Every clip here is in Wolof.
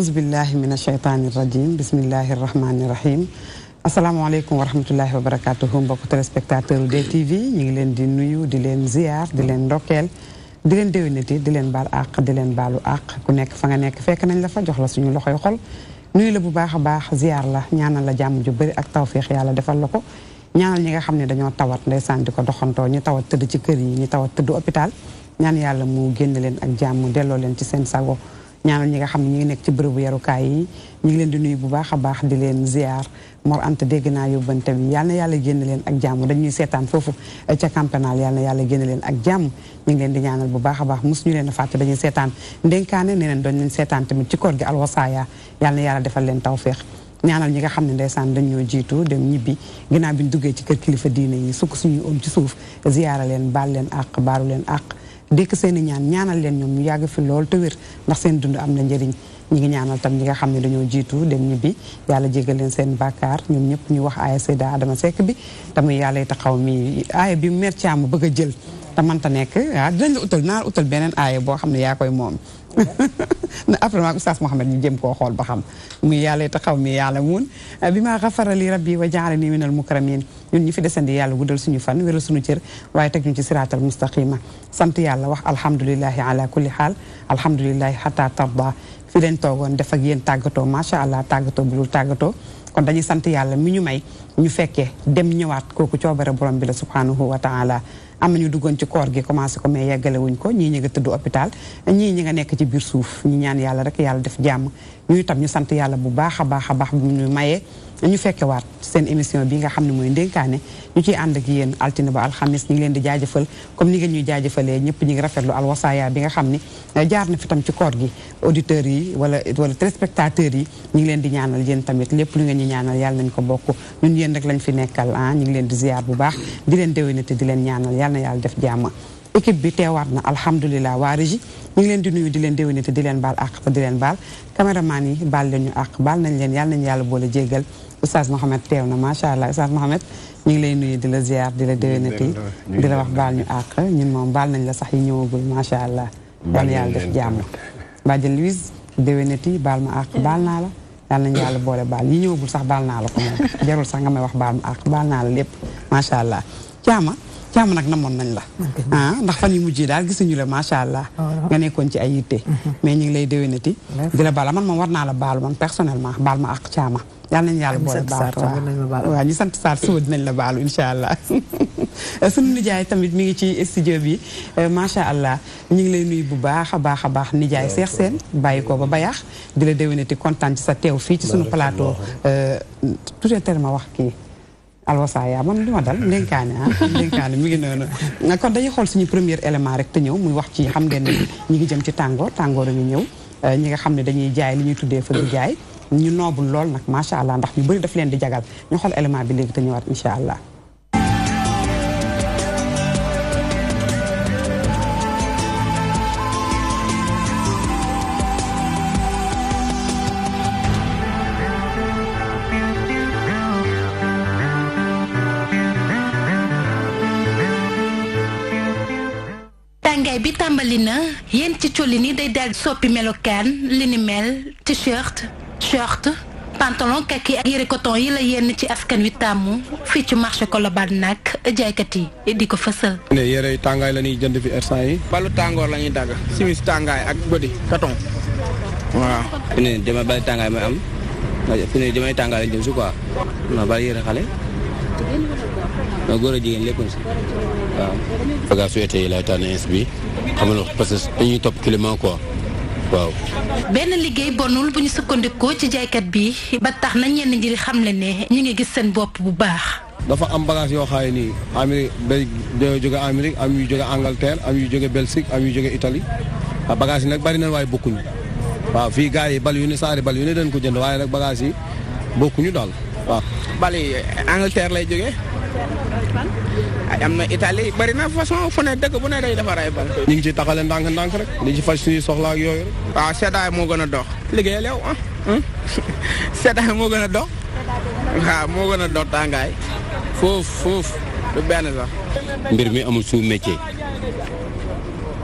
aousubillahi min asheytani irajim Bismillahirrahmanirrahim. Assalamualaikum warahmatullahi wabarakatuh. wa rahmatullahi wa barakatuhu mbokk DTV ñu ngi leen di nuyu di leen ziar di leen ndokkeel di leen déwénati di leen bal di leen balu ku nekk fa nga nekk fekk nañ la fa jox la suñu loxoy xol nuyu la bu ziar la ñaanal la jamm ju bari ak tawfiq yalla defal lako. ñaanal ñi nga xamne tawat ndeysaan di ko doxantoo tawat tëdd ci kër yi ñi tawat tëdd hôpital ñaan yalla mu leen ak jamm delo leen ci seen sago ñaanal ñi nga xam ne ñu ngi nekk ci bërëbu yarukaay ñu ngi leen di nuyu bu baax a baax di leen ziar Mor Anta dégg naa yóbbante bi yal yàlla génn leen ak jàmm dañuy seetaan foofu eh, ca campenal yàlla génn leen ak jàmm ñu ngi leen di ñaanal bu baax a baax mos ñu leen a fàtte dañuy seetaan ndénkaane nee nañ doon leen seetaan tamit ci koor gi alwasaaya yal na yàlla defal leen tawféex ñaanal ñi nga xam ne ndeysaan dañ ñoo jiitu dem ñibbi ginnaaw bi ñu duggee ci kër kilifa diine yi sukk suñuy om ci suuf ziyaara leen baal leen àq baalu leen àq dékk seen i ñaan ñaanal leen ñoom ñu yàgg fi lool te wér ndax seen dund am na njëriñ ñi ñaanal tam ñi nga xam ne dañoo jiitu dem ñibbi yàlla jegal leen seen bàkkaar ñoom ñëpp ñu wax aaya Seyda Adama Seck bi tamuy yàlla taxaw mi aaya bi mer caamu bëgg a jël man ta nekk ah dinañ la utal naar utal beneen aaya boo xam ne yaa koy moom na après maa oustaz Mouhamed ñu jëm koo xool ba xam muy yàlla te xaw mi yàlla mun bi maa xafara li rabbi wa jaalani minal mukramin ñun ñu fi desandi yàlla guddal suñu fan wéral suñu cër waaye teg ñu ci siraatal mustaqima sant yàlla wax alhamdulilahi ala kulli xaal alhamdulilahi xata tarda fi leen toogoon def ak yéen tàggatoo macha allah tàggatoo bu dul tàggatoo kon dañuy sant yàlla mi ñu may ñu fekkee dem ñëwaat kooku coobare borom bi la subhanahu wa taala am nañu duggoon ci koor gi commencé ko mais yeggale ko ñii ñi nga tëdd hôpital ñii ñi nga nekk ci biir suuf ñi ñaan yàlla rek yàlla def jàmm ñu tam ñu sant yàlla bu baax a baax a baax bu ñu mayee ñu waat seen émission bi nga xam ne mooy ndénkaane ñu ciy ànd ak yéen altine ba alxamis ñu ngi leen di jaajëfal comme ni ngeen ñuy jaajëfalee ñëpp ñu ngi rafetlu alwasaaya bi nga xam ne eh, jaar na fi tam ci koor gi auditeurs yi wala wala téléspectateurs yi ñu ngi leen di ñaanal yéen tamit lépp lu ngeen ñu ñaanal yàlla nañ ko bokk ñun yéen rek lañ fi nekkal ah ñu ngi leen di ziar bu baax di leen déwénate di leen ñaanal yàlla na yàlla def jàmm équipe bi teewaat na alhamdulilah waa régie ñu ngi leen di nuyu di leen déwénate di leen baal àq te di leen baal caméraman baal nañ leen yàlla nañ yàlla boole jéggal Oustaz Mohamed teew na macha allah Oustaz Mohamed ñu ngi lay nuyu di la ziar di la déwénati di la wax baal ñu àq ñun moom baal nañ la sax yi ñëwagul macha allah. baal yàlla def jàmm. Mbadja Louise déwénati baal ma àq baal naa la nañ nañu yàlla boole baal yi ñëwagul sax baal naa la ko moom jarul sax nga may wax baal ma àq baal naa la lépp macha allah jaama. jàmm nag namoon nañ la ah ndax fan yu mujj daal gisuñu la macha allah oh, nga nekkoon ci ay yitte mm-hmm. mais ñu ngi lay déwénati di la baala man moom war naa la baalu man personnellement baal ma ak caama yàlla nañu yàlla boole baal waaw ñu sant saar suba dinañ la baalu incha allah eh, sunu nijaay tamit mi ngi ci studio bi eh, macha allah ñu ngi lay nuyu bu baax a baax a baax nijaay seex seen bàyyi ko ba bayaax di la déwénati kontaan ci sa teew fii ci sunu palaatoo eh, tout à fait ma wax kii alwasaaya ah, man li ma dal ndénkaane ah ndénkaane mi ngi noonu kon dañuy xool suñu premier élément rek te ñëw muy wax ci xam ngeen ne ñi ngi jëm ci tàngoor tàngoor a ngi ñëw euh, ñu nga xam ne dañuy jaay li ñuy tuddee fa jaay ñu noobul lool nag macha allah ndax ñu bëri daf leen di jagal ñu xool élément bi léegi te ñëwaat incha allah tàmbali na yéen ci collin yi day daal soppi melokaan li ni mel t-shirt short pantalon kaki ak yëre coton yi la yenn ci askan wi tàmm fii ci marché Colobane nag jaaykat yi di ko fësal. ne yëre tàngaay la ñuy jënd fi instant yi balu tàngoor la ñuy dagg simis tàngaay ak body coton waaw. fi ne damay bari tàngaay may am fi ne damay tàngaay la jëm si ma bari yëre xale. non góor a jigéen lépp si waaw. bagage su été yi laay tànn ins bi xam nga parce que dañuy topp climat quoi waaw. benn liggéey bonul bu ñu sukkandikoo ci jaaykat bi ba tax na ñenn ñi xam xamle ne ñu ngi gis seen bopp bu baax. dafa am bagage yoo xaay nii Amérique day day jóge Amérique am yu jóge Angleterre am yu jóge Belgique am yu jóge Italie waaw bagage yi nag bari na waaye bokkuñu waaw fii gaa yi bal yu ne saari bal yu ne dañ ko jënd waaye nag bagage yi bokkuñu daal. waaw bal yi lay jóge am na Italie bari na façon fu ne dëkk bu ne day defar ay ñu ngi ci taxale ndànk-ndànk rek di ci faj suñuy soxla ak yooyu rek. waaw seddaay moo gën a dox. liggéeyal yow ah hmm? seddaay moo gën a dox. waaw moo gën a dox tàngaay. foofu foofu du benn sax. mbir mi amul suuf métier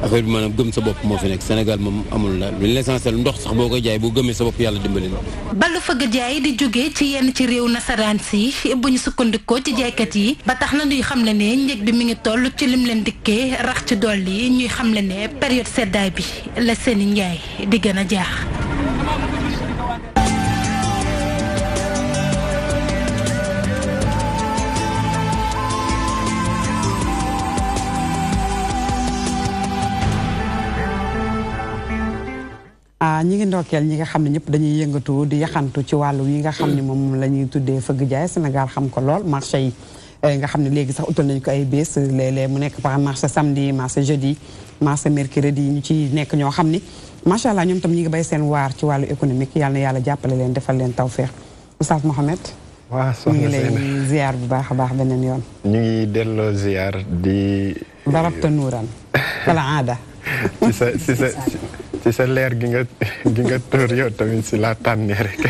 affaire bi maanaam gëm sa bopp moo fi nekk Sénégal moom amul la l'essentiel ndox sax boo koy jaay boo gëmee sa bopp yàlla dimbali na. ballu fëgg jaay di jóge ci yenn ci réew nasaraan si bu ñu sukkandikoo ci jaaykat yi ba tax na ñuy xam ne njëg bi mi ngi toll ci lim leen dikkee rax ci dolli ñuy xam ne période seddaay bi la seeni i njaay di gën a jaax. ah ñi ngi ndokkel ñi nga xamni ñep dañuy yëngatu di yaxantu ci walu yi nga xamni mom lañuy tuddé ñuy fëgg jaay Sénégal xam ko lool marché yi eh, nga xamni légui sax utal nañ ko ay bés léeg-léeg mu nekk par marché samedi marché jeudi marché mercredi ñu ci nekk ño xamni ni ñom tam ñi nga bay seen waar ci walu économique yalla yalla jappalé jàppale leen defal leen Oustaz mohammed wa soxna lay ziar bu baax baax benen yoon ñu ngi delloo ziar di barab tanuran wala aada si sa si sa ci sa leer gi nga gi nga tóor yow tamit si rek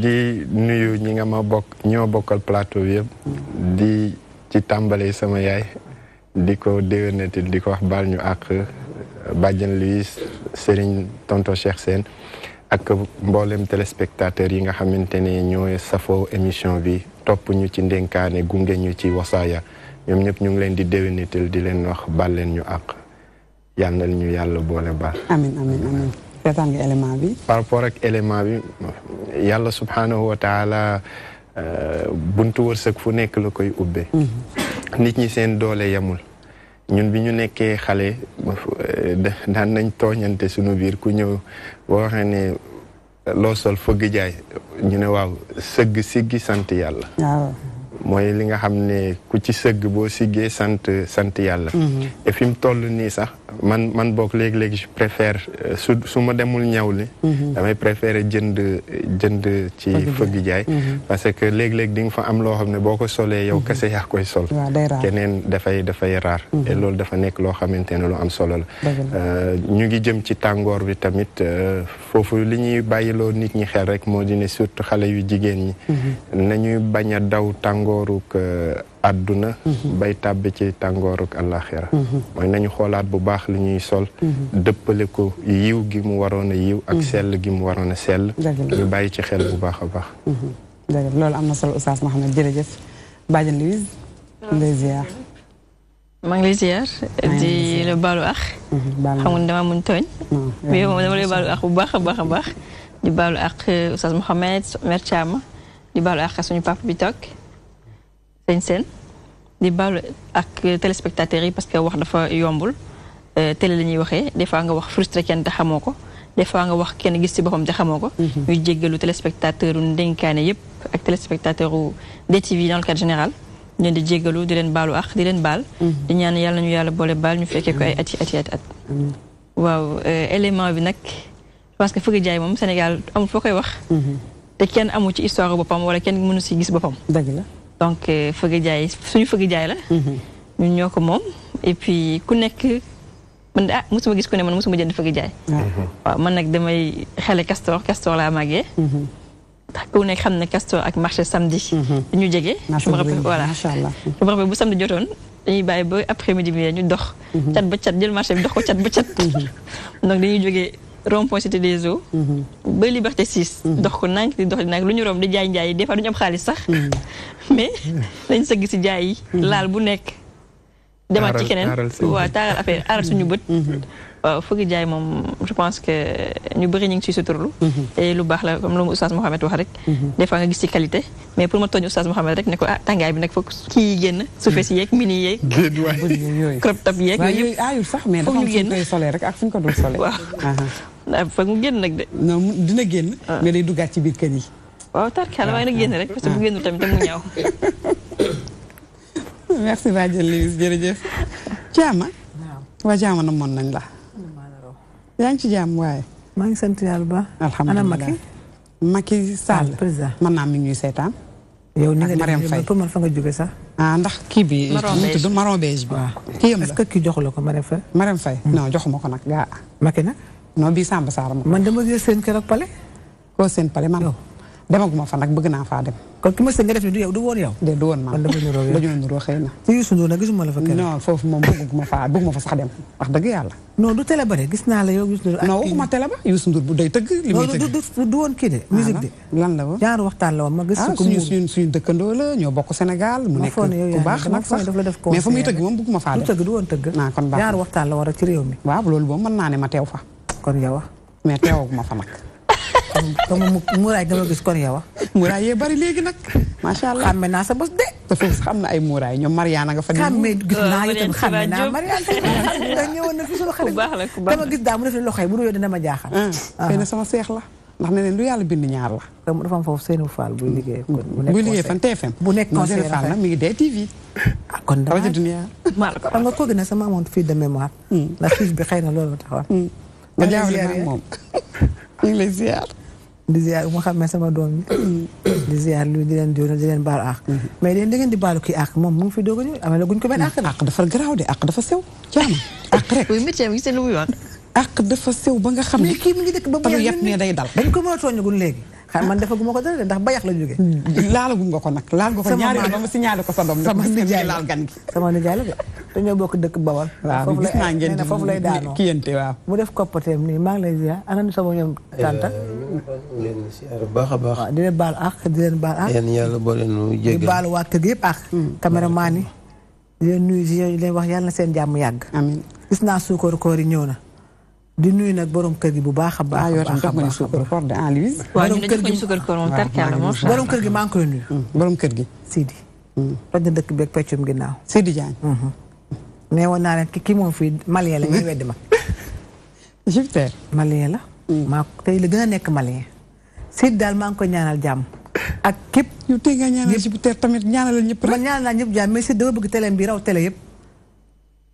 di nuyu ñi nga ma bok ñoo bokal plateau bi di ci tàmbale sama yaay di ko déwénati di ko wax nyu ñu àq Luis Louis tonton Tonto Cheikh Sène ak mboolem téléspectateur yi nga xamante ne ñoo safoo émission bi topp ñu ci ndénkaane gunge ñu ci wasaaya ñoom ñëpp ñu ngi leen di déwénital di leen wax bal leen ñu yàlla na ñu yàlla boole baax. amiin amiin amiin par rapport ak élément bi yàlla subhaanahu wa taala euh, buntu wërsëg fu nekk la koy ubbe mhm. nit ñi seen doole yamul ñun bi ñu nekkee xale euh, daan nañ tooñante suñu biir ku ñëw boo waxee sol fëgg jaay ñu ne waaw sëgg siggi sant yàlla. moy li nga xamné ne ku ci sëgg boo siggee sante sante yalla mm-hmm. et fim toll ni sax man man bok lég lég je préfère euh, suma demul ñawli mm-hmm. damay préférer jënd jënd ci fëgg jaay mm-hmm. parce que lég lég di nga fa am lo xamné ne solé yow ya koy sol Kenen da fay rar. et lool dafa fa nek lo ne lu am solo la euh, ñu ngi jëm ci tangor bi tamit euh, fofu li ñuy bayilo nit ñi xel rek mo di surtout xalé yu jigen ñi nañuy baña daw tàngooruk eh, àdduna mhm. bay tàbbi ci tàngooruk àllaaxira mhm. mooy nañu xolaat bu baax li ñuy sol mhm. dëppale ko yiw gi mu waroon a yiw ak sell gi mu waroon a sell ñu bàyyi ci xel bu baax a baax jërëjëf loolu am na solo Oustaz Mouhamed jërëjëf Badiane Louise ngi lay ziar di ax xam nga dama muñ tooñ bi moom dama lay ax bu baax a baax a baax di ax Oustaz Mouhamed Mère Thiam di baalu ax suñu papa bi Sëñ Sène di baalu ak téléspectateurs yi parce que wax dafa yombul euh, télé la ñuy waxee des fois nga wax frustré kenn te xamoo ko des fois nga wax kenn gis ci boppam te xamoo ko. Mhm. ñuy jéggalu téléspectateur u Ndenkaane yëpp ak téléspectateur u DTV dans le cadre général. ñu di jéggalu di leen baalu ak di leen baal. Mhm. di ñaan yàlla ñu yàlla boole baal ñu fekkee ko ay at yi at yi at. waaw euh, élément bi nag parce que Fëgg Jaay moom Sénégal amul foo koy wax. Mhm. te kenn amu ci histoire boppam wala kenn mënu si gis boppam. donc euh, fëgg jaay suñu fëgg jaay la. Mhm. ñu ñoo ko moom et ku nekk man ah mosuma gis ku ne man mosuma jënd fëgg jaay. Mhm. waaw man nag damay xele Castor Castor laa màggee. Mhm. ndax ku nekk xam ne Castor ak marché samedi. ñu jege. macha allah macha allah bu ma samedi jotoon dañuy bàyyi ba après midi bi ñu dox. cat ba cat jël marché bi dox ko cat ba cat. donc dañuy jógee. rond-point Cité des Eaux mhm. ba Liberté 6 mhm. dox ko nànk di dox di nànk lu ñu romb di jaay njaay yi des fois du ñu am xaalis sax mhm. mais dañ sëgg si jaay yi laal bu nekk demaat ci keneen waaw taaral affaire aaral suñu bët waaw Fodé jaay moom je pense que ñu bëri ñu ngi ciy suturlu. Mhm. et lu baax la comme lu Oustaz Mouhamed wax rek. Mhm. des fois nga gis ci qualité mais pour ma tooñ Oustaz Mouhamed rek ne ko ah tàngaay bi nag foog kii génn. Mhm. suufee si yeeg mini yeeg. génn waay crop top yeeg. yooyu aayul sax mais dafa ñu koy solee rek ak fu ñu ko dul solee. foog mu génn nag de. dina génn. Ah. mais day duggaat ci biir kër yi. waaw tarkaala waaye nag génn rek parce que bu ah. génnul tamit mu ñaaw. merci Badiane Lewis jërëjëf. jaama. waaw jaama namoon nañ la. yaa ngi ci jàmm waaye. maa ngi sant yàlla bu baax. alhamdulilah ana Macky. Macky Sall ah, président mën naa mi ñuy seetaan. yow ni nga def pour man fa nga jóge sax. ah ndax kii bi. marron beige bi waaw ah. kii yam la ko Marème Faye. Marème Faye hmm. non joxuma ko nag gaa. Macky nag. non bii Samba Sarr ma. man dama jël seen keroog pale. koo seen pale man. demaguma fa nag bëgg naa faa dem. kon ki ma sën nga def du yow du woon yow. de du woon maa dañoo na. ci Youssou la fa kenn. non foofu moom bëgguma faa bëgguma fa waxtaan la woon ma gis. ah suñu suñu suñu dëkkandoo la ñoo bokk mu nekk bu baax nag sax mais kon baax genre la woon rek ci réew mi. waaw loolu boobu mën naa ne ma teew fa. kon yow wax ah. mais teewaguma fa nag dama muuraay dama gis kon yow ah. yee bari léegi nag. macha allah xàmme naa sa bos de. te foofu sax am na ay muuraay ñoom Mariana nga fa. xàmme gis naa itam xàmme naa Mariana nga na fi sunu xale. dama gis daa mu def loxo yi bu doyoo dina ma jaaxal. Ah. Ah. xëy na sama seex la. ndax ne leen lu yàlla bind ñaar la. dama dafa am foofu Seynou Fall buy liggéey. buy liggéey fan TFM. bu nekk conseil Fall nag mi ngi dee TV. a ah, kon dama rajo Dunia. koo gën a sama amoon fiche de mémoire. ndax hmm. fiche bi xëy na loolu taxawal. Hmm. nga jaawale ma moom ñu ngi di ziar bu ma xamee sama doom yi di ziar lu di leen jóor di leen baalu àq mais léen da ngeen di baal kii àq moom mu ngi fi doog a ñëw amee la guñ ko benn àq àq dafa garaaw de àq dafa sew jaam àq rek àq dafa sew ba nga xam ne kii mi ngi dëkk ba mu yàpp ne day dal dañ ko mën a tooñagul léegi xam man defaguma ko dara de ndax bayax la jógee. Mm. laalagum nga ko nag laal nga ko ñaari ba ma signalé ko sa doom. sama nijaay laal gan gi sama nijaay bokk dëkk Bawal. waaw gis naa lay daanoo kiyante waaw. mu def maa ngi lay ziar ana sama ñoom tànta. Eh, leen a baax. waaw di leen baal nu jéggal waa kër yëpp àq. Mm. caméraman yi di leen nuyu leen wax yàlla na seen jàmm yàgg. amiin gis naa suukar koor yi ñëw na di nuyu nak borom kër gi bu baax a yo a baax a baax suukar koor de ah, luise wa ñu ne ko ñu suukar koor moom tarkaala macha allah borom kër gi maa ngi koy nuyu. Mm, borom kër gi. Sidi. toj mm. na dëkk beeg peccum ginnaaw. Sidi jang hmm woon naa leen ki mo fi fii Malien la ñu wedd ma. jifté Malien la. Mm. ma tay le gëna nek nekk Malien. Sidi dal maa ngi koy ñaanal jàmm. ak képp. yow tey nga ñaanal Jupiter tamit ñaanal ñëpp rek. man ñaanal ñëpp jàmm mais ci do bëgg télé mbi raw télé yëpp.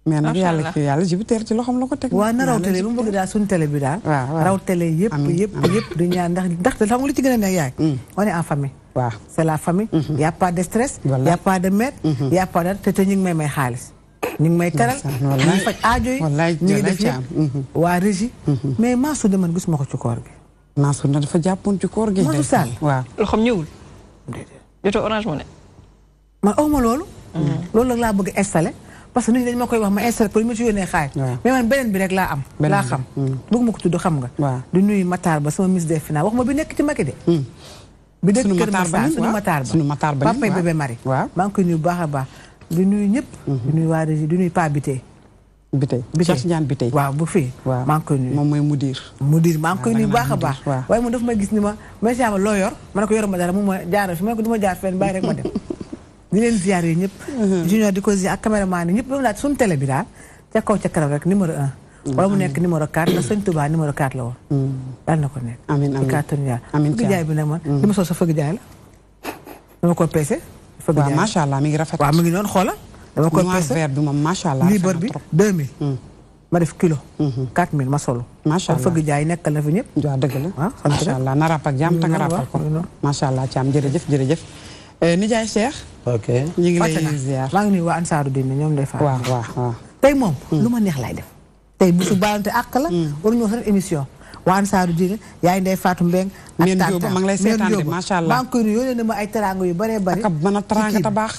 mais nag yàlla ki yàlla Jupiter ci loxoom la ko teg. waaw na raw télé bi mu bëgg daal suñu télé bi daal. waaw raw télé yëpp yëpp yëpp du ñaan ndax ndax xam nga lu ci gën a neex yaay. Mm. on est en famille. waaw c'est la famille. Mm-hmm. y a pas de stress. y a pas de mer. Mm-hmm. y a pas de te te ñu ngi may may xaalis. ñu ngi may teral ñu ngi faj aajo yi ñu ngi def yëpp mm-hmm. waa régie. mais Mansour de man gisuma ko ci koor gi. Mansour na dafa jàppoon ci koor gi. Mansour Sall waaw. loxoom ñëwul. déedéet jotoo orange mu ne. man aw ma loolu. Mm. loolu la laa bëgg installé parce que nit ñi dañ ma koy wax ma installé ko ñu ma ci yónnee xaay mais man beneen bi rek laa am laa xam hmm. bëgg ma ko tudd xam nga du nuy Matar ba sama ministre des finances wax ma bi nekk ci Macky de hmm. bi dëkk Kër Massar suñu Matar waaw maa ngi koy nuyu baax a baax du nuyu ñëpp du hmm. du nuyu Pa Biteye Biteye waaw bu fii maa ngi koy nuyu moom mooy mudir mudir maa ngi koy nuyu baax a baax waaye moom daf ma gis ni ma maisama loo yor ma ne ko yoruma dara mu ma jaara fi ma ne ko du jaar fenn bàyyi rek ma dem di leen ziar yi ñëpp. Mhm. junior di ko ziar ak caméraman yi ñëpp ba mu laaj suñu télé bi daal ca kaw ca kanam mhm. la woon. daal mhm. na ko nekk. amiin amiin kàttanu fëgg jaay bi nag man. li ma soog sa fëgg jaay la. mi ngi rafet. waaw mi ngi noonu xoola. dama ko noir vert bi moom ma def kilo. 4000 ma solo. macha allah fëgg jaay nekkal na fi ñëpp. waaw dëgg la. Ah, macha allah na ko. macha allah Thiam jërëjëf jërëjëf. Eh, nijaay Cheikh. ok ñu ngi lay ziar maa ngi nuyu waa Ansaaru Diine ñoom day faa. waaw waaw waaw tey moom. Hmm. lu ma neex lay def. tey bu su hmm. baalante àq la. Hmm. waruñoo sax émission. waa Ansaaru Diine yaay Ndeye Fatou Mbeng ak tànta maa ngi lay seetaan de macha allah maa ngi koy ay teraanga yu bëree bëri. ak mën baax.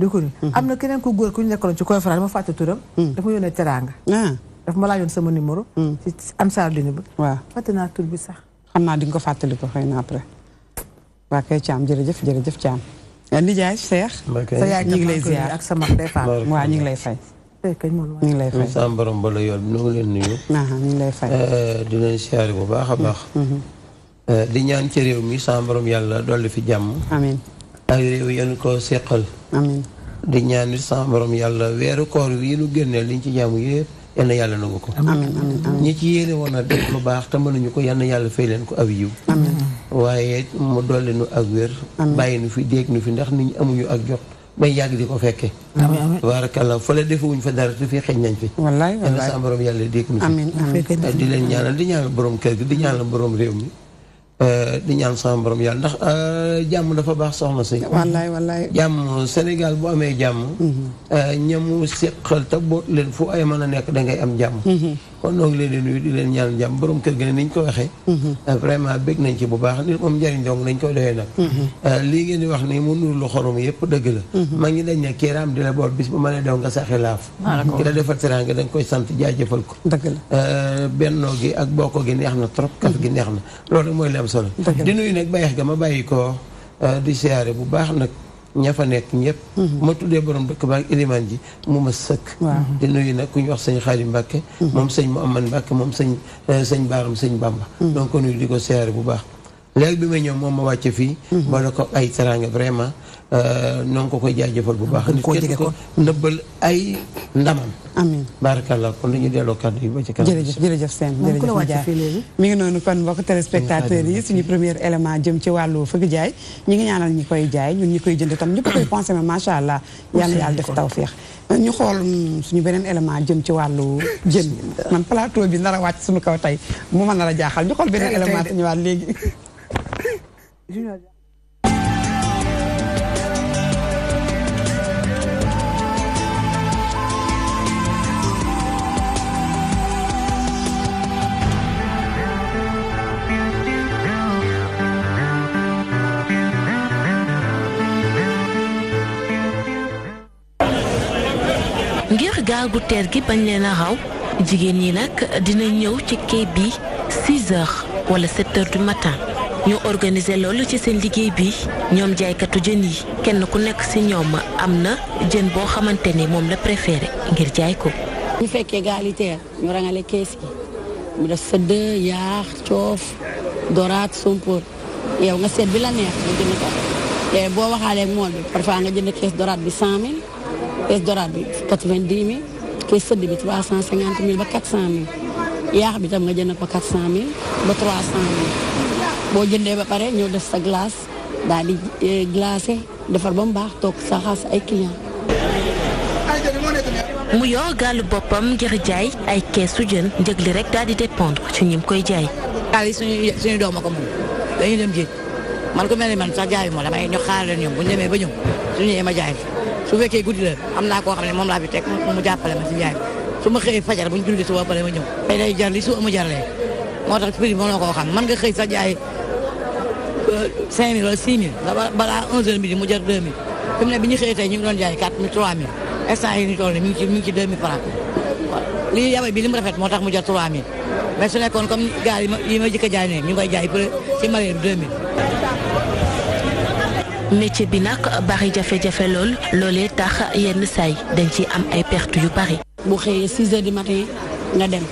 di ko nuyu am na keneen ku góor ku ñu nekkaloon ci conférence ma fàtte turam. dafa ma yónnee teraanga. Ah. dafa ma laajoon sama numéro. ci Ansaaru Diine ba. waaw fàtte naa tur bi sax. xam naa di ko fàttali ko xëy na après. waa kay Thiam jërëjëf jërëjëf Thiam Ah, Ndiaye Cheikh. sa ñu ngi ak sama defaat. Eh, ñu ngi lay fay. ñu ngi lay fay sama borom yoon bi leen nuyu. ñu ngi lay di leen bu baax a baax. Mm-hmm, mm-hmm. Eh, di ñaan ci réew mi sama boroom yàlla dolli fi jàmm. amiin ak réew yéen ko seqal. amiin di ñaan it sama borom yàlla weeru koor wii nu génnee liñ ci jàmm yëpp. yal na yàlla nangu ko. amiin ñi ci yéene a def lu baax te mënuñu ko yal yàlla fay leen ko aw yiw. waye mu dolli nu ak wér bàyyi nu fi deg nu fi ndax nit ñi amuñu ak jot may yàgg di ko fekke la defu wuñ fa dara te fii xëy nañ fi wallahi wallahi sa borom yalla deg nu amin di leen ñaanal di ñaanal borom kër gi di ñaanal borom rew mi euh, di ñaan sama borom yalla ndax euh, jamm dafa bax soxna sey wallahi wallahi jamm senegal bu jamm mhm. euh ñamu sekkal ta bo leen fu ay mëna nek da ngay am jamm mhm. kon noo ngi leen di nuyu di leen ñaan jàmm borom kër gi ne ni ko waxee. Mhm. Euh, vraiment bég nañ ci bu baax nit moom njëriñ dong nañ koy doyee nag. Mhm. Euh, lii ngeen di wax nii mu nur lu xorom yëpp dëgg la. Mhm. maa ngi dañ ne kiiraam di la boot bis bu ma nee daw nga saxi laaf. ki la defal teraanga da nga koy sant jëfal ko. dëgg euh, bennoo gi ak bokk gi neex na trop. kaf gi neex na lool rek mooy li am solo. di nuyu nag bàyyi ga ma bàyyi ko di siyaare bu baax nag. ña fa nekk ñëpp mhm. ma tuddee borom dëkk baak ilimaan ji mu ma sëkk mhm. di nuyu nag ku ñu wax sëñ Xaadim Mbàkke mhm. moom sañ sëñ Muhammad Mbàkke moom sañ sëñ eh, sëñ baaram sëñ Bàmba donc nuyu di ko siyaare bu baax léegi bi may ñëw moom ma wàcce fii boole ko ay teraanga vraiment Euh, noo ngi ko koy bu baax. koo jege ko nëbbal ay ndamam. amiin baarakallah kon dañuy delloo kàddu yi ba ci kanam. jërëjëf jërëjëf seen jërëjëf mi ngi noonu kon mbokk téléspectateurs yi suñu premier élément jëm ci wàllu fëgg jaay ñi ngi ñaanal ñi koy jaay ñun ñi koy jënd tam ñëpp koy pensé ma ñu xool suñu beneen élément jëm ci wàllu jën man plateau bi nar a wàcc suñu kaw tey mu ma nar a jaaxal ñu xool beneen élément suñu wàll léegi gaal gu teer gi bañ leen a xaw jigéen ñi nag dina ñëw ci quai bi 6 heures wala 7 heures du matin ñu organiser loolu ci seen liggéey bi ñoom jaaykatu jën yi kenn ku nekk si ñoom am na jën boo xamante ni moom la préféré ngir jaay ko ñu fekkee gaal yi teer ñu rangale kees gi mu def sëdd yaax coof doraat sumpur yow nga seet bi la neex nga jënd ko boo waxaalee mool bi parfois nga jënd kees doraat bi 100 000 kees doraat bi quatre-vingt-dix mille kees sëdd bi trois cent cinquante mille ba quatre cent mille yaax bi tam nga jënd ko quatre cent mille ba trois cent mille boo jëndee ba pare ñoo def sa glace daal di eh, glacé defar ba mu baax toog sa xaas ay client mu yor gàllu boppam ngir jaay ay questu jën njëg li rek daal di ci ñim koy jaay. gaal su suñu doom a ko moom dañuy dem jéeg man ko mel ni man sax jaayu ma damay ñu xaar leen ñoom bu ñu demee ba ñëw suñu yee ma jaay. su fekkee guddi la am naa koo xam ne moom laa fi teg mu jàppale ma si njaay su ma xëyee fajar bu ñu julli suba pare ma ñëw tey day jar li su ma jaralee moo tax prix moo la koo xam man nga xëy sa jaay 5000 euh, wala 6000 balaa 11h mu jar 2000 fi mu ne bi ñu xëyee tey ñu ngi doon jaay 4000 3000 instant yi ñu toll nii mi ngi ci mi ngi ci 2000 yabay bi li mu rafet moo tax mu jar 3000 mais su nekkoon comme gars yi ma yi ma jëkk a jaay ne ñu ngi koy jaay ci maleer 2000 métier bi nak bari jafé jafé lol lolé tax yenn say dañ ci am ay perte yu bari. bu xëyee 6 h du matin nga dem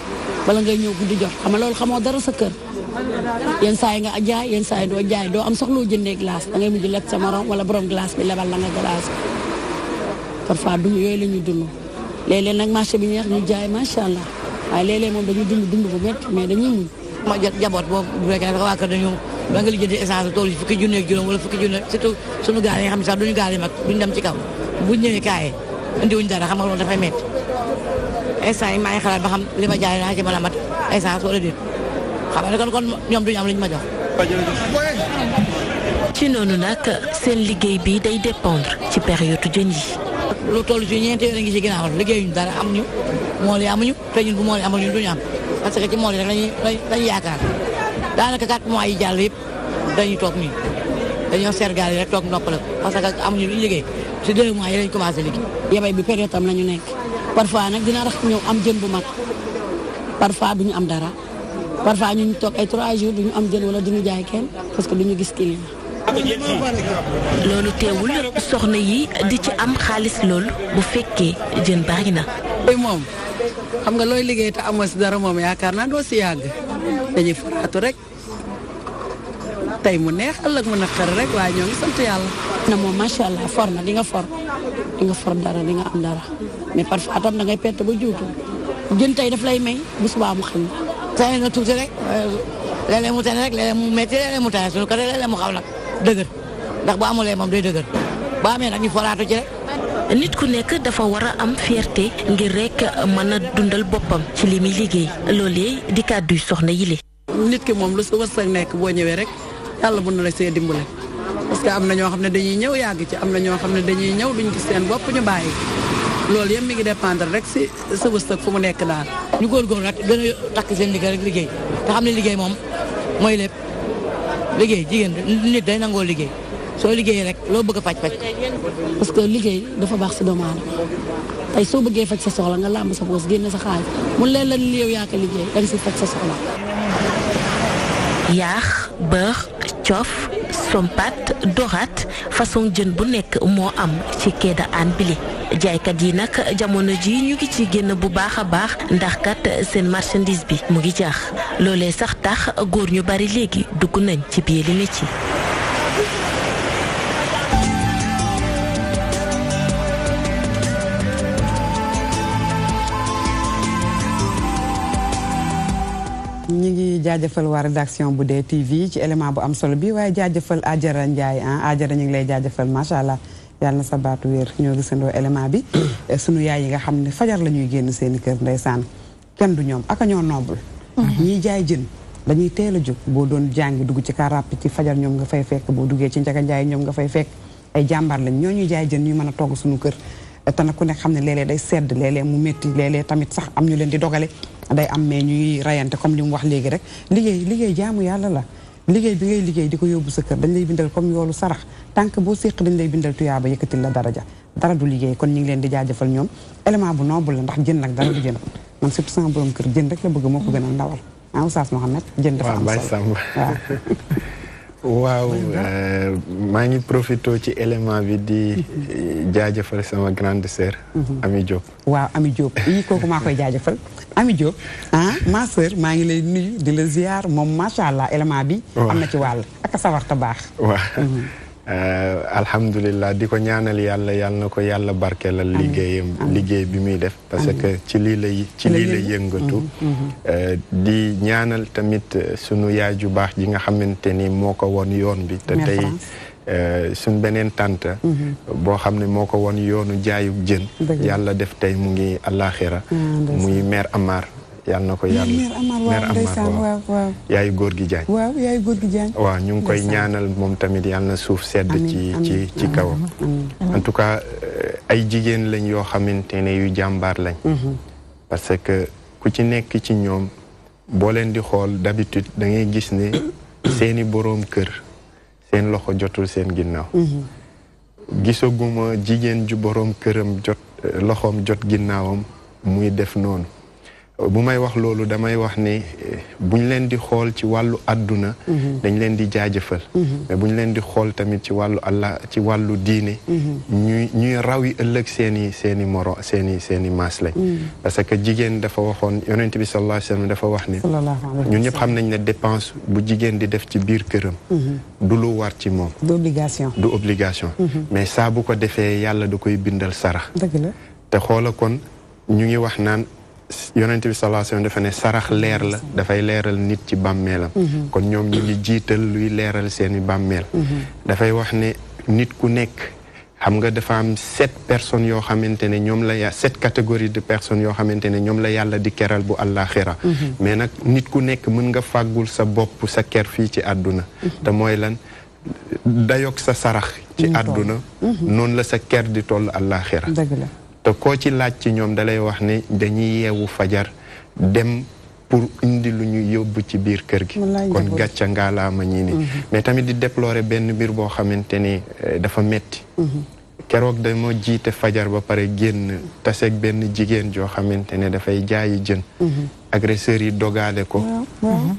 wala nga ñew guddi jox xam nga loolu xamoo dara sa kër yenn say nga jaay yenn say do jaay do am soxlo jëndé glass da ngay mujj lek sa morom wala borom glass bi lebal la nga glass parfois dund yooyu la ñuy dund lélé nak marché bi ñeex ñu jaay ma sha allah ay lélé mom dañu dund dund bu met mais dañuy muñ. ma jot jabot bo bu rek waa kër dañu ba nga lijjanti essence bi tool yi fukki junne ak juróom wala fukki junne surtout sunu gaal yi nga xam ne sax duñu gaal mag duñu dem ci kaw buñ ñëwee kaayee indiwuñ dara xam nga loolu dafay métti instant yi maa ngi ba xam li ma jaay naa ci mën a mat essence wala déet xam nga kon kon ñoom duñu am li ñu ma jox. ci noonu nag seen liggéey bi day dépendre ci période jën yi. lu toll ci ñeenti yoon a ngi ci ginnaaw liggéeyuñu dara ñu mool yi ñu te ñun bu mool yi amuñu duñu am parce que ci mool yi rek lañuy lañuy yaakaar. daanaka quatre mois yi jàll yëpp dañuy toog nii dañoo sergal yi rek toog noppal parce que am lu ñu liggéey ci deux mois yi commencé liggéey. yabay bi période tam ñu nekk parfois nag dina rax ñëw am jën bu mag parfois du ñu am dara parfois ñu ñu toog ay trois jours du ñu am jën wala du ñu jaay kenn parce que du ñu gis client. loolu teewul soxna yi di ci am xaalis lool bu fekkee jën bari na. moom xam nga looy liggéey te amoo si dara moom yaakaar naa doo si yàgg. dañuy faraatu rek tey mu neex ëllëg mu naqari rek waaye ñoo ngi sant yàlla. na moom macha allah for na di nga for di nga for dara di nga am dara mais parfois tam da ngay perte ba juutu jën tey daf lay may bu subaa mu xam. tey na tuuti rek léeg mu tane rek léeg-léeg mu métti léeg mu tane suñu côté léeg mu xaw nag dëgër ndax bu amulee moom day dëgër bu amee nag ñu foraatu ci rek. nit ku nekk dafa war a am fierté ngir rek mën a dundal boppam ci li muy liggéey loolee di kàddu soxna yile nit ki moom lu sa wërsëg nekk boo ñëwee rek yàlla mën na la see dimbale parce que am na ñoo xam ne dañuy ñëw yàgg ci am na ñoo xam ne dañuy ñëw duñ gis seen bopp ñu bàyyi loolu yëpp mi ngi dépendre rek si sa wërsëg fu mu nekk daal. ñu góorgóorlu nag gën a takk seen liggéey rek liggéey te xam ne liggéey moom mooy lépp liggéey jigéen nit day nangoo liggéey. soo liggéeyee rek loo bëgg a faj faj parce que liggéey dafa baax si doomu aadama tey soo bëggee faj sa soxla nga làmb sa poos génn sa xaalis mu leen lan li yow yaaka liggéey da nga si faj sa soxla yaax bëx cof sompat dorat façon jën bu nekk moo am ci keeda aan bili jaaykat yi nag jamono ji ñu ngi ci génn bu baax a baax ndaxkat seen marchandise bi mu ngi jaax loolee sax tax góor ñu bari léegi dugg nañ ci biir li ne ci jaajëfal waa bu dee TV ci élément bu am solo bi waaye jaajëfal Adjara Ndiaye ah ñu ngi lay jaajëfal macha allah yàlla sa baatu wér ñoo gisandoo élément bi. Eh, sunu yaay yi nga xam ne fajar la ñuy génn seen i kër ndeysaan kenn du ñoom aka ñoo noble mhm. ñiy jaay jën dañuy teel a jóg boo doon jàngi dugg ci car rapide ci fajar ñoom nga fay fekk boo duggee ci njaga njaay ñoom nga fay fekk ay jàmbaar lañ ñoo ñuy jaay jën ñu mën a toog suñu kër eh, te na ku nekk xam ne léeg day sedd léeg-léeg mu métti léeg-léeg tamit sax am ñu leen di dogale day am mais ñuy rayante comme li mu wax léegi rek liggéey liggéey jaamu yàlla la liggéey bi ngay liggéey di ko yóbbu sa kër dañ lay bindal comme yoolu sarax tànk boo séq dañ lay bindal tuyaaba yëkkatil la daraja dara du liggéey kon ñu leen di jaajëfal ñoom élément bu noble la ndax jën nag dara du jën man surtout sama borom kër jën rek la bëgg moo ko gën a ndawal ah oustaz Mohamed jën dafa am solo waaw waaw euh, maa ngi profité ci élément bi di mhm. euh, jaajëfal sama grande sœur. Mhm. Ami Diop. waaw Ami Diop yii kooku maa koy jaajëfal Ami Diop ah ma sœur maa ngi lay nuyu di la ziar moom macha allah élément bi. am na ci wàll ak a sawar baax. Euh, alhamdulillah di ko ñaanal yàlla yàlla na ko yàlla barkeelal liggéeyam liggéey bi muy def parce que ci lii la ci yëngatu mm-hmm. euh, di ñaanal tamit euh, sunu yaay ju baax ji nga xamante ni moo ko woon yoon bi te tey suñ beneen tànt mm-hmm. boo xam ne moo ko woon yoonu jaayub jën yàlla def tey mu ngi àllaaxira ah, muy mère Amar yal na ko yàlla mère yaayu góor gi Diagne waaw ñu ngi koy ñaanal moom tamit yal na suuf sedd ci ci ci kawam en tout cas euh, ay jigéen lañ yoo xamante ne yu jàmbaar lañ mm-hmm. parce que ku ci nekk ci ñoom boo leen di xool d'habitude da ngay gis ne seeni boroom kër seen loxo jotul seen ginnaaw mm-hmm. gisaguma jigéen ju boroom këram jot euh, loxoom jot ginnaawam muy def noonu bu may wax loolu damay wax ni eh, buñ leen di xool ci wàllu àdduna mhm. dañ leen di jaajëfal mhm. buñ leen di xool tamit ci wàllu allah ci wàllu diine mhm. ñuy ñuy raw yi ëllëg seen i seen moro seeni i seen i maas lañ parce que jigéen dafa waxoon yonent bi sallallahu dafa wax ne ñun ñëpp xam nañ ne dépense bu jigéen di def ci biir këram du lu war ci moom du obligation du mais saa ko defee yàlla da koy bindal sarax te xoola kon ñu ngi wax naan yonent bi sallallahu alayhi wasallam dafa ne sarax leer la dafay leeral nit ci bàmmeelam mhm. kon ñoom ñi ngi jiital luy leeral seeni bàmmeel mhm. dafay wax ne nit ku nekk xam nga dafa am sept personnes yoo xamante ne ñoom la ya sept de personnes yoo xamante ne ñoom la yàlla di keral bu àllaaxira mhm. mais nag nit ku nekk mën nga fàggul sa bopp sa ker fii ci àdduna te mooy lan dayoog sa sarax ci àdduna noonu la sa ker di toll àllaaxira ko ci laaj ci ñoom dalay wax ni dañuy yeewu fajar dem pour indi lu ñu yóbbu ci biir kër gi kon gàcca ngaalaama ñii ni mhm. mais tamit di déplorer benn mbir boo xamante ni euh, dafa metti mhm. keroog dama jiite fajar ba pare génn taseeg benn jigéen joo xamante ne dafay jaayi jën mhm. agresseurs yi dogale ko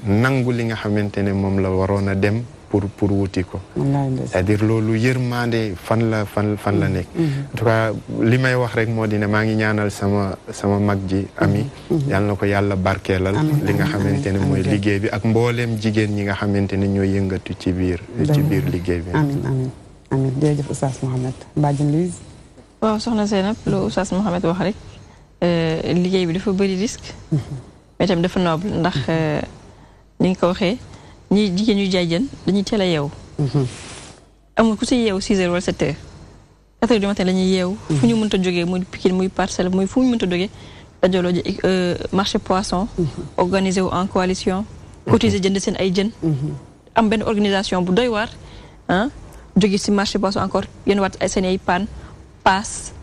nangu li nga xamante ne moom la waroon a dem pour pour wuti ko c'est-à-dire loolu yërmande fan la fan fan la nekk mm-hmm. Mm-hmm. en li may wax rek moo di ne maa ngi ñaanal sama sama mag ji ami mm-hmm. yàlla na ko yàlla barkeelal li nga xamante ne mooy liggéey bi ak mbooleem jigéen ñi nga xamante ne ñooy yëngatu ci biir ci biir liggéey bi amin amin amin jërëjëf Oustaz Mohamed Mbadjine waaw soxna Zeynab lu Oustaz Mohamed wax rek euh, liggéey bi dafa bëri risque mais tam noble ndax euh, ni nga ko waxee ñi jigéen ñuy jaay jën dañuy teel a yeew mhm. amul ku si yeew 6 heures wala 7 heures du matin la ñuy yeew mhm. fu ñu mënta jógee muy Pikine muy Parcelles muy fu ñu mënta jógee dajaloo ji euh, marché poisson mhm. organisé wu en coalition cotiser jënd seen ay jën am benn organisation bu doy war ah si marché poisson encore yéen waat seen ay paan paas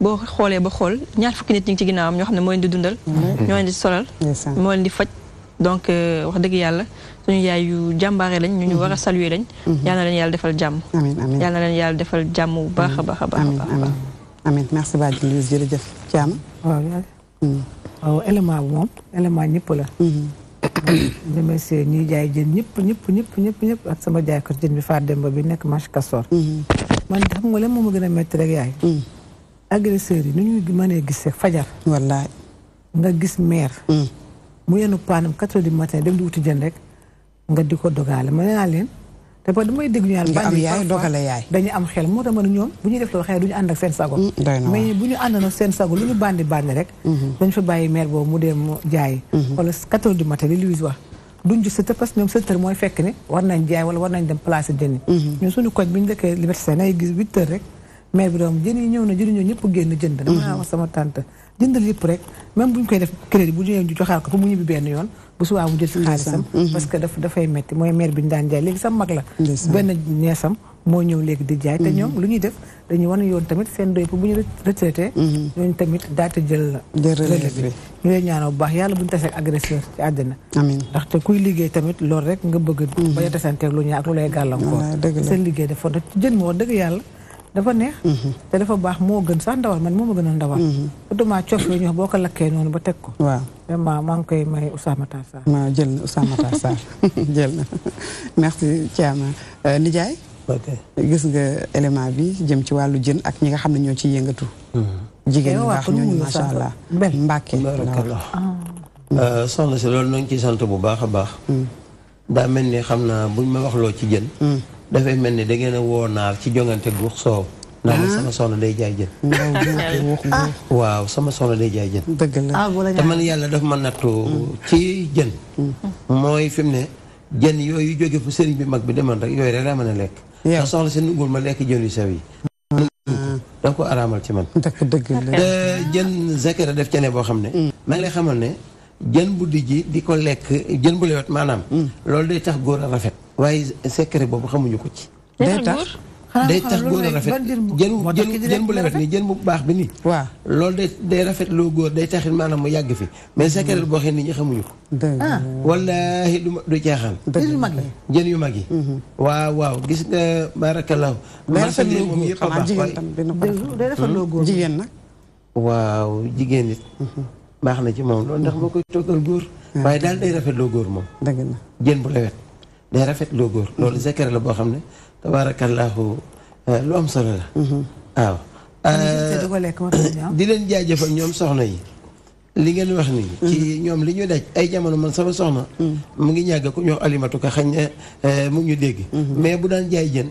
boo xoolee ba xool ñaar fukki nit ñi ngi ci ginnaawam ñoo xam ne moo leen di dundal. ñoo leen di solal. moo leen di faj donc wax dëgg yàlla suñu yaay yu jàmbaare lañ. ñu ñu war a saluer lañ. yal na leen yàlla defal jàmm. amiin amiin yal na leen yàlla defal jàmm bu baax a baax a baax. amiin amiin amiin merci beaucoup Louise jërëjëf Thiam. waaw yàlla. waaw élément bu moom élément ñëpp la. remercier ñuy jaay jën ñëpp ñëpp ñëpp ñëpp ñëpp ak sama jaaykat jën bi Fat Demba bi nekk marché Castor. man xam nga lan moom a gën a métti rek yaay agresseurs yi nu ñuy mënee gisee fajar. wallaay nga gis maire. Mm. mu yenu paanam quatre heures du matin dem di wuti jën rek nga di ko dogaale ma nee naa leen. te parce que damay dégg ñu naan. nga am yaay dogale yaay dañuy am xel moo tax ma ñoom bu ñuy def loolu xëy du ñu ànd ak seen sago. Mm, mais bu ñu àndoon ak seen sago lu ñu bandi bandi rek. Mm-hmm. dañ fa bàyyi maire boobu mu dem jaay. Mm-hmm. wala quatre heures du matin li Louise wax. duñ ju sëtë parce que ñoom sëtër mooy fekk ni war nañ jaay wala war nañ dem place jëndi. Mm-hmm. ñun gis huit rek. maire bi doom jën yi ñëw na jëriñoo ñëpp génn jënd dama wax mhm. sama tante jëndal yëpp rek même bu ñu koy def crédit bu ñëwee ñu joxaat ko fa mu ñibbi benn yoon bu subaa mu jël si mhm. dafay metti mooy maire bi ñu daan jaay léegi sama mag la benn neesam moo ñëw léegi di jaay te mhm. ñoom lu ñuy def dañuy wan yoon tamit seen doy pour bu ñu retraité ñooñu tamit daate jël relève bi ñu lay ñaanal bu baax yàlla bu ñu tasee ak agresseur ci àddina liggéey tamit loolu rek nga bëgg bañ a tasanteeg lu ñaa ak lu lay gàllankoor jën moo dëgg yàlla dafa neex. Mhm. te dafa baax moo gën sax ndawal man moo ma gënal ndawal. Mhm. autrement coof yooyu ñu boo ko lakkee noonu ba teg ko. waaw vraiment maa ngi koy may Ousama Tar Sarr. waaw jël na Ousama Tar Sarr jël na merci Thiam euh, nijaay gis nga élément bi jëm ci wàllu jën ak ñi nga xam ne ñoo ci yëngatu. Mhm. jigéen ñi eh, baax ñooñu macha allah. mbàkke ah. euh, soxna si loolu noo ci ciy bu baax a baax. Mm. daa mel ni xam naa buñ ma waxloo ci jën mm. dafay mel ni da a woo naar ci jongante guux soow ndax man ah. sama soxna day jaay jën ah. sama soxna day jaay dëgg ah, la te man yàlla daf ma nattu mm. ci jën mm. mooy fi mu ne jën yooyu jóge fu sëriñ bi mag bi demoon rek yooyu rek laa mën a lekk ndax soxna si nungul ma lekk jën yu sew yi daf ko araamal ci man dëgg jën zakara def ca ne boo xam ne maa ngi lay ne jën bu dijji di ko lekk jën bu lewet maanaam. Mm. loolu day tax góor a rafet. waaye secret boobu xamuñu ko ci. day tax day tax góor a rafet jën jën bu lewet nii jën bu baax bi nii. waaw loolu day day rafet loo góor day taxit maanaam mu yàgg fi mais secret boo xam ne ñi xamuñu ko. Ah. wallaahi du du caaxaan. jën yu mag yi jën yu mag yi. Mm-hmm. waaw waaw gis nga barakallahu. marché bi moom yëpp a baax waaye day rafet loo hmm? góor jigéen nag. waaw jigéen it. Mm-hmm. baax na ci moom loolu ndax moo koy toggal góor waaye daal day rafet loo góor moom dëgg la jën bu lewet day rafet loo góor loolu zakar la boo xam ne tabaarakallaahu euh, lu am solo la mhm. waaw euh, di leen jaajëfal ñoom soxna yi li ngeen wax ni mhm. ci ñoom li ñu daj ay jamono man sama soxna mhm. mu ngi ñàgg ku ñu wax alimatu ka xañ ne euh, mu ñu dégg mais bu daan jaay jën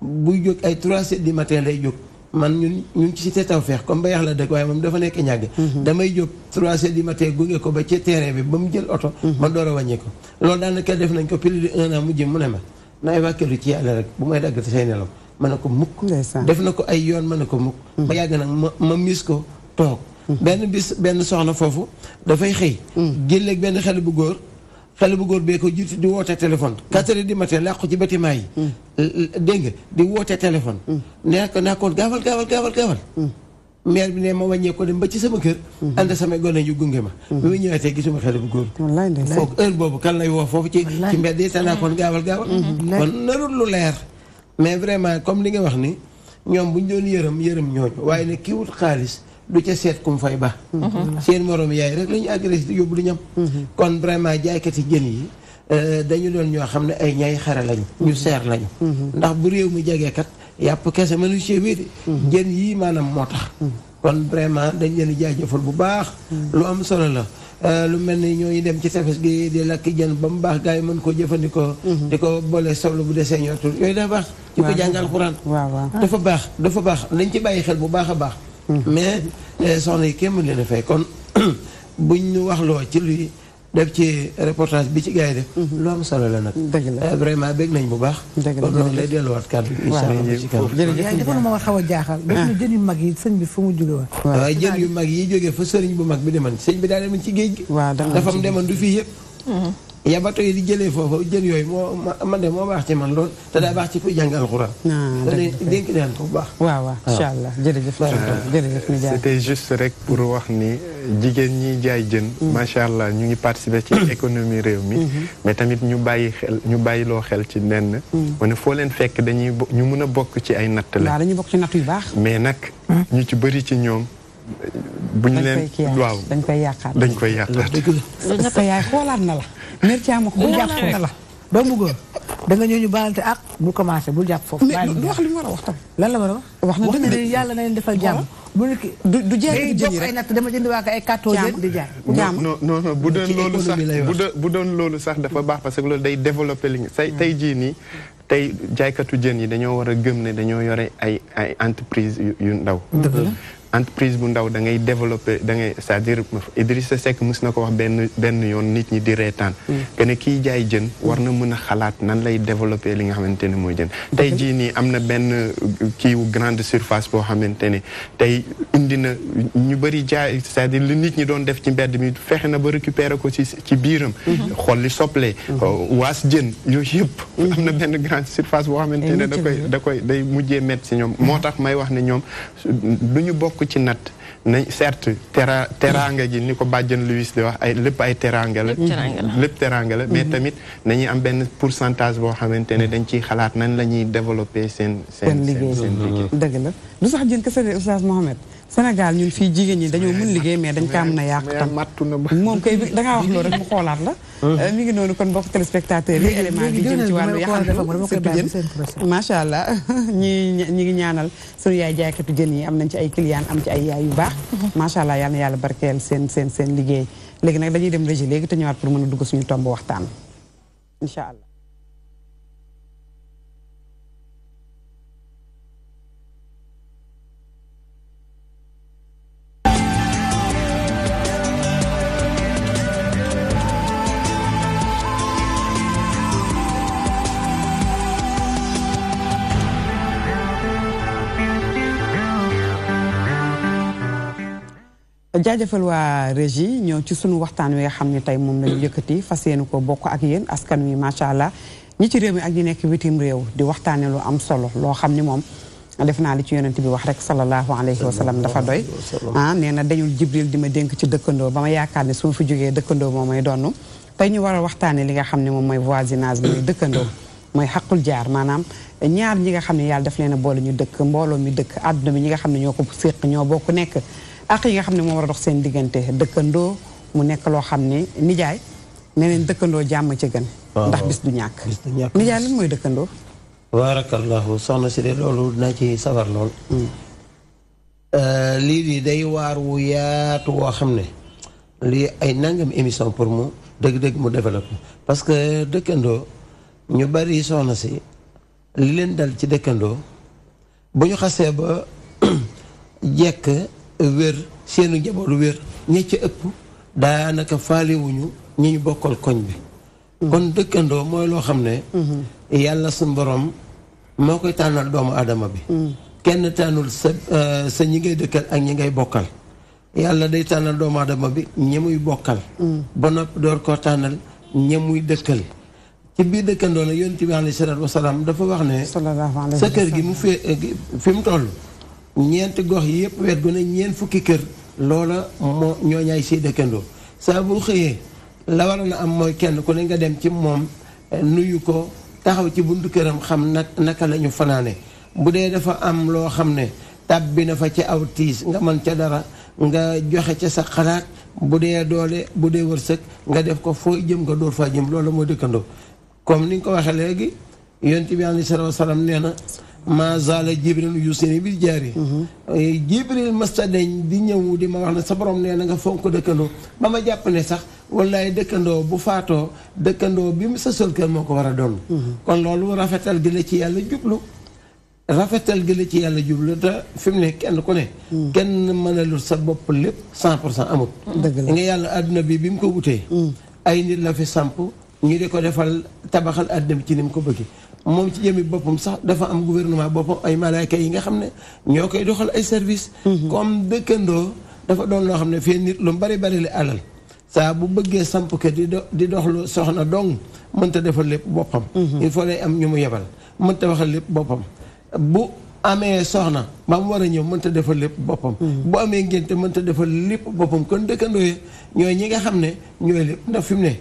buy jóg ay trois heures lay jóg man ñun ñun ci cité Tawfekh comme ba la dëkk waaye moom dafa nekk ñàgg mhm. damay jóg trois heures du matin gunge ko ba ci terrain bi ba mu jël oto mhm. man door a wàññi ko loolu daanaka def nañ ko plus de un an mu jëm mu ne ma na évacué lu ci yàlla rek bu may dagg te say nelaw ma ne ko mukk def na ko ay yoon ma ne ko mukk mhm. ba yàgg nag ma ma mis ko toog benn bis benn soxna foofu dafay xëy génn ak benn xale bu góor xale bu góor bee ko jiitu di woote téléphone. 4 heures du matin làqu ci bâtiment yi. Mm. dégg nga di woote téléphone. Mm. nee ko nekkoon gaawal gaawal gaawal gaawal. Mm. bi ne ma wàññee ko dem ba ci sama kër. ànd samay gone yu gunge ma. bi ma ñëwaatee gisuma xale bu góor. wallaay ndeylaay foog heure boobu kan lay woo foofu ci ci mbedd yi te nekkoon gaawal gaawal. Mm-hmm. kon narul lu leer. mais vraiment comme li nga wax ni ñoom buñ doon yërëm yërëm ñooñu waaye nag kii xaalis. du ci set kum fay ba mhm. seen morom yaay rek lañu ñu agressé di ñam mhm. kon vraiment jaaykati jën yi euh, dañu doon ño xamne ay ñay xara lañ mhm. ñu ser lañ ndax bu rew mi jegee kat yap kese manu ci wéete jën yi manam motax kon vraiment dañ leen jaajëfal bu baax lu am solo la euh, lu melni ñoy dem ci tafes gi di lak jeen bam baax gaay mën ko jëfëndiko di ko solo bu déssé ñoo tur yooyu dafa baax. ci ko jàngal xuraan. dafa baax dafa baax nañ ci bayyi xel bu baaxa baax. Mm-hmm. mais eh, soxna yi kenn mën leen a fay kon bu ñu wax loo ci luy def ci reportage bi ci gars yi def. Mm-hmm. lu am solo la nag. Eh, vraiment bëgg nañ bu baax. dëgg la kon lay delluwaat kàddu bi. waaw jërëjëf dafa ma xaw a jaaxal. Ah. jën yu mag yi sëñ bi fu mu julli woon. waaw jën yu mag yi jógee fa sëriñ bu mag bi demoon sëñ bi daa demoon ci géej gi. waaw dafa am demoon du fii yëpp. Mm-hmm. yabato yi di jëlee foofu jën yooyu moo man de moo baax ci man lool te daa baax ci kuy jàng alxuraan. Ah, dénk naan bu baax. waaw waaw ah. incha allah ah. jërëjëf. jërëjëf Ndiaye juste rek pour wax ni jigéen ñi jaay jën. Mm. macha allah ñu ngi participer ci mm. économie réew mi. Mm-hmm. mais tamit ñu bàyyi xel ñu bàyyiloo xel ci nenn. wane mm. foo leen fekk dañuy ñu mun a bokk ci ay natt la. waaw dañuy bokk ci natt yu baax. mais nag ñu ci bëri ci ñoom. buñ leen waaw dañ koy yàqaat dañ koy yàqaat. yaay xoolaat na la. mère Thiam ko la doomu góor da nga ñëw ñu ak bu commencé bul jàpp foofu. mais wax li mu war a wax tam. lan la war a wax. wax na yàlla na leen defal jàmm. bu ne ki du jaay du ay natt dama jënd waa ko ay kàttoo jën di jaay. jàmm non non loolu sax bu bu doon loolu sax dafa baax parce que loolu day développé li say tey jii nii. tey jaaykatu jën yi dañoo war a gëm ne dañoo yore ay ay entreprise yu ndaw. entreprise bu ndaw da ngay développer da ngay c'est-à-dire Idrissa Seck na ko wax benn benn yoon nit ñi di reetaan hmm. que ne jaay jën war na mën a xalaat nan lay développer li nga xamante ne mooy jën tey jii nii am na benn kiiwu grande surface boo xamante ne tey indina ñu bëri jaay cest li nit ñi doon def ci mbedd mi fexe na ba récupérer ko ci ci biiram hmm. xool li sople hmm. euh, waas jën yooyu yëpp am na benn grande surface boo xamante ne da koy da koy day mujjee met si ñoom moo tax may wax ne ñoom duñu bokk ku ci natt na certes tera teraanga gi ni ko bàjjan Louis di wax ay lépp ay teraanga la lépp teraanga la mais mhm. tamit nañuy am benn centage boo xamante ne mhm. dañ ciy xalaat na la ñuy développé seen seen seen liggéey la du sax jën kese de Oustaz Mohamed Sénégal ñun fii jigéen ñi dañoo mën liggéey mais dañ kaa mën a yàq tam moom kay dangaa wax rek mu xoolaat la euh, mi ngi noonu kon bokk spectateur yi élément bi jëm ci wàllu yàqantu jën macha allah ñi ngi ñaanal suñu yaay jaaykatu jën yi am nañ ci ay client am ci ay yaay yu baax macha allah yal na yàlla barkeel seen seen seen liggéey léegi nag dañuy dem régie léegi te waat pour mën a dugg suñu tomb waxtaan incha allah jaajëfal waa régie ñëw ci sunu waxtaan wi nga xam ne tey moom lañu mm. yëkkati fas yéene ko bokk ak yéen askan wi macha allah ñi ci réew mi ak ñu nekk bitim réew di waxtaanee lu am solo loo xam ni moom def naa li ci yonent bi wax rek sallallahu alayhi wa sallam dafa doy ah, nee na dañul jibril di ma dénk ci dëkkandoo ba ma yaakaar ne su ma fi jógee dëkkandoo mooy donnu tey ñu war waxtaanee li nga xam ne moom mooy voisinage bi dëkkandoo mooy xaqul jaar maanaam ñaar ñi nga xam ne yàlla daf leen a boole ñu dëkk mbooloo mi dëkk àdduna bi ñi nga xam ne ñoo ko séq ñoo bokk nekk ak yi nga xamne mo wara dox seen digënté dëkkandoo mu nekk lo xamne nijaay neneen leen jamm ci gën ndax bis du ñak nijaay lan moy dëkkandoo barakallahu soxna ci de loolu na ci sabar lool hmm. euh, li di day war wu yaatu wo xamne li ay nangam émission pour mu deug deug mu développer parce que dëkkandoo ñu bari soxna ci li leen dal ci dëkkandoo buñu xasse ba jek wér seenu njaboot wér ña ca ëpp daanaka faalewuñu ñi ñu bokkal koñ bi kon dëkkandoo mooy loo xam ne mhm. yàlla suñu borom moo koy tànnal doomu aadama bi mhm. kenn tànnul sa euh, sa ñi ak ñi ngay bokkal yàlla day tànnal doomu aadama bi ñi muy bokkal mhm. ba noppi door koo tànnal ñi muy dëkkal ci biir dëkkandoo nag yonent bi alayhi salaatu wasalaam dafa wax ne sa kër gi mu fee fi mu toll ñeenti gox yëpp wet gu ne ñeent fukki kër loola moo ñoo ñaay siy dëkkandoo saa bu xëyee la waroon a am mooy kenn ku ne nga dem ci moom eh, nuyu ko taxaw ci buntu këram xam nag naka lañu ñu fanaane bu dee dafa am loo xam ne tàbbi na fa ci aw tiis nga mën ca dara nga joxe ca sa xalaat bu dee doole bu dee wërsëg nga def ko foo jëm nga dóor faa jëm loola moo dëkkandoo comme ni nga ko waxee léegi yonent bi alayhi salaam nee na ma la jibril yu seeni bil jaari mhm. eh, jibril masta deñ di ñëw di ma wax na sa borom nee na nga fonk dëkkandoo ba ma jàpp ne sax wallaay dëkkandoo bu faatoo dëkkandoo bi mu sa sol moo ko war a doon mhm. kon loolu rafetal gi la ci yàlla jublu rafetal gi ci yàlla jublu te fi mu ne kenn ku ne mhm. kenn mënalul sa bopp lépp cent pour cent amut dëgg yàlla àdduna bi bi mu ko wutee ay nit la fi samp ñu di ko defal tabaxal àddina dem ci ni mu ko bëggee moom ci jëmi boppam sax dafa am gouvernement boppam ay malaayka yi nga xam ne ñoo koy doxal ay service mhm. comme dëkkandoo dafa doon loo xam ne fii nit lu mu bari bari alal saa bu bëggee samp ko di di doxlu soxna dong mënta defal lépp boppam mhm. il faut lay am ñu mu yebal mënta waxal lépp boppam bu amee soxna ba mu war a ñëw mënta defal lépp boppam mhm. bu amee ngénte mënta defal lépp boppam kon dëkkandoo yi ñooy ñi nga xam ne ñooy lépp ndax fi mu ne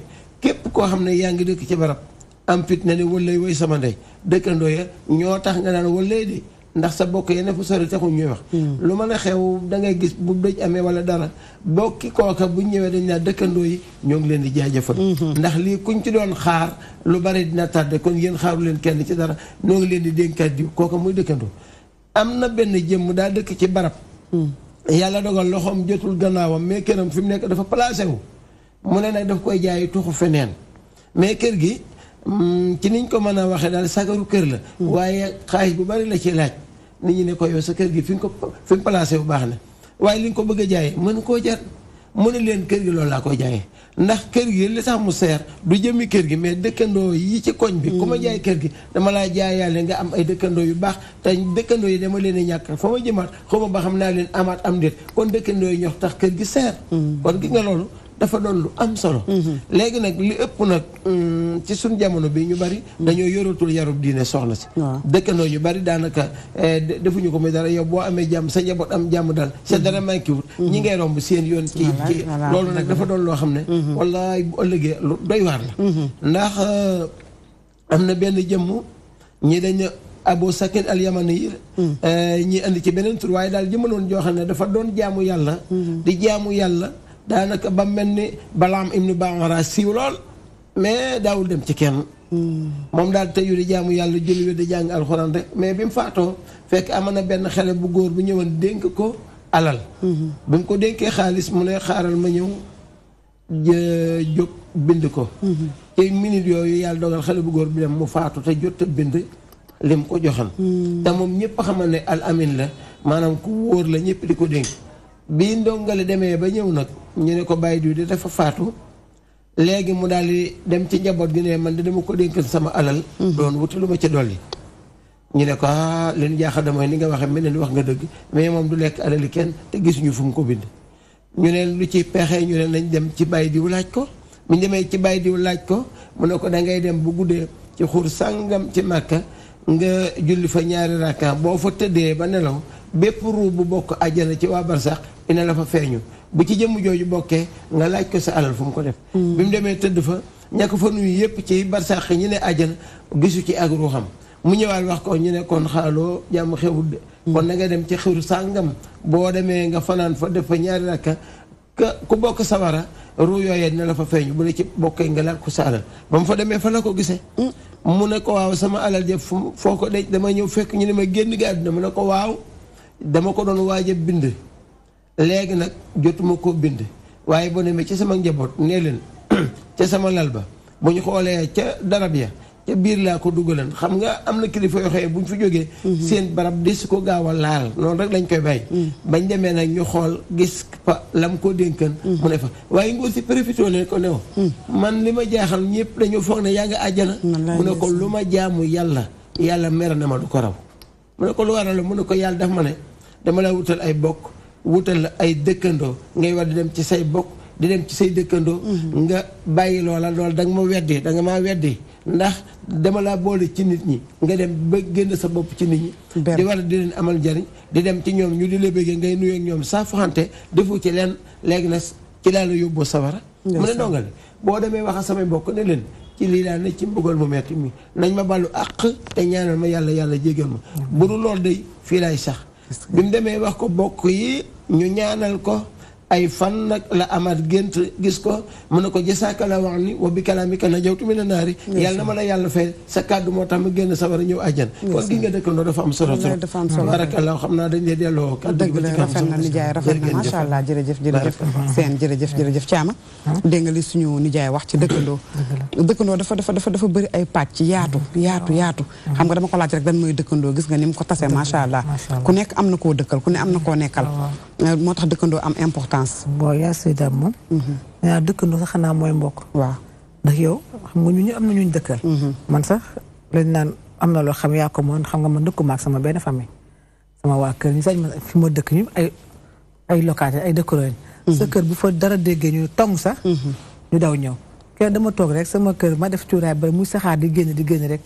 koo xam ne yaa ngi dëkk ci barab am fit na ne wallay way sama ndey dëkkandoo ya ñoo tax nga naan wallay de ndax sa bokk yenn fu sori taxul ñuy wax hmm. lu mën a xew da gis bu dëj amee wala dara bokki kooka bu ñëwee dañ naa dëkkandoo yi ñoo ngi leen di jaajëfal hmm. ndax lii kuñ ci xaar lu bari dina tardé kon yéen xaaru leen kenn ci dara ñoo leen di dénkaat di kooka muy dëkkandoo am na benn jëmm daa dëkk ci barab hmm. yàlla dogal loxoom jotul gannaawam mais këram fi mu nekk dafa placé wu mu ne nag daf koy jaayi tuxu feneen mais kër gi mm, ci niñ ko mën a waxee daal sagaru kër la. Mm. waaye xaalis bu bari la ci laaj. nit ñi ne ko yow sa kër gi fi nga ko fi nga placé bu baax na waaye li nga ko bëgg a jaayee mën koo jar mu ne leen kër gi loolu laa koy jaayee ndax kër gi li tax mu seer du jëmmi kër gi mais dëkkandoo yi ci koñ bi. ku ma mm. jaay kër gi dama laa jaayaale nga am ay dëkkandoo yu baax te dëkkandoo yi dama leen a ñàkk fa ma jëmaat xaw ma ba xam naa leen amaat am déet kon dëkkandoo yi ñox tax kër gi seer. kon gi nga loolu dafa doon lu am solo. Mm-hmm. léegi nag li ëpp nag mm, ci suñ jamono bi ñu bari. Mm-hmm. dañoo yoratul yarub diine soxna si. dëkkandoo ñu bari daanaka eh, defuñu ko muy dara yow boo amee jàmm sa njaboot am jàmm daal sa mm-hmm. dara ñi ngay romb seen yoon. ci nag dafa doon loo xam ne. wallaay bu lu doy waar eh, am na benn jëmm ñi dañ Abu Sakin al Yamani yi mm. eh, ñi ci beneen tur daal jëmmaloon joo xam ne dafa doon jaamu yàlla. di jaamu yàlla. daanaka ba mel ni balaam ibnu baamara siiw lool mais daawul dem ci kenn moom daal tey yu di jaamu yàlla julli di jàng alxuraan mais bi mu fekk amoon na benn xale bu góor bu ñëwoon dénk ko alal mm-hmm. bi mu ko dénkee xaalis mu ne xaaral ma ñëw jóg bind ko ci mm-hmm. minute yooyu yàlla dogal xale bu góor bi dem mu faatu te jot a bind lim ko joxan mm-hmm. te moom ñëpp xamal ne al amin la maanaam ku wóor la ñëpp di ko dénk bi ndongale demee ba ñëw nag ñu ne ko bàyyi diw de dafa faatu léegi mu daal di dem ci njaboot gi ne man de dama ko dénkal sama alal. Mhm. doon wuti lu ma ca dolli. ñu ne ko ah li ñu jaaxal mooy ni nga waxee mel ni wax nga dëgg mais moom du lekk alali kenn te gisuñu fu mu ko bind. ñu ne lu ci pexe ñu ne nañ dem ci bàyyi diw laaj ko bu demee ci bàyyi diw laaj ko mu ne ko da ngay dem bu guddee ci xur sàngam ci màkka nga julli fa ñaari rakka boo fa tëddee ba nelaw bépp ruu bu bokk àjjana ci waa barsax dina la fa feeñu bu ci jëmm jooju bokkee nga laaj ko sa alal fu mu ko def mm. bi mu demee tëdd fa ñàkk fa nuyu yëpp ci barsax ñu ne àjjana gisu ci ak ruuxam mu ñëwaal wax ko ñu ne kon xaaloo jàmm xewul de mm. kon na nga dem ci xiru sàngam boo demee nga fanaan fa def fa ñaari rakka ku bokk sawara ruu yooyee dina la fa feeñu bu la ci bokkee nga laaj ko sa alal ba mu fa demee fan la ko gisee mm. mu ne ko waaw sama alal jëf foo ko denc dama ñëw fekk ñu ne ma génn gi àdduna mu ne ko waaw dama ko doon waaj a bind léegi nag jotuma ko bind waaye boo demee ci sama njaboot nee leen ca sama lal ba bu ñu xoolee ca darab ya ca biir laa ko lan xam nga am na kilifa yoo bu ñu fi jógee mhm. seen barab di su ko gaaw a laal noonu rek lañ koy bàyyi mhm. bañ demee nag ñu xool gis fa lam koo dénkan mhm. mu ne fa waaye ngóor si profité ne ko new man li ma jaaxal ñëpp dañu foog ne yaa nga àjjana mu ne ko lu ma jaamu yàlla yàlla mer na ma du ko raw mu ne ko lu waral mu ne ko yàlla daf ma ne dama la wutal ay bokk wutal la ay dëkkandoo ngay war di dem ci say bokk di dem ci say dëkkandoo mm-hmm. nga bàyyi loola loolu da nga ma weddi da nga maa weddi ndax dama laa boole ci nit ñi nga dem ba génn sa bopp ci nit ñi di war di leen amal njariñ di dem ci ñoom ñu di la bëggee ngay nuyoo ñoom saa foxante defu ci leen léegi na ci laa la yóbboo sawara mu ne dongale boo demee wax a samay bokk ne leen ci lii daal ne ci mbugal mu metti mi nañ ma bàllu àq te ñaanal ma yàlla yàlla jégal ma mm-hmm. ñu ñaanal ko ay fan nak la amat gent gis ko mu ko jasaaka la wax ni wa bi kalamika najawtu mina naari yàlla na ma la yàlla fay sa kaddu mo tam ma sa war ñew aljan ko gi nga dekk no dafa am solo solo dafa am solo barakallah xam naa dañ lay delloo kàddu dëgg la rafet na Allah jere jef jere jef sen jere jef jere jef chama de nga li suñu ni jaay wax ci dekkando dekkando dafa dafa dafa dafa bëri ay pàcc yaatu yaatu yaatu xam nga dama ko laaj rek dañ moy dekkando gis nga nim ko ko ma sha allah ku nekk amna ko dekkal ku ne amna ko nekkal motax dekkando am important distance. boo yaa sooy daal moom. dinaa mhm. dëkkandoo sax xanaa mooy mbokk. waaw ndax yow xam nga ñu ñu am na ñu ñuñ dëkkal. Mhm. man sax lañ naan am na loo xam yaa ko moom xam nga man dëkkuma ak sama benn famille. sama waa kër ma fi ma dëkk ñu ay ay locataires ay dëkkaloo mhm. sa kër bu fa dara déggee ñu tong sax. ñu daw ñëw kenn dama toog rek sama kër ma def cuuraay ba muy saxaar di génn di génn rek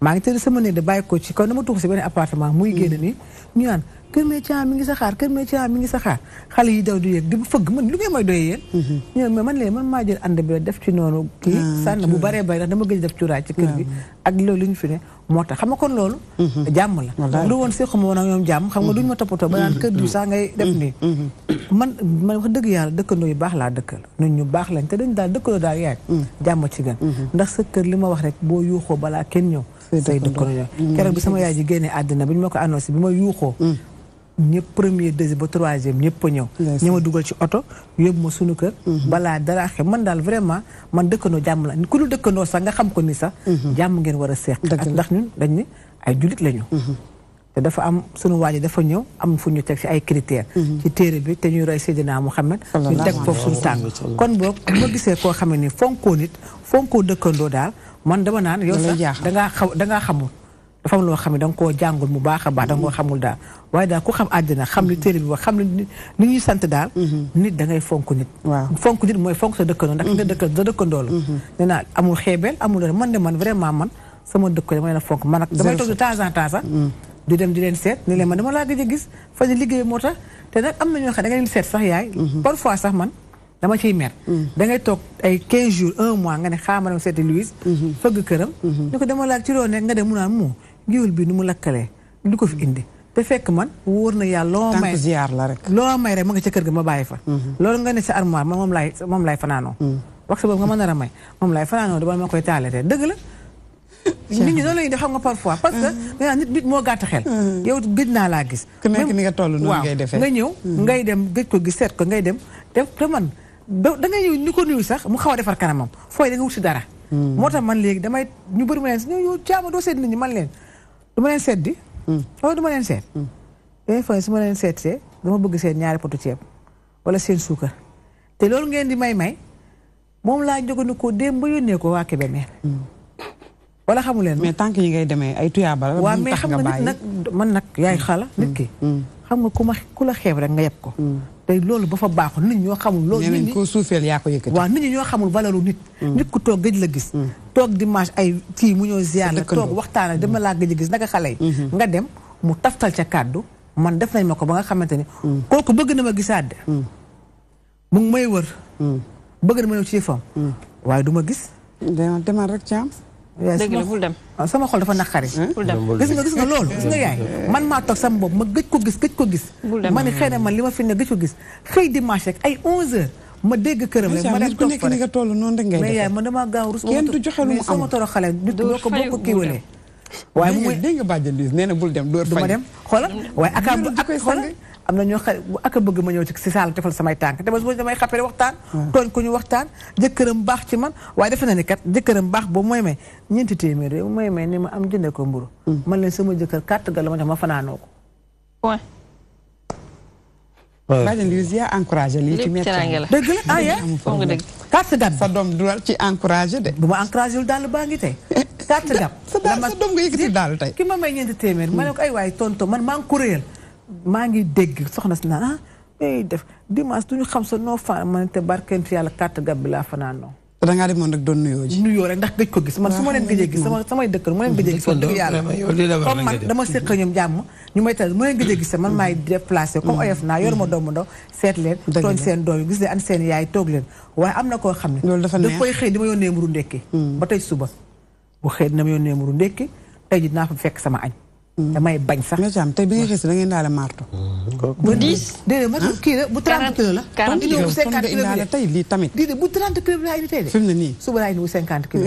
maa ngi tëdd sama néeg de bàyyi ko ci kaw dama tuux si benn appartement. muy génn nii ñu naan. kër métier mi ngi sa xaar kër métier mi ngi sa xaar xale yi daw di yëg di fëgg man lu ngeen may doyee yéen mhm. man lee man maa jël ànd bi def ci noonu kii ah, sànn bu baree bari dama gëj def cuuraay ah. li ñu fi ne moo tax xam nga kon loolu mhm. jàmm la lu woon séquma woon ak ñoom jàmm xam nga duñ ma toppatoo ba naan mhm. kër bi sax ngay def nii man man wax dëgg yàlla dëkkandoo yu baax laa dëkkal ñun ñu baax lañ te dañ daal dëkkandoo daal yaay mm. jàmm ci gën ndax sa kër li ma wax rek boo yuuxoo balaa kenn ñëw say dëkkandoo mm. keroog bi sama yaay ji génnee àddina bi ñu ma ko annoncé bi ma yuuxoo mm. ñëpp premier deuxième ba troisième ñëpp a ñëw. ñi dugal ci oto yóbbu ma suñu kër. Mhm. balaa dara xew man daal vraiment man dëkkandoo jàmm la ku lu dëkkandoo sax nga xam ko ni sax. Mhm. jàmm ngeen war a seex. ndax ñun dañ ne ay jullit lañu. Mhm. te dafa am sunu yi dafa ñëw am fu ñu teg si ay critères. ci téere bi te ñuy roy Seydina Muhammad ñu teg foofu suñu tànk kon boo bu ma gisee koo xam ne fonkoo nit fonkoo dëkkandoo daal man dama naan yow sax dangaa xaw dangaa xamul. dafa loo xam ne da koo jàngul mu baax a baax da nga koo xamul daal waaye daal ku xam àddina xam li téere bi wax xam li ni ñuy sant daal mm-hmm. nit dangay ngay fonk nit waaw fonk nit mooy fonk sa dëkkandoo ndax nga mm-hmm. dëkk sa dëkkandoo la mm-hmm. nee naa amul xeebeel amul man man vraiment man sama dëkkandoo ma leen fonk man ak damay toog de temps mm. di leen seet ni leen man dama laa gëj gis liggéey moo tax te am na ñoo xam ne da nga leen seet sax yaay dama ciy mer mm. da ngay toog ay 15 jours un mois nga ne xaaral ma dem seeti Louise fëgg këram ni ko dama laa ci loo nekk nga dem mu naan moo géwél bi nu mu lakkalee lu ko fi indi te fekk man wóor na yàlla loo may la rek loo may rek ma nga ca kër gi ma bàyyi fa mhm. loolu nga ne sa armoire man moom laay moom laay fanaanoo mhm. wax sa boobu nga mën nar a may moom laay fanaanoo dama ma koy taalatee dëgg la nit ñi noonu la xam nga parfois parce que danaa mhm. nit moo gàtt xel yow gëj naa laa gis ku nekk ni nga toll noonu ngay defee nga ñëw ngay dem gëj ko gis seet ko ngay dem def te man da ngay ñëw ko nuyu sax mu xaw a defar kanamam fooy da wut si dara moo tax man léegi damay ñu bëri ma leen si ñoo jaama doo seet nit ñi man leen du ma leen seet di. waaw hmm. oh, du ma leen seet. yooyu hmm. eh, fan su ma leen seetsee dama bëgg seen ñaari potu ceeb wala seen suukar te loolu ngeen di may-may moom laa jogandikoo démb ba yónnee ko waa Kébémer. Hmm. wala xamu leen. mais tànk yi ngay demee ay tuyaaba la. waaw mais xam nga nit nag man nag yaay xala nit ki. xam nga ku ma ku la xeeb rek nga yeb ko. Mm. te loolu ba fa baaxul nit ñoo xamul. loolu nit ñi ko suufeel yaa ko yëkkati. waaw nit ñi ñoo xamul valeur nit. Mm. nit ku toog gëj la gis. Mm. toog dimanche ay kii mu ñëw ziar la toog waxtaan ak laa gëj a gis naka xale yi. Mm-hmm. nga dem mu taftal ca kàddu man def nañ ma ko ba nga xamante ni. kooku bëgg na ma gisaat de. mu ngi may wër. bëgg na ma ñëw ci fam waaye du gis. demal rek caam. dëgg la bul dem ah, sama xol dafa naqari. Hmm? bul dem gis gis gis hmm. man maa toog sama bopp ma gëj ko gis gëj ko gis. bul dem ma ne xëy na man li ma fi ne gëj ko gis xëy dimanche rek ay 11 ma dégg këram rek ma dem toog fa rek mais yaay man damaa gaaw rus. kenn du joxe lu mu am sama toro xale nit boo ko boo ko kiiwalee. waaye mu dégg nga bàjjen bi nee na bul dem door fay du ma dem xoolal waaye ak am na ñoo xam ak bëgg ma ñëw ci si saal defal samay tànk te ba su damay xappale waxtaan. Hmm. tooñ ko ñu waxtaan jëkkëram baax ci man waaye defe na ni kat jëkkëram baax boo mooy may ñeenti téeméer yooyu may ni ma am jënde ko mburu hmm. man leen sama jëkkër carte la ma ma fanaanoo ko. point. Badiane Louise dëgg la ah yaa carte gab sa doom du ci encouragé de bu ma encouragé wul daal baa ngi tey carte gab sa doom nga yëkkati daal tey ki ma may ñeenti téeméer ma ne ko ay waay tonto man maa ngi kuréel maa ngi dégg soxna si naa ah eh, def dimanche du ñu xam sa noo fa ma ne te barkent yàlla carte gab bi laa fanaanoo da ngaa demoon rek doon nuyoo ji nuyoo rek ndax gëj ko gis man su ma leen gëjee gis sama samay dëkk mu leen gëjee gis wax dëgg yàlla comme man jàmm ñu may tal mu leen gëjee gis man maay déplacé comme mm. oyof naa yor ma mm. doomu ndaw seet leen tooñ seen doom yi gis leen an seen yaay toog leen waaye am na koo xam ne dafa koy xëy di ma yónnee muru ndékki mm. ba tey suba bu xëy dina ma yónnee muru ndékki tey ji naa fa fekk sama añ Mm. damay bañ sax. nga jàmm tey bi nga xëy da ngeen daal marto. Mm, bu diis déedéet ma kii la bu 30 kilo la. 40 kilo 50 kilo bi de tey lii tamit. déedéet bu 30 kilo bi laa indi tey de. fi mu ne nii suba laa indi bu 50 kilo.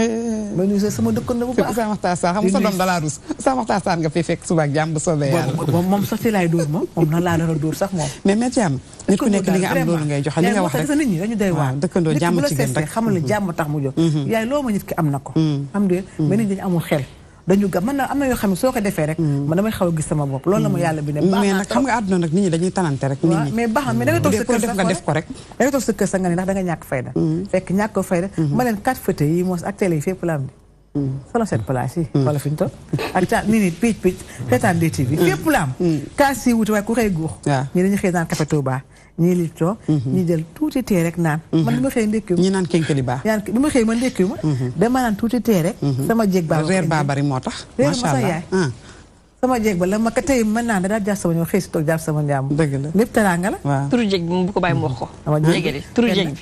ma nuyu sama dëkkandoo bu baax. sa waxtaan saa xam sa doom dalaa rus sa waxtaan saa nga fi fekk suba ak jàmm bu soobee yàlla. moom sax si laay dóor moom moom nan laa dara dóor sax moom. mais mais jàmm nit ku nekk li nga am loolu ngay joxe li nga wax rek nit ñi dañu doy waar dëkkandoo jàmm ci gën rek xamal ne jàmm tax mu jox mm-hmm. yaay loo ma nit ki am na ko mm-hmm. am de mais mm-hmm. nit ñi dañu amul xel dañu gam man na am na yoo xam ne soo ko defee rek mm. man damay xaw a gis sama bopp loolu la ma mm. yàlla bi ne baax na mais da nga toog sa kër sa nga ne ndax da nga ñàkk fayda mm. fekk ñàkk ko fayda mm-hmm. ma leen quatre fauteuils yi moos ak télé yi fépp la kaas yi wuti waaye ku xëy guux ñi dañu xëy naan café Touba ñii li toog mhm. ñi jël tuuti tee rek naan mhm. man bi ma xëy ndékkiwuma ñi naan kénkeli baa ñaan bi ma xëy ma ndékkiwuma mhm. dama naan tuuti tee rek sama jég baa reer baa bari moo tax reer ma sax yaay ah. sama jéeg ba la ma ko tey mën naa ne daal jaar sama ñoom xëy si toog jaar sama njàmm. dëgg la lépp teraanga la. waaw turu jéeg bi mu bu ko bàyyi mu wax ko. sama jéeg bi turu jéeg bi.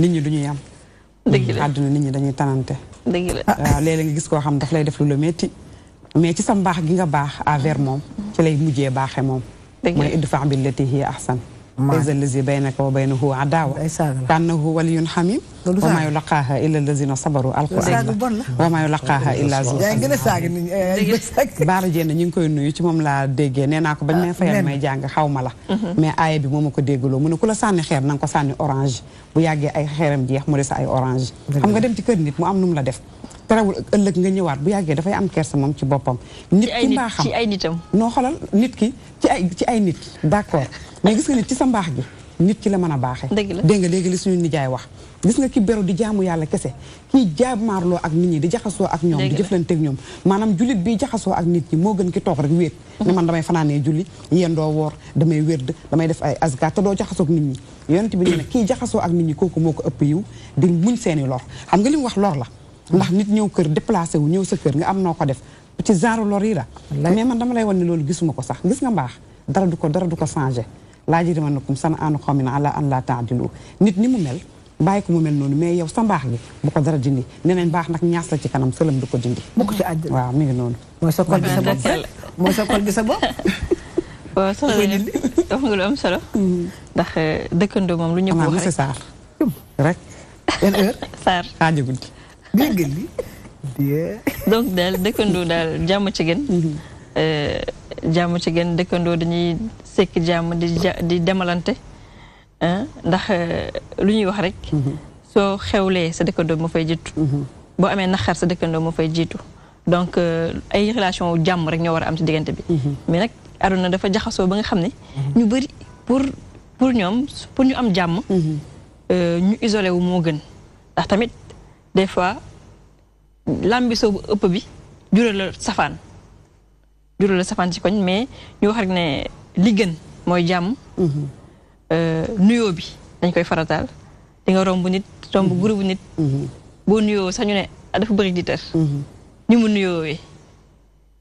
nit ñi du yam. dëgg nit ñi dañuy tanante. dëgg la waaw léeg gis koo xam daf lay def lu la métti mais ci sa mbaax gi nga baax envers moom ci lay mujjee baaxe moom mooy idfa' billatii hiya ahsan laysa llazii baynaka wa baynahu adaawatun ka'annahu waliyyun hamiim wa maa yulaqaahaa illaa llaziina sabaruu alquraan wa maa yulaqaahaa illaa zuu hazzin baara jénn ñu ngi koy nuyu ci moom laa déggee nee naa ko bañ may fayal may jàng xaw ma la mais aaya bi moo ma ko déggaloo mu ne ku la sànni xeer na nga ko sànni orange bu yàggee ay xeeram jeex mu des ay orange xam nga dem ci kër nit mu am nu mu la def terewul ëllëg nga ñëwaat bu yàggee dafay am kersa moom ci boppam. nit ki ay nitam. noo xolal nit ki ci ci ay nit d'accord mais gis nga nit ci sa mbaax gi nit ki la mën a baaxee. dëgg la dégg nga léegi li suñu nijaay wax. gis nga ki beru di jaamu yàlla kese kii jaamaarloo ak nit ñi di jaxasoo ak ñoom di jëflante ak ñoom maanaam jullit bi jaxasoo ak nit ñi moo gën ki toog rek wéet mm-hmm. ne man damay fanaanee julli yendoo woor damay wérd damay def ay asgar doo jaxasoo nit ñi yonent bi nee na kii jaxasoo ak nit ñi kooku moo ko ëpp yiw di muñ seeni lor xam nga li mu wax lor la ndax nit ñëw kër déplacé wu ñëw sa kër nga am noo ko def ci genre lor yi la mais man dama lay wan ne loolu gisuma ko sax gis nga mbaax dara du ko dara du ko changé laa jërimannakum sana aanu xawmin ala an la taadilu nit ni mu mel bàyyi ko mu mel noonu mais yow sa mbaax gi bu ko dara dindi nee baax nag ñaas la ci kanam sëlam du ko dindi bu ko ci àdd ngi noonu mooy sa kol bi sa bopp sa kol sa bopp waaw soxna wax nga lu am solo mm-hmm. eh, moom lu ñëpp wax rek Saar yan heure Saar dégg li donc daal dëkkandoo daal jàmm ci gën. Euh, jàmm ci gën dëkkandoo dañuy sekk jàmm di di demalante ndax euh, lu ñuy wax rek. Mhm. soo xewlee sa dëkkandoo moo fay jiitu. Mhm. boo amee naxar sa dëkkandoo moo fay jiitu donc euh, ay relation jàmm rek ñoo war a am ci diggante bi. Mhm. mais nag na dafa jaxasoo ba nga xam ne. ñu bëri pour pour ñoom pour ñu am jàmm. ñu isolé wu moo gën ndax tamit. des fois lambisoo bu ëpp bi jural la safaan jural la safaan ci koñ mais ñu wax rek ne li gën mooy jàmm mhm. euh, nuyoo bi dañ koy farataal di nga romb nit romb mhm. groupe nit mhm. boo nuyoo sax ñu ne ah, dafa bëri di ni mu nuyoowee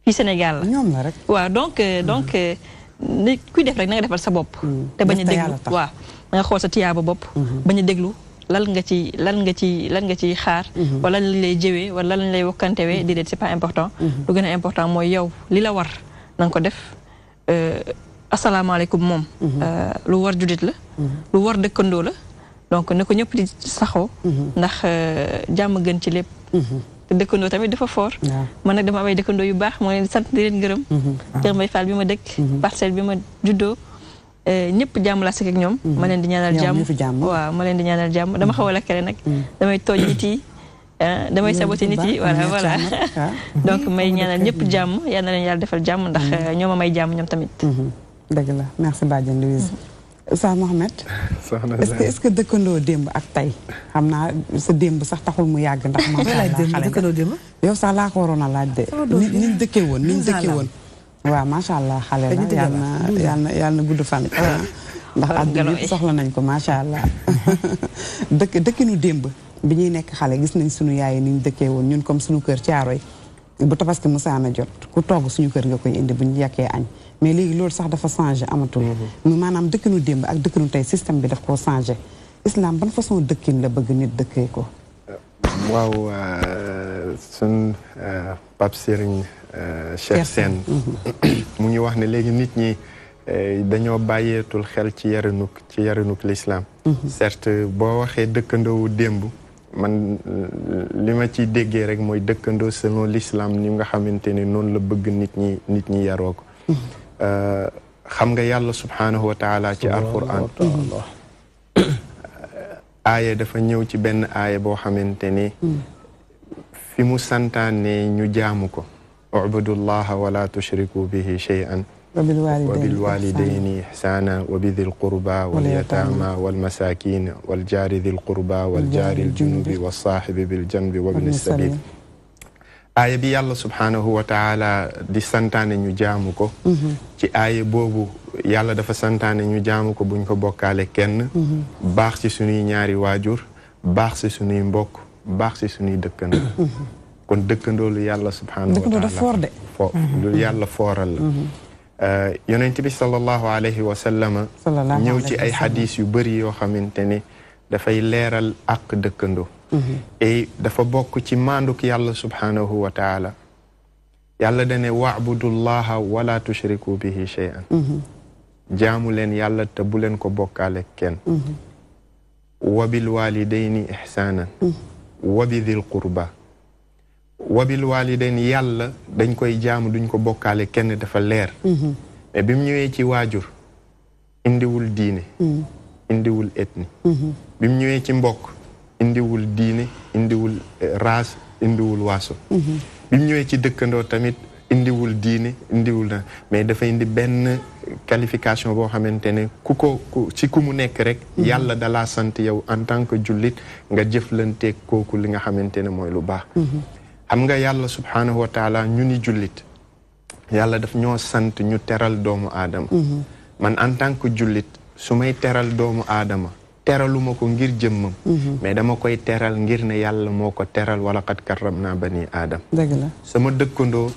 fii Sénégal la waa donc euh, donc euh, ni kuy def rek na nga defal sa bopp te bañ a déglu waaw na xool sa tiyaaba bopp bañ a déglu lan nga ci lan nga ci lan nga ciy xaar mhm. wala lañ lay jëwee wala lañ lay wakkantewee déedéet c'est pas important mhm. lu gën a important mooy yow li la war na nga ko def euh, asalaamaaleykum moom mhm. euh, lu war judit la lu war dëkkandoo la donc ne ko ñëpp di saxoo ndax euh, jàmm gën ci lépp te dëkkandoo tamit dafa fort man nag dem am ay dëkkandoo yu baax moo leen sant di leen gërëm Kër Mbaye bi ma dëkk parcelle bi ma juddoo Eh, ñëpp jàmm laa sekk ak ñoom mm-hmm. ma leen di ñaanal jàmm waaw ma leen di ñaanal jàmm dama xaw a lakkale nag mm-hmm. damay tooj nit yi eh, damay saboté nit yi voilà voilà donc may ñaanal ñëpp jàmm yal na leen yàlla defal jàmm ndax mm-hmm. eh, ñoom a may jàmm ñoom tamit dëgg la merci Badiane Louise Oustaz Mohamed est ce que dëkkandoo démb ak tey xam naa sa démb sax taxul mu yàgg ndax macha allah xale yow sax laa ko waroon a laaj de niñ dëkkee woon niñ dëkkee woon waaw macha allah xale la yal na gudd fan. ndax àdduna yëpp soxla nañ ko macha allah. dëkk dëkkinu démb bu ñuy nekk xale gis nañ sunu yaay yi ni ñu dëkkee woon ñun comme sunu kër caaroy bu tabaski musaana jot ku togg suñu kër nga koy indi bu ñu yàkkee añ mais léegi loolu sax dafa changé amatul. Mm-hmm. mu maanaam dëkkinu démb ak dëkkinu tey système bi daf koo changé islam ban façon dëkkin la bëgg nit dëkkee ko. waaw euh, sun euh, Pape Serigne. Euh, Cheikh Sène mhm. mu ngi wax ne léegi nit ñi eh, dañoo bàyyeetul xel ci yarinuk ci yarinuk l'islam mhm. certes boo waxee dëkkandoowu démb man li ma ciy déggee rek mooy dëkkandoo selon l'islam ni nga xamante ne noonu la bëgg nit ñi nit ñi yaroo ko mhm. euh, xam nga yàlla subhaanahu wa ci alquran aaya dafa ñëw ci benn aaya boo xamante ne fi mu santaane ñu jaamu ko اعبدوا الله ولا تشركوا به شيئا وبالوالدين إحسانا وبذي القربى واليتامى والمساكين والجار ذي القربى والجار الجنوب والصاحب بالجنب وابن السبيل آية بي الله سبحانه وتعالى دي سنتان نجامكو تي آية بوبو يالا دفا سنتان نجامكو بنكو بوكالي كن باخسي سني نياري واجور باخسي سني مبوك باخسي سني دكن kon dëkkandoo lu yàlla subhanahu wa taala fo lu yàlla fooral la yonent bi sallallahu alayhi wa sallama ñëw ci ay xadis yu bëri yoo xamante ni dafay leeral ak dëkkandoo et dafa bokk ci maanduk yàlla subhaanahu wa taala yàlla dane waabudullaha wala tushriku bihi shay'an jaamu leen yàlla te bu leen ko bokkaale kenn wa bil walidayni ihsaanan wa bi qurba wabil waalideen yàlla dañ koy jaamu duñ ko bokkaale kenn dafa leer mhm. mais bi mu ñëwee ci waajur indiwul diine mhm. indiwul ethnie mhm. bi mu ñëwee ci mbokk indiwul diine indiwul eh, race indiwul waaso bi mu ñëwee ci dëkkandoo tamit indiwul diine indiwul na mais dafa indi benn qualification boo xamante ne ku ko ku mu nekk rek yàlla dala sant yow en tant que jullit nga jëflanteeg kooku li nga xamante ne mooy lu baax xam nga yàlla subhaanahu wa taala ñu ni jullit yàlla daf ñoo sant ñu teral doomu aadama mhm. man en tant que jullit su may teral doomu aadama teraluma ko ngir jëmmam mhm. mais dama koy teral ngir ne yàlla moo ko teral wala xat karam naa bani aadam sama dëkkandoo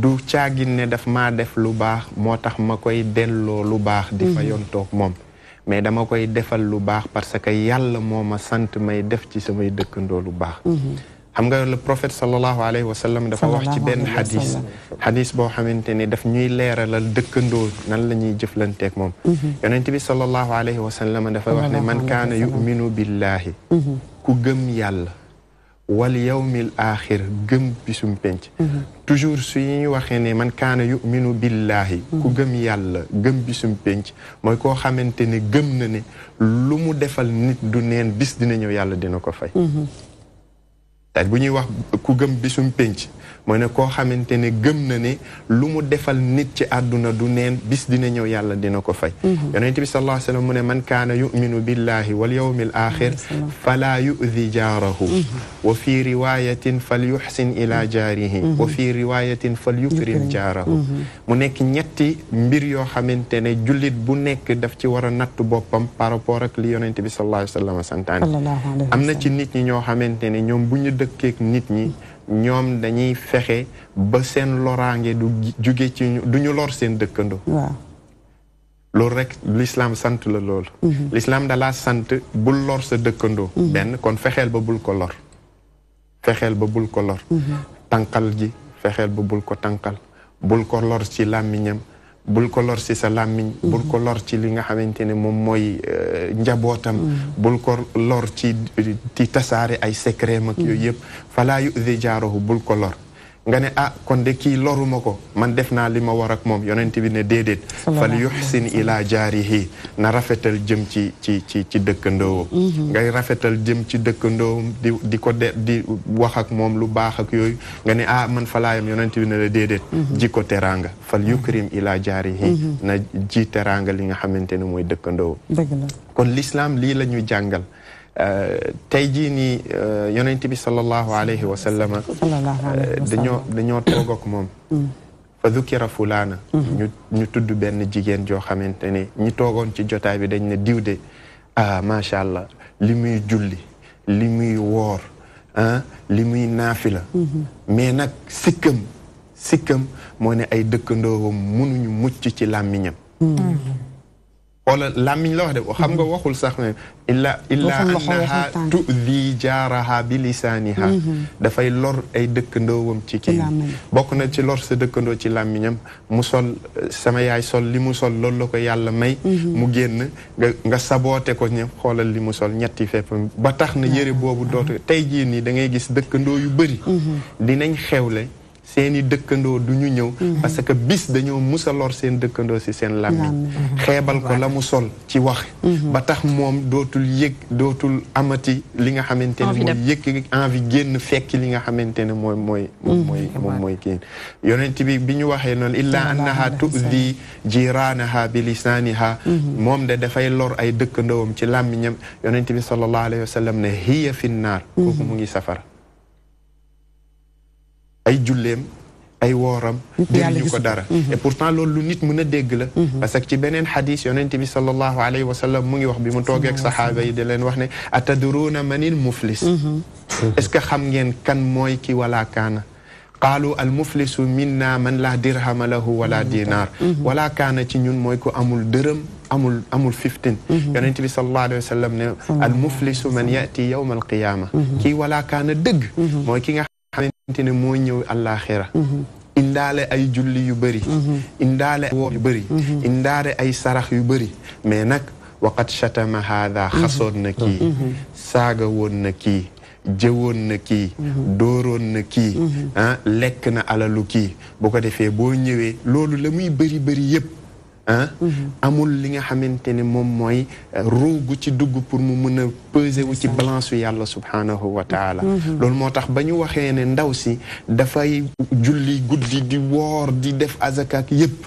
du caagin ne daf maa def lu baax moo tax ma koy delloo lu baax di fa mhm. yoon toog moom mais dama koy defal lu baax parce que yàlla moo ma sant may def ci samay dëkkandoo lu baax xam nga le prophète sallallahu alayhi wa sallam dafa wax ci benn xadis xadis boo xamante ne daf ñuy leeralal dëkkandoo nan la ñuy jëflanteeg moom yonent bi sallallahu alayhi wa sallam dafa wax ne man kaana yuminu billahi ku gëm yàlla wal yawmil axir gëm bisum penc toujours suñuy waxee ne man kaana yuminu billahi ku gëm yàlla gëm bisum penc mooy koo xamante ne gëm na ne lu mu defal nit du neen bis dina ñëw yàlla dina ko fay cest bu ñuy wax ku gëm bisum pénc mooy ne koo xamante ne gëm na ne lu mu defal nit ci àdduna du neen bis dina ñëw yàlla dina ko fay mhm. yonent bi sallallahu mu ne man kaana yuminu billahi wal yawmil axir fala yudi jaarahu mhm. wa fi riwayatin fal yuxsin ila mhm. jaarihi wa fi riwayatin fal yukrim jaarahu mu nekk ñetti mbir yoo xamante ne jullit bu nekk def ci war a natt boppam par rapport ak li yonent bi sallallahu alayhi wa am na ci nit ñi ñoo xamante ne ñoom bu ñu nit ñi ñoom dañuy fexe ba seen loraange du jóge ci ñu du ñu lor seen dëkkandoo. waaw loolu rek l'islam sant la loolu. Mhm. l'islam da sant bul lor sa dëkkandoo. Mhm. benn kon fexeel ba bul ko lor. fexeel ba bul ko lor. Mhm. tànqal ji fexeel ba bul ko tànqal bul ko lor ci làmmiñam bul ko lor si sa làmmiñ bul ko lor ci li nga xamante ne moom mooy euh, njabootam bul ko lor ci ci tasaare ay secret mag yooyu yëpp falaa yu'di jaarahu bul ko lor nga ne ah kon de kii loruma ko man def naa li ma war ak moom yonent bi ne déedéet fal yuxsin ila jaarihi na rafetal jëm ci ci ci ci dëkkandoowam mhm. ngay rafetal jëm ci dëkkandoowam di di ko de di wax ak moom lu baax ak yooyu nga ne ah man falaayam yonent bi ne la déedéet mhm. ji ko teraanga fal mhm. yukrim ila jaarihi na ji teraanga li nga xamante ne mooy dëkkandoowam kon l'islam lii la ñu Euh, tey jii nii euh, yonent bi sallallahu alayhi wa sallama euh, dañoo dañoo moom mm. fa dukira fulaana mm-hmm. ñu ñu tudd benn jigéen joo xamante ne ñi toogoon ci jotaay bi dañ ne diw de ah, macha allah li muy julli li muy woor ah li muy naafila mm-hmm. mais nag sikkam sikkam moo ne ay dëkkandoowam mënuñu mucc ci làmmiñam mm. mm-hmm. wala làmmiñ la wax de xam nga waxul sax ne illa illa annaha tudi jaaraha bi lisaaniha dafay lor ay dëkkandoowam ci kii bokk na ci lor sa dëkkandoo ci làmmiñam mu sol sama yaay sol li mu sol loolu la ko yàlla may mu génn nga nga saboote ko ñëpp xoolal li mu sol ñetti fépp ba tax na yëre boobu dootu tey jii nii da ngay gis dëkkandoo yu bëri dinañ xewle seeni dëkkandoo du ñu ñëw mhm. parce que bis dañoo musa lor seen dëkkandoo ci seen làmmiñ mhm. xeebal ko la mu sol ci wax mhm. ba tax moom dootul yëg dootul amati li nga xamante ne mooy yëg envie génn fekki li nga xamante ne mooy mooy moom mooy moom mooy kii yonent bi bi ñu waxee noonu illaa annaha tudi jiraanaha bi lisaaniha moom de dafay lor ay dëkkandoo woom ci làmmiñam yonent bi sallallahu alayhi wa sallam ne hiya finnaar kooku mu ngi safara ay julleem ay wooram dégguñu ko dara et pourtant loolu lu nit mën a dégg la parce que ci beneen xadis yonent bi sallallahu alayhi wa sallam mu ngi wax bi mu toogee ak yi di leen wax ne atadruuna manil muflis est ce que xam ngeen kan mooy ki wala kaana qaalu al muflisu minna man la dirhama lahu wala dinar wala kaana ci ñun mooy ko amul dërëm amul amul fifteen yonent bi sallallahu alayhi wa sallam ne al muflisu man yati yawma al qiyaama kii wala kaana dëgg mooy ki nga xamante ne moo ñëw àllaaxira mhm. indaale ay julli yu bëri mhm. indaale woor mhm. ay sarax yu bëri mais nag waqat chatama haada xasoon na kii saaga woon na kii jëwoon na ki dooroon na ki ah, lekk na alalu kii bu ko defee boo ñëwee loolu la muy bëri bëri yëpp ah amul li nga xamante ne moom mooy euh, ruugu ci dugg pour mu mën a peser wu ci balance yu yàlla subhaanahu wa taala mhm. loolu moo tax ba ñu waxee ne ndaw si dafay julli guddi di woor di def azakaak yépp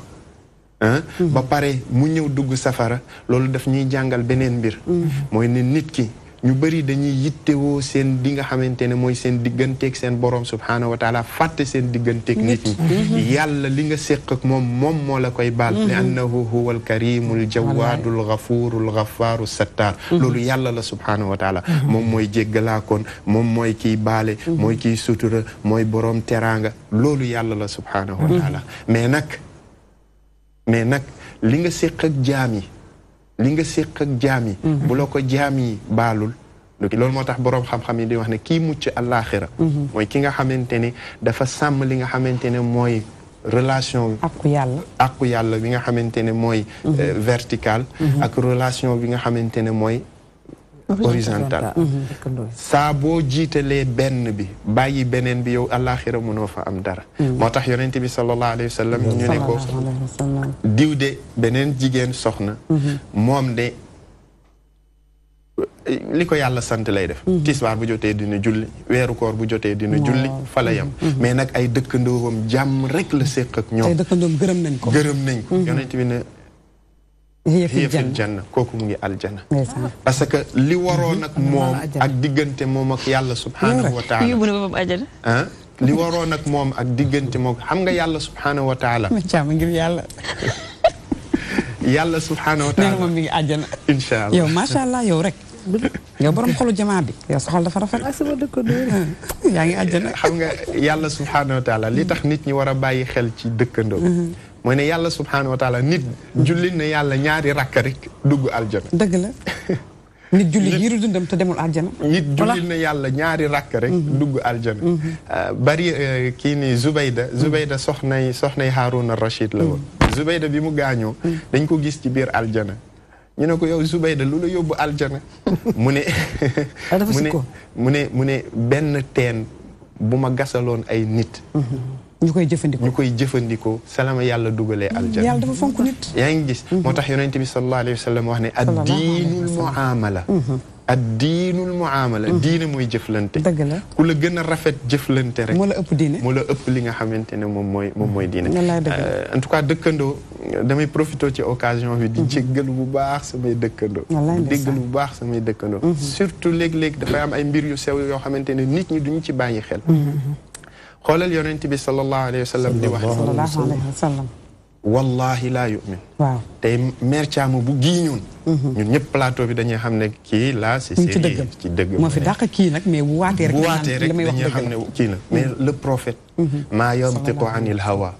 mhm. ba pare mu ñëw dugg safara loolu daf ñuy jàngal beneen mbir mooy ne nit ki ñu bari dañuy yitté wo seen di nga xamantene moy seen digënté ak seen borom subhanahu wa taala faté seen digënté ak nit yàlla li nga sékk ak mom mom mo la koy bal li annahu huwal karimul jawadul ghafurul ghaffarus sattar lolu yàlla la subhanahu wa taala mom moy mooy kon mom moy ki balé moy ki sutura moy borom teranga lolu yàlla la subhanahu wa taala mais nak mais nak li nga sékk ak jami li nga séq ak jaam yi mhm. bu la ko jaam yi baalul loolu moo tax boroom xam-xam yi di wax ne kii mucc àllaaxira mhm. mooy ki nga xamante ne dafa sàmm li nga xamante ne mooy relation àqu yàlla àqu yàlla bi nga xamante ne mooy mhm. eh, vertical ak relation bi nga xamante ne mooy horizontal mhm. Mhm. saa boo jiitalee benn bi bàyyi beneen bi yow àllaaxira mënoo fa am dara mhm. moo tax yonent bi sallallahu alayhi wa sallam ñu ne ko diw de beneen jigéen soxna moom de li ko yàlla sant lay def tisbaar bu jotee dina julli weeru koor bu jotee dina julli fa la yam nag ay dëkkandoowam jàmm rek la séq ak ñoom gërëm nañ ko gërëm nañ ko bi ne hiya fil janna kooku mu ngi aljanna parce que li waroon nag moom ak diggante moom ak yàlla subhanahu wa taala yóbbu na boppam aljanna ah li waroon nag moom ak diggante moom xam nga yàlla subhanahu wa taala caama ngir yàlla yàlla subhanahu wa taala moom mi ngi aljanna incha allah yow macha allah yow rek yow borom xolu jamaa bi yow sa xol dafa rafet sama dëkk yaa ngi aljanna xam nga yàlla subhanahu wa taala li tax nit ñi war a bàyyi xel ci dëkkandoo mm-hmm. mooy ne yàlla subhaanahu wa taala nit jullit na yàlla ñaari rakka rek dugg aljana dëgg la nit jullit yiiru dundam te demul aljana nit jullit na yàlla ñaari rakk rek mhm. dugg aljana mhm. euh, bari euh, kii nii Zubayda mhm. Zubayda soxnay soxnay Haaruna Rachid la woon Zubayda bi mu gaañoo dañ ko gis ci biir aljana ñu ne ko yow Zubayda lu la yóbbu aljana mu ne mu ne mu ne mu ne benn teen bu ma gasaloon ay nit ñu koy jëfandikoo ñu koy jëfandikoo salama yàlla dugalee mm, aljana yàlla dafa fonk nit yaa ngi gis mm-hmm. moo tax yonente bi sallallahu alayhi wa sallam wax ne ad diinul muamala mm-hmm. ad diinul muamala mm-hmm. diine mooy jëflante dëgg la ku la gën a rafet jëflante rek moo la ëpp diine moo la ëpp li nga xamante ne moom mooy moom mooy diine euh, en tout cas dëkkandoo damay profité ci occasion bi di jéggal bu baax samay dëkkandoo di déggal bu baax samay dëkkandoo surtout léeg-léeg dafay am ay mbir yu sew yoo xamante ne nit ñi duñu ci bàyyi xel قال اليونتي صلى الله عليه وسلم صلى الله عليه وسلم والله لا يؤمن واو تي ميرتي امو بو غينون ني نيب بلاطو بي داني خامني كي لا سي سي دي سي دغ ما في داك كي نك مي واتي رك لا مي واخ دغ كي نك مي لو بروفيت ما يوم تقو عن الهوى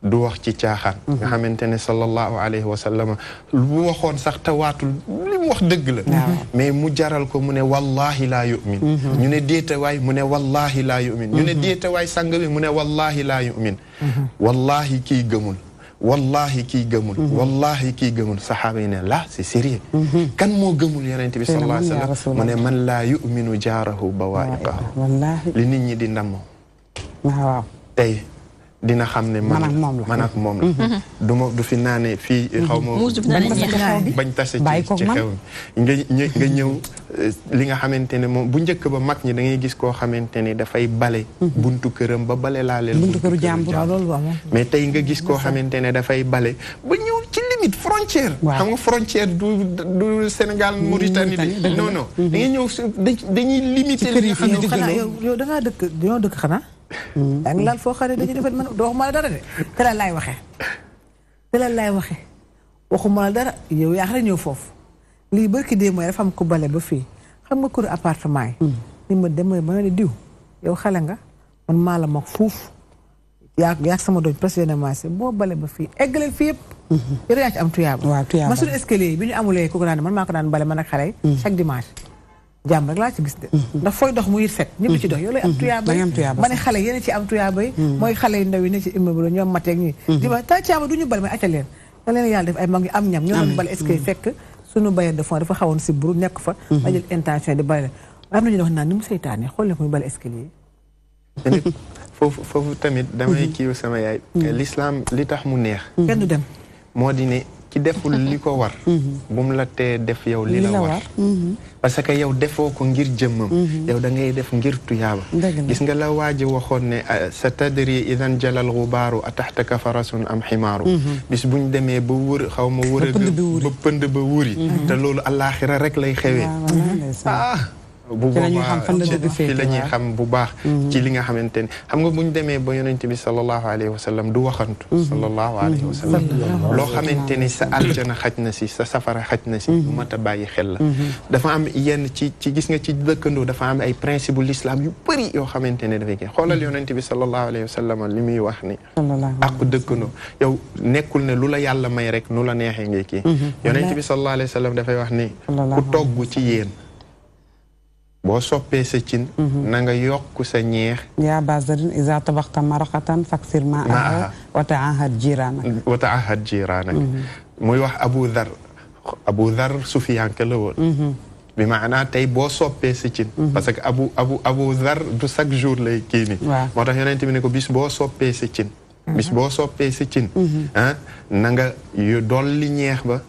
du wax ci caaxaan nga mhm. xamante ne sallallahu alayhi wa sallam bu waxoon sax te waatul wax dëgg la mais mu jaral ko mu ne wallahi laa yumin mhm. ñu ne déetawaay mu ne wallahi laa yumin ñu ne mhm. déetawaay sàng bi mu ne wallahi laa yumin wallahi kii gëmul wallahi kii gëmul wallahi kii gëmul saxaaba yi ne la si sérieux kan moo gëmul yonent bi sallallahu alayhi wa sallam mu ne man laa yuminu jaarahu bawaayiqahu li nit ñi di ndammoo dina xam ne man ak moom la moom la. Mhm. Mhm. du ma du fi naanee fii mhm. xaw ma. bañ tase ci ci xew nga nga ñëw eh, li nga xamante ne moom bu njëkk ba mag ñi da ngay gis koo xamante ne dafay bale. buntu këram ba bale laa leen. buntu këru jàmbur mais tey nga gis koo xamante ne dafay bale ba ñëw ci limite frontière. xam nga frontière du du Sénégal mm, Mauritanie bi non non. da ngay ñëw dañuy limiter li xam ne xanaa yow yow da dëkk dañoo dëkk xanaa. daa ngi laal foo xam ne dañuy man doo waxuma la dara de te la laay waxee te la laay waxe waxuma la dara yow yaa xam ñëw foofu lii barki dee mooy dafa am ku bale ba fii xam nga kuru appartement yi hmm. ni ma ma ne diw yow xale nga man maa la mag fuuf yaa yaa sama doon presque yenn marché boo bale ba fii yëpp hmm. yore ci am tuyaaba ma suñu escalier bi ñu amulee ku ko daan man maa ko daan bale man ak xale yi hmm. chaque dimanche jàmm rek laa ci gis de mhm. ndax fooy dox mu yit set ci dox mhm. yow lay am mhm. tuyaabay ma ne xale yéen ci am tuyaabay mooy xale yu ndaw yi ne ci immeuble ñoom du ñu bale may acca ay mag yu am ñam ñoo bale est-ce que fekk nekk fa ma jël intention di bale am nañu wax naan ni mu seytaane xool leen muy bale escalier tamit foofu foofu tamit damay kiiw sama yaay l'islam li tax mu neex kenn du dem moo di ne ki deful liko war bum la te def yow li la war parce que yow defoo ko ngir jëmmam yow da ngay def ngir tuyaaba gis nga la waji waxone sa tadri idan jalal xubaaru ataxtaka farasun am ximaaru bis buñ démé ba wër xawma ma wër ba pënd ba wuri te lolu al akhirah rek lay xewé ah bu boobaa ci la ñuy xam bu baax mhm. ci li nga xamante ne xam nga bu ñu demee ba yonente bi salallahu alayhi wa sallam du waxantu mhm. salallahu alayhi wa sallam mhm. loo xam ne sa aljana xaj na si sa safara xaj na si lu mat a bàyyi xel la dafa am yen ci ci gis nga ci dëkkandoo dafa am ay principe l'islam yu bëri yoo xamante ne dafay kii xoolal yonente bi salallahu alayhi wa sallam li muy wax ni ak dëkkandoo yow nekkul ne lu la yàlla may rek nu la neexee ngay kii yonente bi salallahu alayhi wa sallam dafay wax ni ku togg boo soppee sa cin. Mhm. na nga yokk sa ñeex. yaa basarin isa tabaxta maraqatan faksir ma aha wata ahad jiiraanak wata ahad jiiraanak mhm. muy wax Abu Dhar Abu Dhar sufiyanke la woon. Mhm. tey boo soppee si cin. parce que Abu Abu Abu Dhar chaque jour lay kii nii. moo tax ne ko bis boo soppee sa cin. bis boo soppee sa ah, na nga dolli ñeex ba.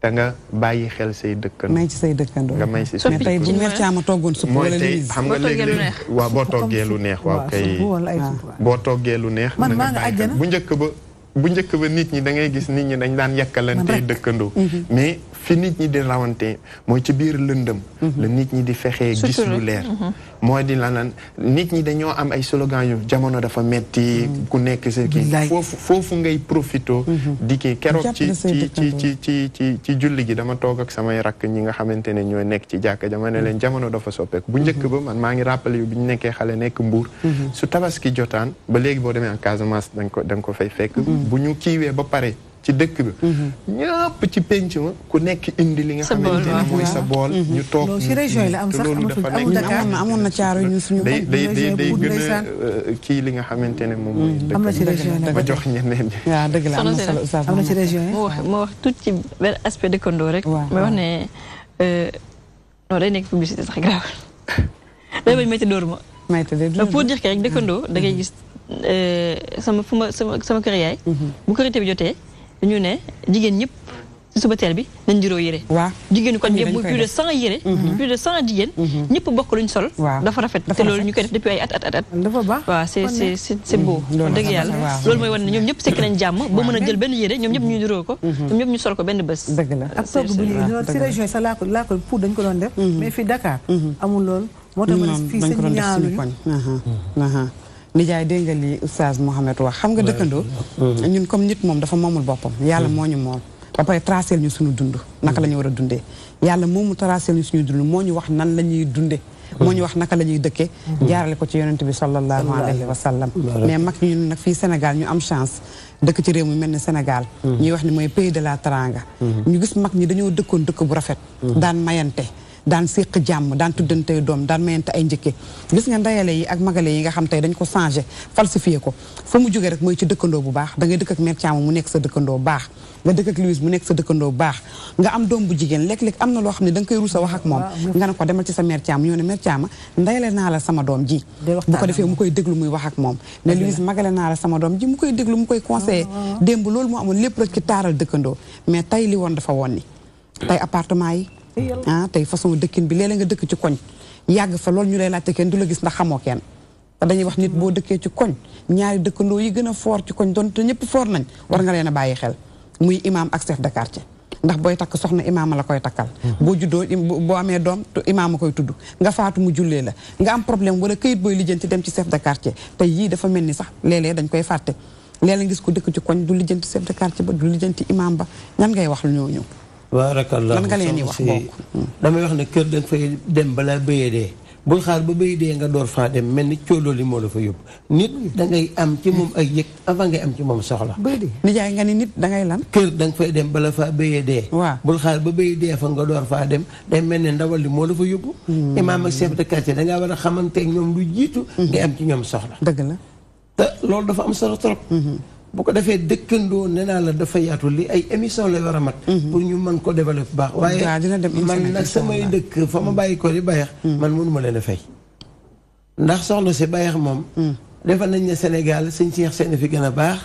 da nga bàyyi xel say dëkkandoo. may ci say dëkkandoo nga may si say dëkkandoo mais tey bu mère Thiam toggoon supp wala xam nga léegi waaw boo toggee lu neex waaw kay ah. boo toggee lu neex. man maa nga àjjana bu njëkk ba bu njëkk ba nit ñi da ngay gis nit ñi dañ daan yàkkalantey dëkkandoo mhm. fi nit ñi di rawante mooy ci biir lëndëm mhm. la nit ñi di fexee gis lu leer mhm. moo di lanaan nit ñi dañoo am ay slogan yu jamono dafa metti mhm. ku nekk sa kii foofu ngay profito di kii keroog ci ci ci ci ci ci ci julli gi dama toog ak samay rakk ñi nga xamante ne ñoo nekk ci jàkka dama ne leen jamono dafa soppeek bu njëkk ba man maa ngi rappelé yu bi ñu nekkee xale nekk mbuur su tabaski jotaan ba léegi boo demee en Casamance dañ ko dañ ko fay fekk bu ñu kiiwee ba pare ci dëkk bi ñëpp ci penc ma ku nekk indi li nga xamante ni mooy sa bool mhm. ñu toog ci région yi la am sax amoon na caaro suñu day a euh, kii li nga xamante ne moom mhm. mooy am na ci région yi ma jox ñeneen ñi waaw dëgg la am na région yi ma wax tout ci benn aspect dëkkandoo rek mais wax ne euh, non day nekk publicité sax grave day bañ métti dóor ma pour dire que dëkkandoo da ngay mhm. gis euh, sama fu ma sama sama kër yaay bu korité bi jotee ñu ne jigéen ñëpp ci suba teel bi nañ juróo yére waaw jigéen kon yëpp plus de cent yére mhm. plus de cent jigéen mhm. ñëpp bokk luñ sol dafa rafet te loolu ñu koy def depuis ay at at at at baax waaw c'est c'est c'est beau mhm. dëgg yàlla loolu mooy wan ne ñoom ñëpp sekk nañ jàmm ba mën a jël benn yére ñoom ñëpp ñu juróo ko ñoom ñëpp ñu sol ko benn bés dëgg la ak togg bu ñu si région yi dañ ko doon def mais fii Dakar amul loolu moo tax ma fii seen ñaaluñu nijaay dégg nga li oustaz Mohamed wax xam nga dëkkandoo mm-hmm. ñun comme nit moom dafa moomul boppam yàlla mm-hmm. moo ñu moom ba pare tracé ñu suñu dund naka la mm-hmm. ñu war a dundee yàlla moomu tracé ñu suñu dund moo ñu wax nan la ñuy dundee moo ñu wax naka la ñuy dëkkee jaarale ko ci yonent bi sallallahu alayhi wa sallam mais mag ñun nag fii Sénégal ñu am chance dëkk ci réew mi mel ni Sénégal ñuy wax ni mooy pays de la teranga ñu gis mag ñi dañoo dëkkoon dëkk bu rafet daan mayante daan séq jàmm daan tuddante doom daan mayante ay njëkke gis nga ndayale yi ak magale yi nga xam tey dañ ko changé falsifié ko mu jógee rek mooy ci dëkkandoo bu baax da ngay dëkk ak mère Thiam mu nekk sa dëkkandoo baax nga dëkk ak Louise mu nekk sa dëkkandoo loo xam ne da nga koy ruus a wax ak moom nga ne ko demal ci sa mère Thiam ñoo ne mère Thiam ndayale naa la sama doom ji bu ko defee mu koy déglu muy wax ak moom ne Louise magale naa la sama doom ji mu koy déglu mu koy conseillé ah, ah, ah. démb loolu moo amoon lépp rek ci taaral dëkkandoo mais tey li woon dafa woon ni tey appartement yi ah tey façon dëkkin bi léeg nga dëkk ci koñ yàgg fa loolu ñu lay laajte kenn du la gis ndax xamoo kenn te dañuy wax nit boo dëkkee ci koñ ñaari dëkkandoo yi gën a foor ci koñ doon ñëpp foor nañ war nga leen a bàyyi xel muy imam ak chef de ndax booy takk soxna imaama la koy takkal hmm. boo juddoo boo amee doom imaama koy tudd nga faatu mu jullee la nga am problème wala këyit booy lijjanti dem ci chef de quartier tey yii dafa mel ni sax léeg dañ koy fàtte léeg-léeg ko dëkk ci koñ du lijjanti chef de quartier ba du lijjanti imam ba ñan ngay wax ñooñu baarakallah lan nga leen di wax bokk damay wax ne kër da fay dem balaa bëyee dee bul xaar ba bëy dee nga door faa dem mel ni cóolóol yi moo la fa yóbbu nit da ngay am ci moom ay yëg avant ngay am ci moom soxla nijaay nga ni nit da ngay lan kër da fay dem bala faa béyee dee waaw bul xaar ba béy dee fa nga door faa dem day mel ne ndawal li moo la fa yóbbu hmm. maam ak chef de quartier da ngaa war a xamante ak ñoom lu jiitu hmm. ngay am ci ñoom soxla dëgg la te loolu dafa am solo trop hmm. bu ko defee dëkkandoo nee naa la dafa yaatu li ay émission lay war a mat. Mhm. pour ñu mën ko développer baax. waaye man nag samay dëkk fa ma mhm. bàyyi ko di bayax mhm. man mënuma leen a fay. ndax soxla si bayax moom. defal nañ ne Sénégal sëñ Cheikh seen fi gën a baax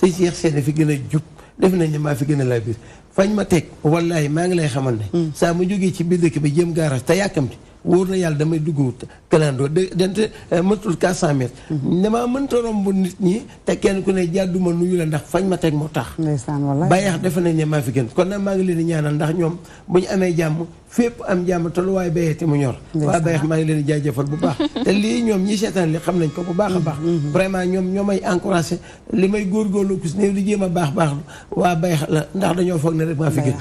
sëñ Cheikh seen fi gën a jub def nañ ne maa fi gën a labir fañ ma teg wallahi maa ngi lay xamal ne. saa mu jógee ci biir dëkk bi jëm gaaras te yàkkamti wóor na yàlla damay dugg kalandoo de dente mënatul 400 mètres. Mhm. damaa mënta romb nit ñi te kenn ku ne jàdduma nuyu la ndax fañ ma teg mu tax. ndeysaan wallaay bàyyi defe nañ ne maa fi gën kon nag maa ngi leen di ñaanal ndax ñoom bu ñu amee jàmm fépp am jàmm te lu waaye ti mu ñor. waa bayax maa ngi leen di jaajëfal bu baax. te lii ñoom ñi seetaan li xam nañ ko bu baax a mhm, baax. Mhm. vraiment ñoom ñoo may encouragé li may góor góor góorgóorlu gis ne li jéem a baax baax waa bayax la ndax dañoo foog ne rek fi gën.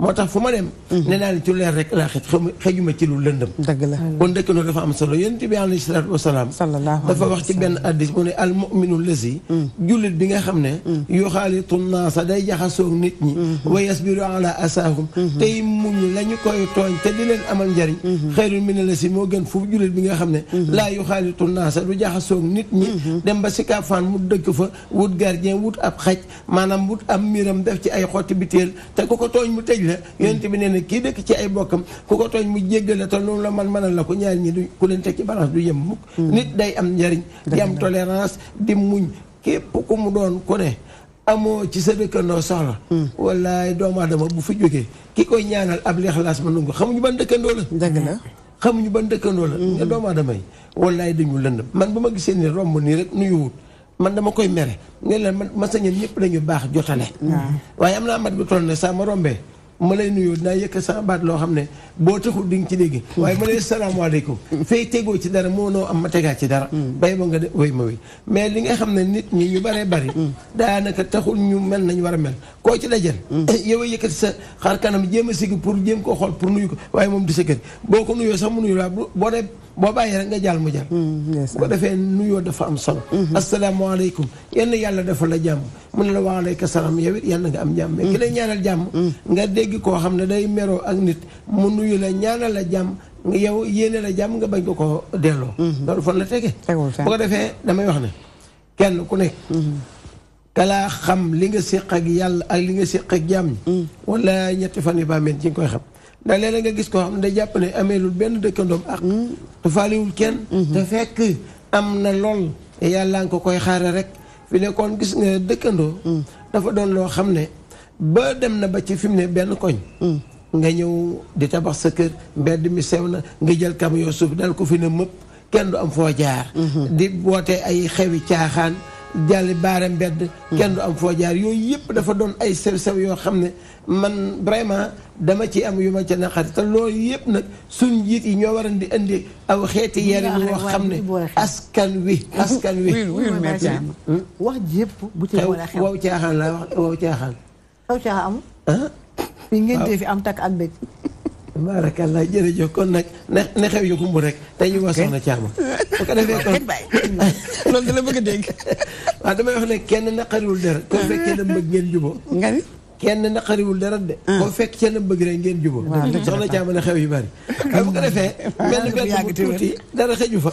motax fuma dem. nee naa ne ci leer rek la xet xëjuma ci lu leundum deug la kon dekk no dafa am solo yonent bi alayhi salatu wa dafa wax ci ben hadith mu ne al mu'minu allazi julit bi nga xamne ne. yu xaalitu naasa day jaxaso nit ñi. wa yasbiru ala asahum tay muñ lañ koy togn te di leen amal njariñ. xayrun min allazi mo gën fu julit bi nga xamne la laa yu xaalitu naasa du jaxaso nit ñi. dem ba Sika Fane mu dëkk fa wut gardien wut ab xaj manam wut am miram def ci ay xoti bitel te ko ko togn mu tëj la yonent bi nee na kii dëkk ci ay bokkam ku ko tooñ mu jéggale te loolu la man mënal la ko ñaar ñi du ku leen teg ci balance du yem mukk mm. nit day am njariñ di am tolérance di muñ képp ku mu doon ku ne amoo ci sa dëkkandoo soxla mm. wallaay doomu aadama bu fi jógee ki koy ñaanal ab lixlaas ma nangu xamuñu ban dëkkandoo la dëgg la xamuñu ban dëkkandoo la mm. nga doomu aadama yi wallaay dañu lënd man bu ma gisee ni romb nii rek nu nuyuwut man dama koy mere ne leen man ma sañeen ñëpp dañu baax jotale waaye am naa mat bi ne saa ma ma lay nuyoo dinaa yëkk sama baat loo xam ne boo taxul di nga ci dégg. waaye ma lay salaamaaleykum. fay tegoo ci dara moo noo am ma tegaat ci dara. bay ba nga de wéy ma wéy mais li nga xam ne nit ñi ñu baree bari. daanaka taxul ñu mel nañu war a mel koo ci dajal. yow a yëkkati sa xar kanam jéem a sigi pour jéem koo xool pour nuyu ko waaye moom di sa boo ko nuyoo sax mu nuyu la boo dee boo bàyyee rek nga jaal mu jàll. Mm, bu ko defee nuyoo dafa am solo. Mm-hmm. asalaamaaleykum yenn yàlla dafa la jàmm mu ne la waaleykum salaam yow it yàlla nga am jàmm. Mm. dégg koo xam ne day meroo ak nit mu nuyu la ñaanal la jàmm yow yéene la jàmm nga bañ ko ko delloo mhm. loolu fan la tege bu ko defee damay wax ne kenn ku nekk mhm. kalaa xam li nga séq ak yàlla ak li nga séq ak jàmm ñi mhm. wala ñetti fan yi bàmmeel ci nga koy xam ndax léeg nga gis koo xam ne day jàpp ne ameelul benn dëkkandoom ak te faaliwul kenn te fekk am na lool yàlla nga ko koy xaare rek fi nekkoon gis nga dëkkandoo dafa doon loo xam ne ba dem na ba ci fi mu ne benn koñ. Mm. nga ñëw di tabax sa kër mbedd mi sew na nga jël camion suuf dal ko fi ne mëpp kenn du am foo jaar. Mm-hmm. di woote ay xewi caaxaan jàlli baare mbedd. Mm. kenn du am foo jaar yooyu yëpp dafa doon ay sew-sew yoo xam ne man vraiment dama ci am yu ma ca naqari te loolu yëpp nag suñ njiit yi ñoo war a di indi aw xeeti yaram yoo xam ne askan wi. askan wi hmm? wax ji yëpp bu ci war a xew waaw caaxaan laa wax waaw caaxaan. xew ca am. ah. bi ngeen dee fi am takk ak bëgg. baarakallah jërëjëf kon nag ne xew yu kumbu rek tey ñu woo soxna Thiamou. bu ko defee kon loolu dina bëgg a dégg. waaw damay wax ne kenn naqariwul dara. koo fekkee na bëgg ngeen jubóo. nga ni kenn naqariwul dara de. Ah. koo fekk kenn bëgg rek ngeen jubóo. soxna Thiamou ne xew yu bari. waaw bu ko defee. benn benn bu tuuti dara xëju fa.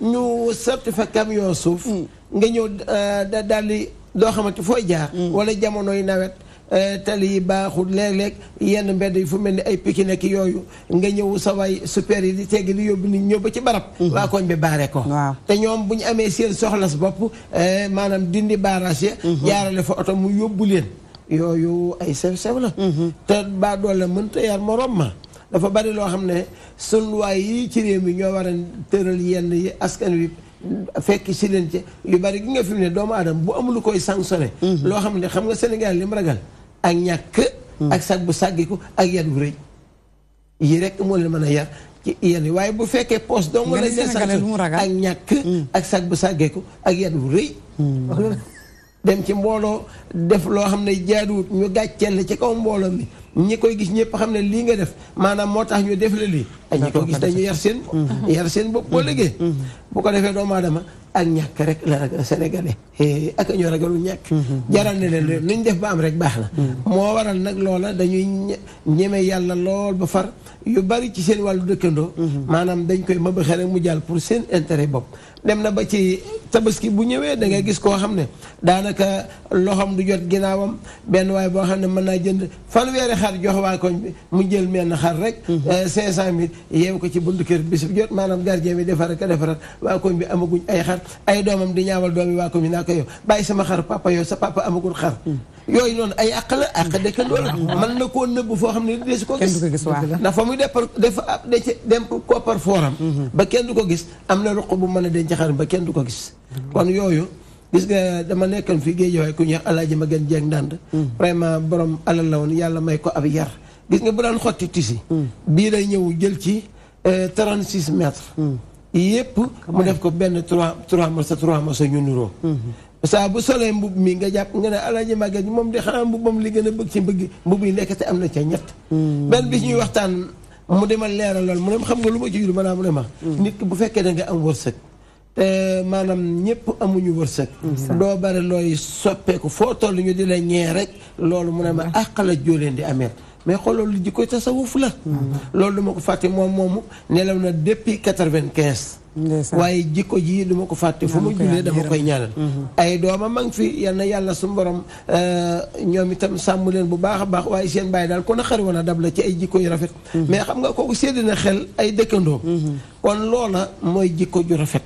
ñu sotti fa camion suuf. Mm. nga ñëw euh, daal di doo xamante fooy jaar. Mm. wala jamonoy nawet. Euh, tali yi baaxul léeg-léeg yenn mbedd yi fu mel ni ay piki nekk yooyu nga ñëw sa waay yi di tegg li yóbbu nit ñëw ba ci barab mhm. waa koñ bi baare ko te ñoom bu ñu amee seen soxlas bopp euh, maanaam dindi baaraas ya mhm. jaarale fa oto mu yóbbu leen yooyu ay sew-sew la mhm. te baa doole mënta yar morom ma dafa bari loo xam ne sunwaay yi ci réew mi ñoo war a tëral yenn yi askan wi fekk si leen ci yu bari gi nga fi mu ne doomu aadama bu amulu koy sanctionné loo xam ne xam nga Sénégal li mu ragal ak ñàkk hmm. ak sag bu sàggiku ak yan bu rëy yi rek moo leen mën a yar ci yan yi waaye bu fekkee poos dong la seen ak ñàkk hmm. ak sag bu sàggiku ak yan bu dem ci mbooloo def loo xam ne jaaduwut ñu gàcceel la ci kaw mbooloo mi ñi koy gis ñëpp xam ne lii nga def maanaam moo tax ñu def la lii ay ñi koy gis dañu yar seen mhm. yar seen bopp boo mhm. liggéey mhm. bu ko defee doomu aadama ak ñàkk rek la ragal ñoo ragalu ñàkk jaral ne leen loolu ñu def ba am rek baax na moo waral nag loola dañuy ñeme yàlla lool ba far yu bari ci seen wàllu dëkkandoo maanaam dañ koy mëbëxe rek mu jàll pour seen intere bopp dem na ba ci tabaski bu ñëwee dangay gis koo xam ne daanaka loxoom du jot ginnaawam benn waaye boo xam ne mën naa jënd fanweeri xar jox waa koñ bi mu jël menn xar rek. 500000 mhm. euh, yeew ko ci buntu kër bis bu jot maanaam gardien bi defar ak a defaral waa koñ bi amaguñ ay xar ay doomam di ñaawal doom yi waa koñ bi naa ko yow bàyyi sama xar papa yow sa papa amagul xar. Hmm. yooyu noonu ay àq la àq dëkkandoo la mën na koo nëbb foo xam ne di si ko gis ndax fa muy dépar dafa de ci dem koppar fooram mhm. ba kenn du ko gis am na ruq bu man a denc xaram ba kenn du ko gis kon yooyu gis nga dama nekkoon fii géej waaye ku ñeex alaaji ma gën jeg ndànd mhm. vraiment borom alal la woon yàlla may ko ab yar gis nga bu daan xotti tisi mhm. bii lay ñëw jël ci euh, trente six mètres yëpp mu def ko benn trois trois morceaux trois morceaux ñu nuroo saa bu solee mbub mi nga jàpp nga ne alaaji màgget moom di xanaa mbubam li gën a bëgg ci mbëgg mbub yi nekk te am na ca ñett hmm. benn bi ñuy waxtaan mu demal leeral lool mu ne xam nga lu ma ci yur maanaam ma hmm. nit ki bu fekkee da nga am wërsëg te maanaam ñëpp amuñu wërsëg doo bare looy soppeeku foo toll ñu di la ñee rek loolu mu ne ma àqala jóoleen di amee mais xoolal lu jikkoy tasawuf la hmm. loolu du ma ko fàtte moom moomu nelaw na depuis quatre-vingt-quinze waaye jikko ji du ma ko fàtte fu ma jullee dama koy ñaanal mhm. ay dooma ma fi yalna yàlla su borom euh, ñoom itam sàmm leen bu baax a baax waaye seen bàyyi daal kon a xari woon a dab la ci ay jikko yu rafet mhm. mais xam nga kooku sédd xel ay dëkkandoom mhm. kon loola mooy jikko ju rafet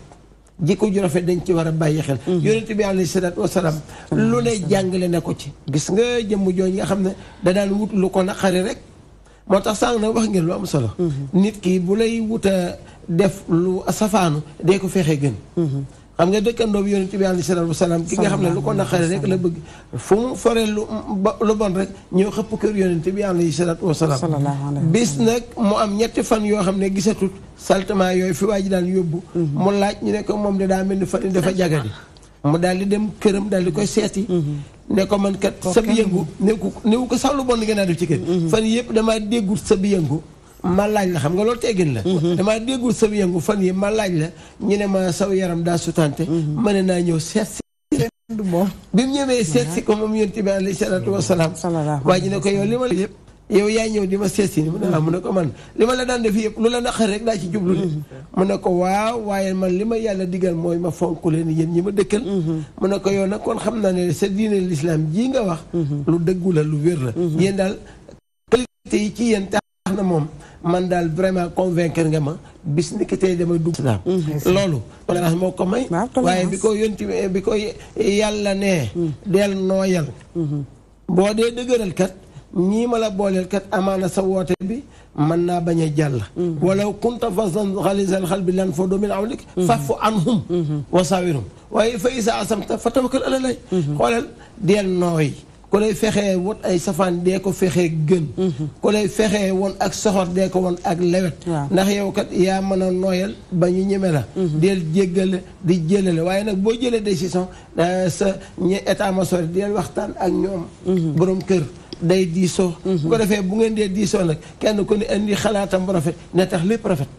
jikko ju rafet dañ ci war a bàyyi xel yonent bi alayhi salaatu wasalaam lu ne jàngale ne ko ci gis nga jëmm jooñ nga xam ne da daan wut lu ko naqari rek moo tax sànq nag wax ngeen lu am solo nit ki bu lay wuta def lu safaanu de ko fexe gën mhm. xam nga dëkkandoo bi yonent bi alayhi salaatu wasalaam ki nga xam ne lu ko naqare rek la bëgg fu mu foree lu lu bon rek ñëw xëpp kër yonent bi alayhi salaatu wasalaam bis nag mu am ñetti fan yoo xam ne gisatut saltement yooyu fi waa ji daan yóbbu mhm. mu laaj ñu nekk moom de daa mel ni fan dafa jagadi mu daal di dem këram daal di koy seeti mhm. ne ko man kat sa bi yëngu néew ko ko sax lu bon nga naa def ci kër fan yëpp damaa déggul sa bi yëngu ma la xam nga loolu teggin la. Mhm. damaa déggul saw yëngu fan yi ma laaj la ñu ne ma saw yaram daa sutante. Mhm. ma ne naa ñëw seet si. du moom bi mu ñëwee ko moom yonent bi wa salaam. waa ji ne ko yow li yëpp. yow yaa ñëw di ma seet si mu ne ah mu ne man li ma la daan def yëpp lu la naqar rek daa ci jublu ni mhm. mu ne ko waaw waaye man li ma yàlla digal mooy ma fonk leen yéen ñi ma dëkkal mu ne ko yow na kon xam naa ne sa diine lislaam jii nga wax lu dëggu la lu wér la yéen daal qualité yi ci yéen tax na moom man daal vraiment convaincre nga ma bis tey dama dugg islam mm-hmm. mm-hmm. loolu tolérance moo ko may waaye bi ko yonti bi ko yàlla nee mm-hmm. del nooyal boo dee dëgëral kat ñii ma la booleel kat amaana sa woote bi mën naa bañ a jàll wala kunta fasan xalisal xal bi lan foo doomin awlik fafu anhum wa sawirum waaye fa asamta fa tawakkal alalay xoolal del nooy ku lay fexee won ay safaan dee ko fexee gën ku lay fexee won ak soxor dee ko won ak lewet ndax yow kat yaa mën a nooyal ba ñu ñeme la del jéggale di jëlale waaye nag boo jëlee décision sa ñi état ma sori del waxtaan ak ñoom borom kër day diisoo. bu ko defee bu ngeen dee diisoo nag kenn ku ne indi xalaatam bu rafet ne tax lépp rafet.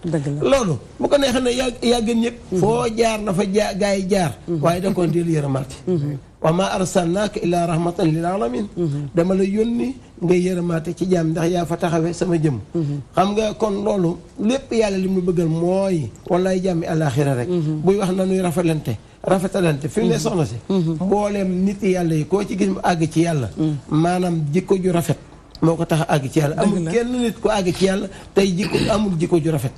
loolu bu ko neexee ne yaa yaa gën ñëpp. foo jaar na fa jaa gaa yi jaar. waaye da koon di yërëmaat. wa maa arsalnaaka illaa rahmatan lil alamin dama la yónni nga yërëmaate ci jaam ndax yaa fa taxawe sama jëm xam nga kon loolu lépp yàlla li mu bëggal mooy wallaay jàmmi àllaaxira rek buy wax nanuy rafetlante rafetalante fi mu ne soxna si mbooleem nit yàlla yi koo ci gis mu àgg ci yàlla maanaam jikko ju rafet ko tax àgg ci yàlla amul kenn nit ku àgg ci yàlla tey jikko amul jikko ju rafet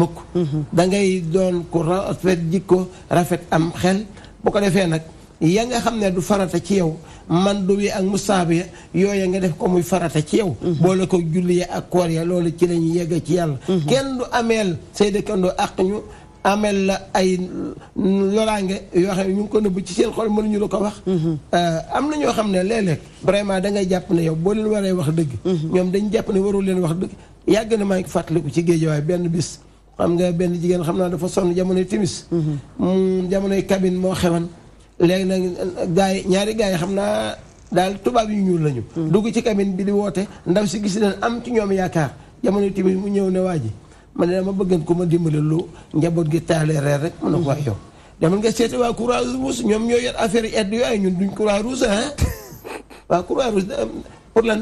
mukk mm-hmm. da ngay doon ku rafet jikko rafet am xel bu ko defee nag ya nga xam ne du farata ci yow man du wi ak mustaab ya yooya nga def ko muy farata ci yow mhm. boole ko julli ya ak koor ya loolu ci lañu yegg ci yàlla mhm. kenn du ameel say dëkkandoo ak ñu ameel la ay loraange yoo xam ne ñu ngi ko nëbbu ci seen xol ñu la ko wax mhm. euh, am na ñoo xam ne léeg-léeg vraiment dangay jàpp ne yow boo leen waree wax dëgg ñoom dañ jàpp ne warul leen wax dëgg yàgg na maa ngi fàttaliku ci géej waaye benn bis xam nga benn jigéen xam naa dafa sonn jamonoy timis mm, jamonoy cabine moo xewan léegi nag gars ñaari gars yi xam naa daal tubaab yu ñuul lañu. Hmm. dugg ci cabine bi di woote ndaw si gis leen am ci ñoom yaakaar jamono tamit mu ñëw ne waa ji man ne dama bëggan ko ma dimbale lu njaboot gi taalee reer rek mën na ko hmm. wax yow. demal nga seeti waa Croix-Rouge ñoom ñoo yor affaire yi aide yooyu ñun duñ Croix-Rouge ah waa Croix-Rouge euh, pour lan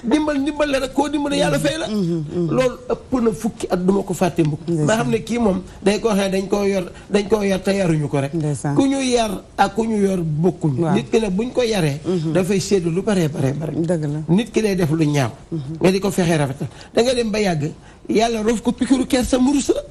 dimbal dimbal la rek koo dimbale yàlla fay la mm-hmm, mm-hmm, mm-hmm. lool ëpp na fukki at duma ko fàtte mbukk ma xam ne kii moom dañ ko xam dañ koo yor dañ koo yar te yaruñu ko rek ku ñu yar ak ku ñu yor bokkuñu nit ki ne buñ ko yaree dafay séddu lu baree baree bare nit ki day def lu ñaaw nga di ko fexee rafetal da nga dem ba yàgg yàlla rof ko pikiru ker sa murus la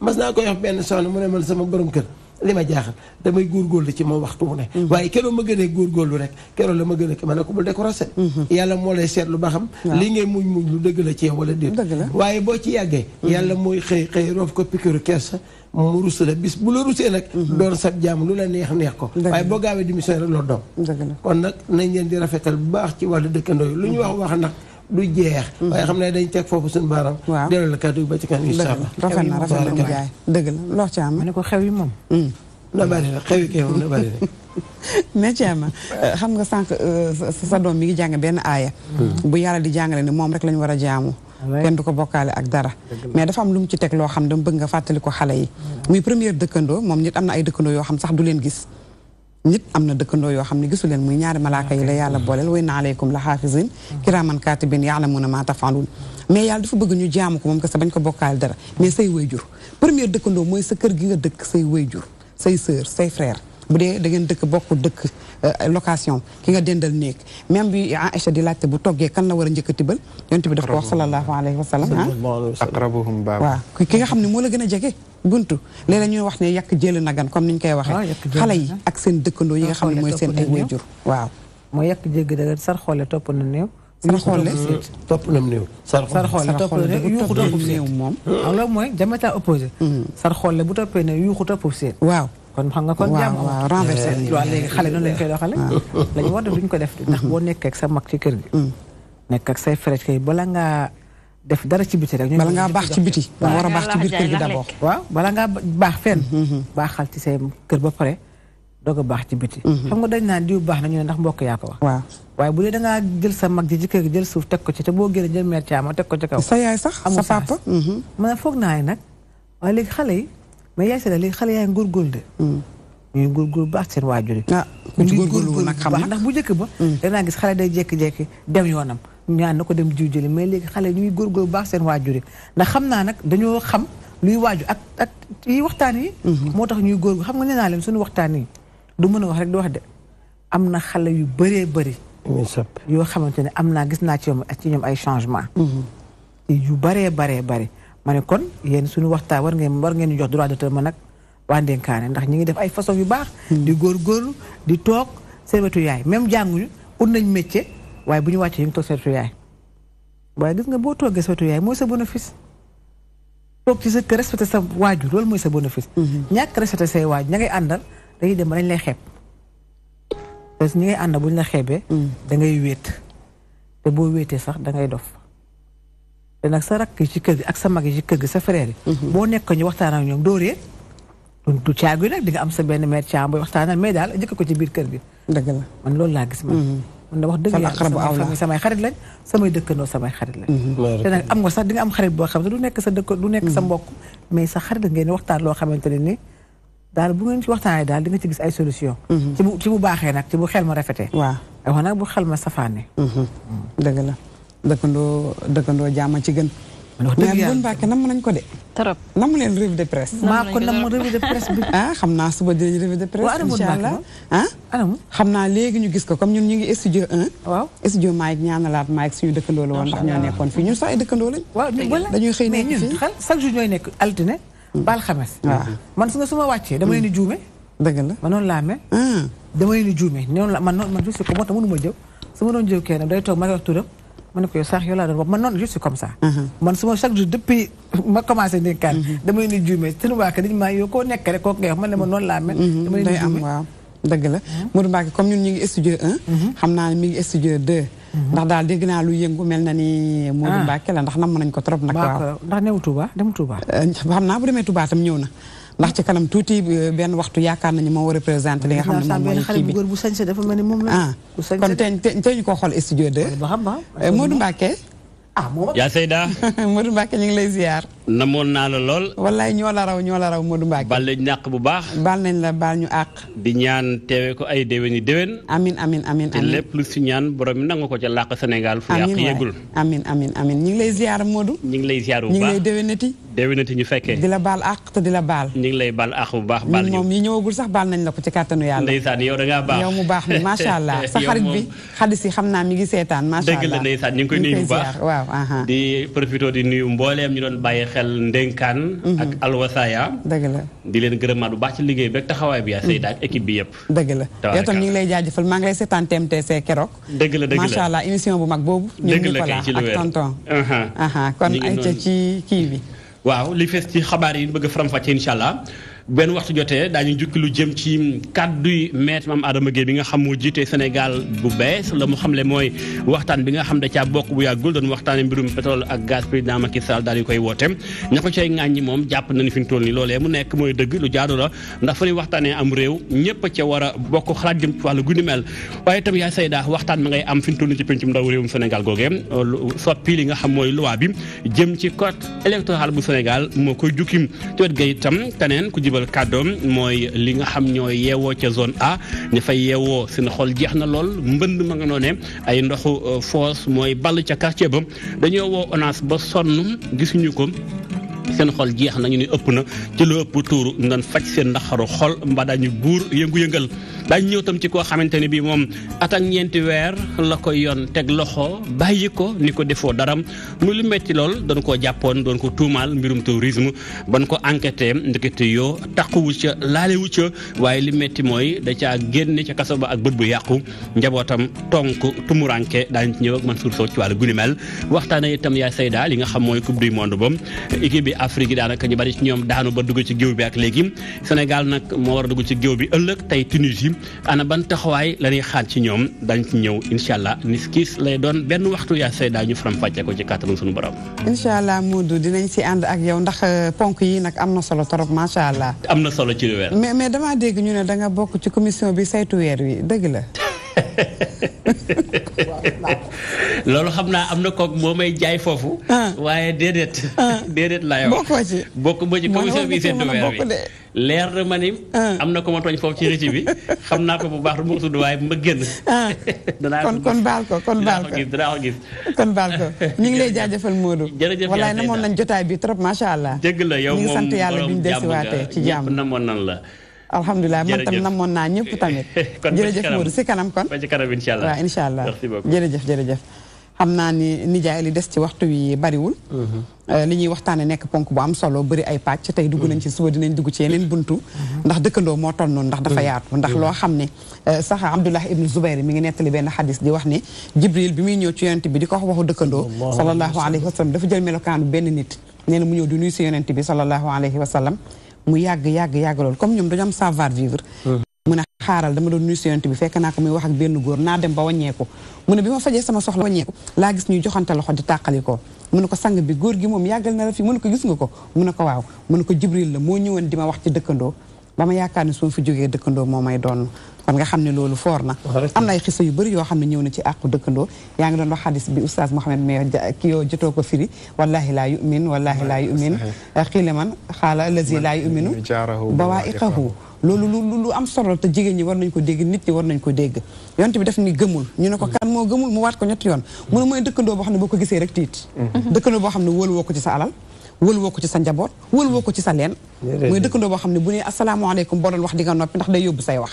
mas naa ko yox benn soxna mu ne man sama borom kër li ma jaaxal damay góorgóorlu ci ma waxtu mu ne mm-hmm. waaye keroog ma gën a góorgóorlu rek keroog la ma gën a ma ne ko bul décorosé mm-hmm. yàlla moo lay seetlu ba xam li ngay muñ muñ lu dëgg la ci yow wala déet waaye boo ci yàggee mm-hmm. yàlla mooy xëy xëy roof ko piqûre kersa mu rus la bis bu la rusee nag doon sab jàmm lu la neex neex ko waaye boo gaawee démission rek loolu doom kon nag nañ leen di rafetal bu baax ci wàllu dëkkandoo yi lu ñu wax wax nag du jeex. Mhm. waaye xam ne dañ teg waaw delloo ba ci kan incha na rafet na jaay dëgg la loo ci am. ma ne ko xew mm. moom. na bari la xew yi xam nga sànq euh, sa doom mi ngi jàng benn aaya. Mm. bu yàlla di jàngale ni moom rek lañu war a jaamu. kenn du ko bokkaale ak dara. mais dafa am lu mu ci teg loo xam dama bëgg nga fàttali ko xale yi. Mm. muy première dëkkandoo moom nit am na ay dëkkandoo yoo xam sax du leen gis. nit am na dëkkandoo yoo xam ne gisuleen leen muy ñaari malaaka yi la yàlla booleel way na aleykum la xaafisin kiraaman kaatibin ya'lamuuna maa taf'aluun mais yàlla dafa bëgg ñu jaamu ko moom kese bañ ko bokkaal dara mais say wayjur premier dëkkandoo mooy sa kër gi nga dëkk say way wayjur say sœur say frère bu dee da dëkk bokk dëkk euh, location ki nga dendal néeg même bi Aïcha di laajte bu toggee kan la war a njëkk a tibbal yonent bi daf ko wax sallallahu alayhi wa sallam ah. xam ne moo la gën a jege buntu léeg-léeg ñuy wax ne yàq jël na comme ni ñu koy waxee ah, xale yi ak seen dëkkandoo yi nga ah, xam ne mooy seen ay wayjur waaw mooy yàq jégg da sar xoole topp na néew sar xoole mm. topp na néew sar xoole topp na néew moom loolu mooy jamata opposé mm. sar bu toppee ne yuuxu topp seet waaw kon xam nga kon jàmm waaw renversé eh, waaw léegi xale noonu lañ koy doxale ah. la ñu def duñ ko def ndax boo nekk ak sa mag ci kër gi mm. nekk ak say frère kay bala ngaa def dara ci biti rek bala ngaa baax ci biti nga war a baax ci biir kër gi bala ngaa baax fenn mm-hmm, mm-hmm. baaxal ci say kër ba pare doog a baax ci biti mm-hmm. xam nga dañ naan diw baax na ñu ndax mbokk yaa ko wax waaw waaye bu dee da ngaa jël sa mag ji ci gi jël suuf teg ko ci te boo génne jël meer caama teg ko ci kaw sa yaay sax sa papa ma ne foog naa nag waaye léegi xale yi mais yaay seetla léegi xale yaa ngi góorgóorlu de. Hmm. ñuy góorgóorlu baax seen waajur yi. ah ku ci góorgóorlu nag ndax bu njëkk ba. Hmm. danaa gis xale day jékki-jékki dem yoonam. ñaan na ko dem jiw jële mais léegi xale ñuy góorgóorlu baax seen waajur yi ndax naa nag dañoo xam luy waaju ak ak yi waxtaan yi. Hmm. moo tax ñuy góorgóorlu xam nga nee naa lem suñu waxtaan yi du mën a wax rek di wax de am na xale yu bëree bëri. yoo xamante ne am naa gis naa ci ñoom ay changement yu bëree baree bëri ma ne kon yéen suñu waxtaan war ngeen war ngeen jox droit d'auteur ma nag waa Ndenkaane ndax ñu ngi def ay façon yu baax. Hmm. di góorgóorlu di toog seen wetu yaay même jànguñu ut nañ métier waaye bu ñu wàccee ñu ngi toog seen wetu yaay. waaye gis nga boo toogee sa wetu yaay mooy sa bénéfice toog ci sa kër sa waaju loolu mooy sa bénéfice. Hmm. ñàkk respecté say waajur ña ngay àndal dañuy dem ba dañ lay xeeb. parce que ñi ngay àndal bu ñu la xeebee. Hmm. da ngay wéet te boo wéetee sax da ngay dof. nag sa rakk yi ci kër gi ak sa mag yi ci kër gi sa frère yi mhm. boo nekk ñu waxtaan ak ñoom doo réer du caagu nag di nga am sa benn mère caam booy waxtaanal mais daal jëkk ko ci biir kër gi dëgg la man loolu laa gis man mhm. man da wax dëgg yàlla samay xarit lañ samay dëkkandoo samay xarit lañ mhm. te nag am nga sax di am xarit boo xam ne du nekk sa dëkk du nekk sa mbokk mais sa xarit ngeen waxtaan loo xamante ne nii daal bu ngeen ci waxtaanee daal di nga ci gis ay solution ci bu baaxee nag ci bu xel ma rafetee waaw wax nag bu xel ma safaane mm. dëgg la dëkkandoo dëkkandoo jàmm ci gën. wax dëgg yàlla mais bu Mbàkke nam nañ ko de. trop nam leen revue de presse. maa ko nam revue de presse bi. ah xam naa suba dinañ revue de presse. incha allah ah? léegi ñu gis ko comme ñun ñu ngi studio 1. waaw studio Mike ñaanalaat Mike dëkkandoo la woon ndax ñoo nekkoon fii ñun sax ay dëkkandoo lañ. waaw dañuy xëy nekk fii mais ñun chaque jour ñooy nekk altine. baal xames. waaw man su nga ma wàccee dama leen di juume. dëgg la ma noonu laa mel. Ah. dama leen di juume noonu la man noonu man juste ko moo tax mënuma jëw su ma doon jëw kenn day toog ma wax turam ma ne ko yow sax yow laa doon wax man noonu je comme ça. Mhm. man su ma chaque jour depuis ma commencé ndénkaan. Mhm. damay ni juumee seen waa dañu maa nekk rek ko ngay wax man ne ma noonu laa mel. Mhm. damay ni waaw dëgg la. Modou Mbacke comme ñun ñu ngi studio xam naa ne mi ngi studio 2. ndax daal dégg naa lu yëngu mel na ni. Modou ah. Mbacke la ndax nam ma nañ ko trop na waaw ndax newu Touba dem Touba. Euh, xam naa bu demee Touba tam ñëw na. ndax ci kanam tuuti euh, benn waxtu yaakaar nañu moo war a présenté li nga xam ne moom mooy kii bi góor bu sañse dafa mel ni moom la ah kon tey tey ñu ko xool studio 2 euh, Modou Mbacke ah yaa Seyda Modou Mbacke ñu ngi lay ziar namoon naa la lool. wallaay ñoo raw ñoo la raw Modou Mbacke. bal lañ bu baax. bal nañ la baal ñu àq. di ñaan teewe ko ay déwéni déwén. amin amin amin lépp lu si ñaan borom mi nangu ko ca làq Sénégal. fu amin amin ñu ngi lay ziar Modou. ñu ngi lay ziar bu ñu ngi lay ñu fekkee. di la baal àq te di la baal. ñu ngi lay baal àq bu baax. baal moom yi ñëwagul sax baal nañ la ko ci kàttanu yàlla. ndeysaan yow da ngaa baax mi macha allah. sa xarit bi xadis yi xam naa mi ngi seetaan macha allah dëgg la ndeysaan ñu ngi koy nuyu bu baax waaw di profito di nuyu mbooleem doon bàyyi xel ndénkaan mhm. ak alwasaaya dëgg la di leen gërëmaat bu baax ci liggéey bi ak taxawaay bi yaa mhm. Seyda équipe bi yëpp dëgg la yow tam ñu ngi lay jaajëfal maa ngi lay seetaan TMTC keroog dëgg la dëgg la macha allah émission bu mag boobu ñu ngi ko la ak tonton aha kon ay ca ci kii bi waaw li fees ci xabaar yi bëgg faram-fàcce incha allah benn waxtu jotee daañu jukki lu jëm ci kàdduy maître Mame Adama Guèye bi nga xam moo jiite Sénégal bu bees la mu xamle mooy waxtaan bi nga xam da caa bokk bu yàggul doon waxtaane mbirum pétrole ak gaz président Macky Sall daal di koy woote ña ko cay ŋàññi moom jàpp nañu fi mooy dëgg lu jaadu la ndax fa ñuy waxtaanee am réew ñëpp ca war a bokk xalaat jëm ci wàllu gu ni mel waaye itam yaa say daax waxtaan ma ngay am fi ñu toll nii ci pencum ndaw réewum Sénégal googee soppi li nga xam mooy loi bi jëm ci code électoral bu Sénégal moo koy jukkim ci wet ga itam jibal kàddoom mooy li nga xam ñoo yeewoo ca zone A ña fay yeewoo seen xol jeex na lool mbënd ma nga noone ay ndoxu euh, foos mooy bal ca quartier ba dañoo woo ONAS ba sonn gisuñu ko seen xol jeex nañu ni ëpp na ci lu ëpp tuuru ndan faj seen ndaxaru xol mbaa dañu buur yëngu-yëngal daañu ñëw tam ci koo xamante ne bii moom at ak ñeenti weer la ko yoon teg loxo bàyyi ko ni ko defoo daram mu lu metti lool doon koo jàppoon doon ko tuumaal mbirum tourisme ban ko enquêté ndekete yoo taquwu ca laalewu ca waaye li metti mooy da caa génne ca kaso ba ak bët bu yàqu njabootam tonk tumuranke daañu ci ñëw ak Mansour Sow ci wàllu guni mel waxtaana itam yaa sayda li nga xam mooy coupe du monde ba équipe bi Afrique yi daanaka ñu bari ci ñoom daanu ba dugg ci géew bi ak léegi Sénégal nag moo ci géew bi ëllëg tey ana ban taxawaay la ñuy ci ñoom dañ ci ñëw incha allah niskis lay doon benn waxtu yaa say daañu faram-fàccee ko ci kàttanu suñu borom. incha allah Moodu dinañ si ànd ak yow ndax euh, ponk yi nag am na solo trop macha allah. am na solo ci weer. mais mais damaa dégg ñu ne danga bokk ci commission bi saytu weer wi dëgg la. loolu xam naa am na kook moo may jaay foofu. Ah. waaye déedéet. Ah. déedéet laa wax bokkoo ci. bokk ba ci commissaire bi seen weer bi leer na ma ni. Ah. am na ko ma tooñ foofu ci rëcc bi xam naa ko bu baax du ma ko waaye bu ma génn. danaa kon kon baal ko kon baal ko dinaa kon baal ñu ngi lay jaajëfal Modou. jërëjëf wallaay namoon nañ jotaay bi trop macha allah. dëgg la yow moom borom jàmm nga ñëpp namoon nan la. alhamdulilah man tam namoon naa ñëpp tamit. kon jërëjëf Modou si kanam kon. ba ci kanam jërëjëf jërëjëf. xam naa ni nijaay li des ci waxtu wi bariwul. Mhm. Euh, li ñuy waxtaane nekk ponk bu am solo bëri ay pàcc tey dugg nañ ci suba dinañ dugg ci yeneen buntu mhm. ndax dëkkandoo moo toll noonu ndax dafa mhm. yaatu ndax loo xam ne euh, sax Abdullah ibnu Zubayr mi ngi nettali benn xadis di wax ne Jibril bi muy ñëw ci yonent bi di ko wax waxu dëkkandoo sallallahu alayhi wa sallam dafa jël melokaanu benn nit nee na mu ñëw di nuyu si yonent bi sallallahu alayhi wa sallam mu yàgg yàgg yàgg lool comme ñoom dañu am vivre mu ne xaaral dama doon nuyu yonent bi fekk naa ko muy wax ak benn góor naa dem ba wàññeeku mu ne bi ma fajee sama soxla wàññeeku laa gis ñuy joxante loxo di tàqali ko mu ne ko sang bi góor gi moom yàggal na la fi mu ne ko gis nga ko mu ne ko waaw mu ne ko Jibril la moo ñëwaan di ma wax ci dëkkandoo ba yaakaar ne soo ma fi jógee dëkkandoo moo may doon kon nga xam ne loolu foor na am na ay xisa yu bëri yoo xam ne ñëw na ci àqu dëkkandoo yaa ngi doon wax xadis bi oustaz Mohamed mais ki yoo jotoo ko firi wallahi laa yumin wallahi laa yumin xiila man xaala lazi laa yuminu bawaa iqahu loolu lu lu am solo te jigéen ñi war nañ ko dégg nit ñi war nañ ko dégg yonte bi daf ni gëmul ñu ne ko kan moo gëmul mu waat ko ñetti yoon mu ne mooy dëkkandoo boo xam ne boo ko gisee rek tiit dëkkandoo boo xam ne wóolu woo ko ci sa alal wël woo ko ci sa njaboot wël woo ko ci sa leen mooy dëkkandoo boo xam ne bu nee asalaamaaleykum boo doon wax di nga noppi ndax day yóbbu say wax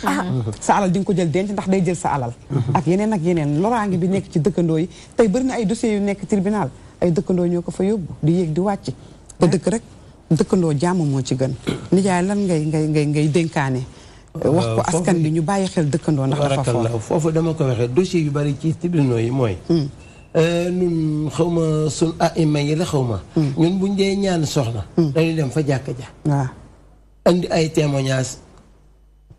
sa alal di ko jël denc ndax day jël sa alal ak yeneen ak yeneen loraange bi nekk ci dëkkandoo yi tey bëri na ay dossiers yu nekk tribunal ay dëkkandoo ñoo ko fa yóbbu di yéeg di wàcc dëkk rek dëkkandoo jaamu moo ci gën nijaay lan ngay ngay ngay ngay dénkaane euh, wax ko askan ñu bàyyi xel dëkkandoo ndax dafa foofu dama ko waxee dossier yu bari ci tribunaux yi mooy hmm. Euh, nun xaw ma sun aima yi la xaw ma hmm. ñun buñ dee ñaan soxna hmm. dañuy dem fa jàkk ja waaw ah. andi ay témoignage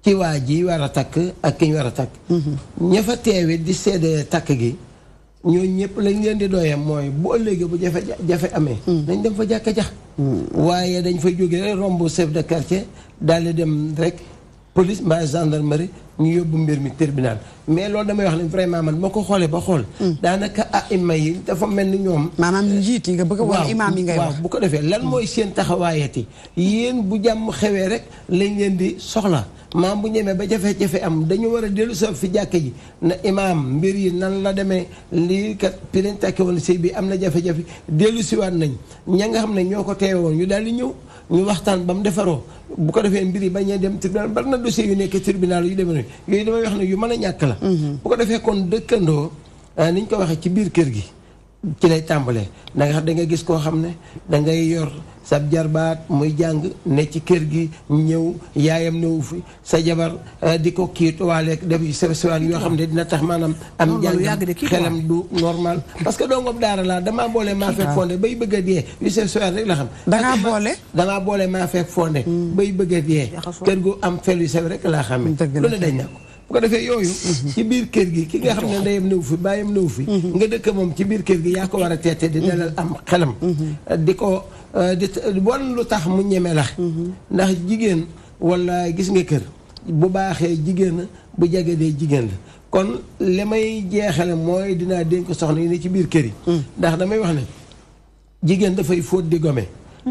ci waa ji war a takk ak kiñ war a takk hmm. ña fa teewe di seede takk gi ñoo ñëpp lañ leen di doyam mooy bu ëllëgee bu jafe jafe amee dañ dem fa jàkk ja waaye dañ fa jóge rek romb chef de quartier daal di dem rek police mbaa gendarmerie ñu yóbbu mbir mi tribunal mais loolu damay wax ne vraiment man ma ko xoolee ba xool. Hmm. daanaka ah imam yi dafa mel ni ñoom. maanaam njiit yi nga bëgg a wax imam yi ngay wax bu ko defee lan mooy seen taxawaayati yéen bu jàmm xewee rek lañ leen di soxla maam bu ñemee ba jafe-jafe am dañu war a dellu sa fi jàkk ji na imaam mbir yi nan la demee lii kat pirin takki woon sëy bi am na jafe-jafe dellu waat nañ ña nga xam ne ñoo ko woon ñu daal di ñëw. ñu waxtaan ba mu defaroo bu ko defee mbir yi bañ a dem tribunal bari na dossier yu nekk tribunal yu demee yooyu damay wax ne yu mën a ñàkk la mhm. bu ko defee kon dëkkandoo ah, ni ñu ko waxee ci biir kër gi ci lay tàmbalee da xam da nga gis koo xam ne da ngay yor sab jarbaat muy jàng ne ci kër gi ñëw yaayam ñëw fi sa jabar eh, di ko kii tuwaale def sa siwaan yoo xam ne dina tax maanaam am jàng xelam du normal parce que doo ngob daara laa damaa boole maa fekk ah. fonde bay bëgg a dee yu sa siwaan rek la xam dangaa boole dangaa boole maa fekk fonde hmm. bay bëgg a dee kër gu am fel yu sew rek laa xam ne loolu dañ na bu ko defee yooyu ci biir kër gi ki nga xam ne ndeyam néew fi bàyyam néew fi nga dëkk moom ci biir kër gi yaa ko war a teete di dalal am xelam di ko di wan lu tax mu ñeme la ndax jigéen wala gis nga kër bu baaxee jigéen bu jagedee jigéen la kon li may jeexale mooy dinaa dénk soxna yi ne ci biir kër yi ndax damay wax ne jigéen dafay fóot di gome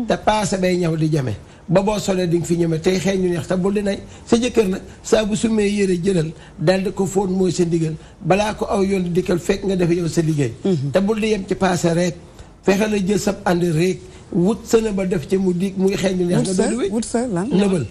te paase bay ñaw di jame ba boo solee di nga fi ñeme tey xëy ñu neex te bul di nay sa jëkkër nag saa bu sumee yére jëlal daal di ko fóon mooy sa ndigal balaa ko aw yoon di dikkal fekk nga def yow sa liggéey mm-hmm. te bul di yem ci paase rek fexe la jël sab ànd rek wut sa ba def ci mu diig muy xeeñ neex nga doodu wéy wut sa lan nëbal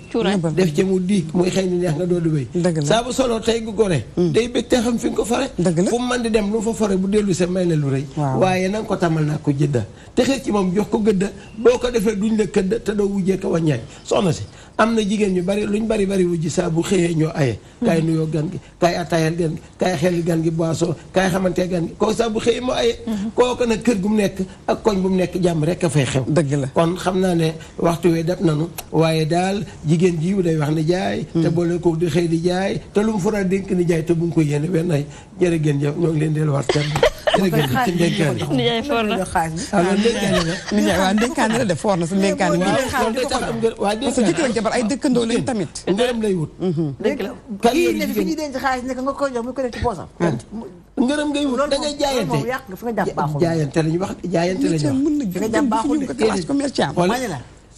def ci mu diig muy xeeñ neex nga doodu wéy saa bu solo tey gu gone mm. day bëgg te xam fi nga ko fare fu mu mën di dem lu mu fa fare bu dellu see may na lu rëy waaye na ko tàmmal naa ko jëdda te xëy ci moom jox ko gëdda boo ko defee duñ la këdda te doo wujjee ko waññaay soxna si am na jigéen ñu bari luñ bari bari wujj saa bu xëyee ñoo aye kaay nuyoo gan gi kaay attayal gan gi kaay xel gan gi boisson kaay xamante gan gi kooku saa bu xëyee moo aye kooku nag kër gu mu nekk ak koñ bu mu nekk jàmm rek a fay xew dëgg la kon xam naa ne waxtu wee dab nanu waaye daal jigéen jiwu day wax ni jaay te boole ko di xëy di jaay te lu mu fura dénk ni jaay te bu ngi ko yéene benn ay jërë ngeen jëf ñoo ngi leen delluwaat kan jërëjëf ci ndénkaane waaw ndénkaane la def foor na su ndénkaane bi waaw defal ay ah, dëkkandoo lañ tamit. ngërëm lay wut. Mhm. dëgg la kii ne fi ñuy denc xaalis nekk nga koy jox mu ko def ci poosam. Ah. ngërëm ngay wut da ngay jaayante loolu moom yàq nga fi nga jàpp baaxul. jaayante la ñu wax jaayante la ñu wax. mën na gën a jàpp baaxul de commercial.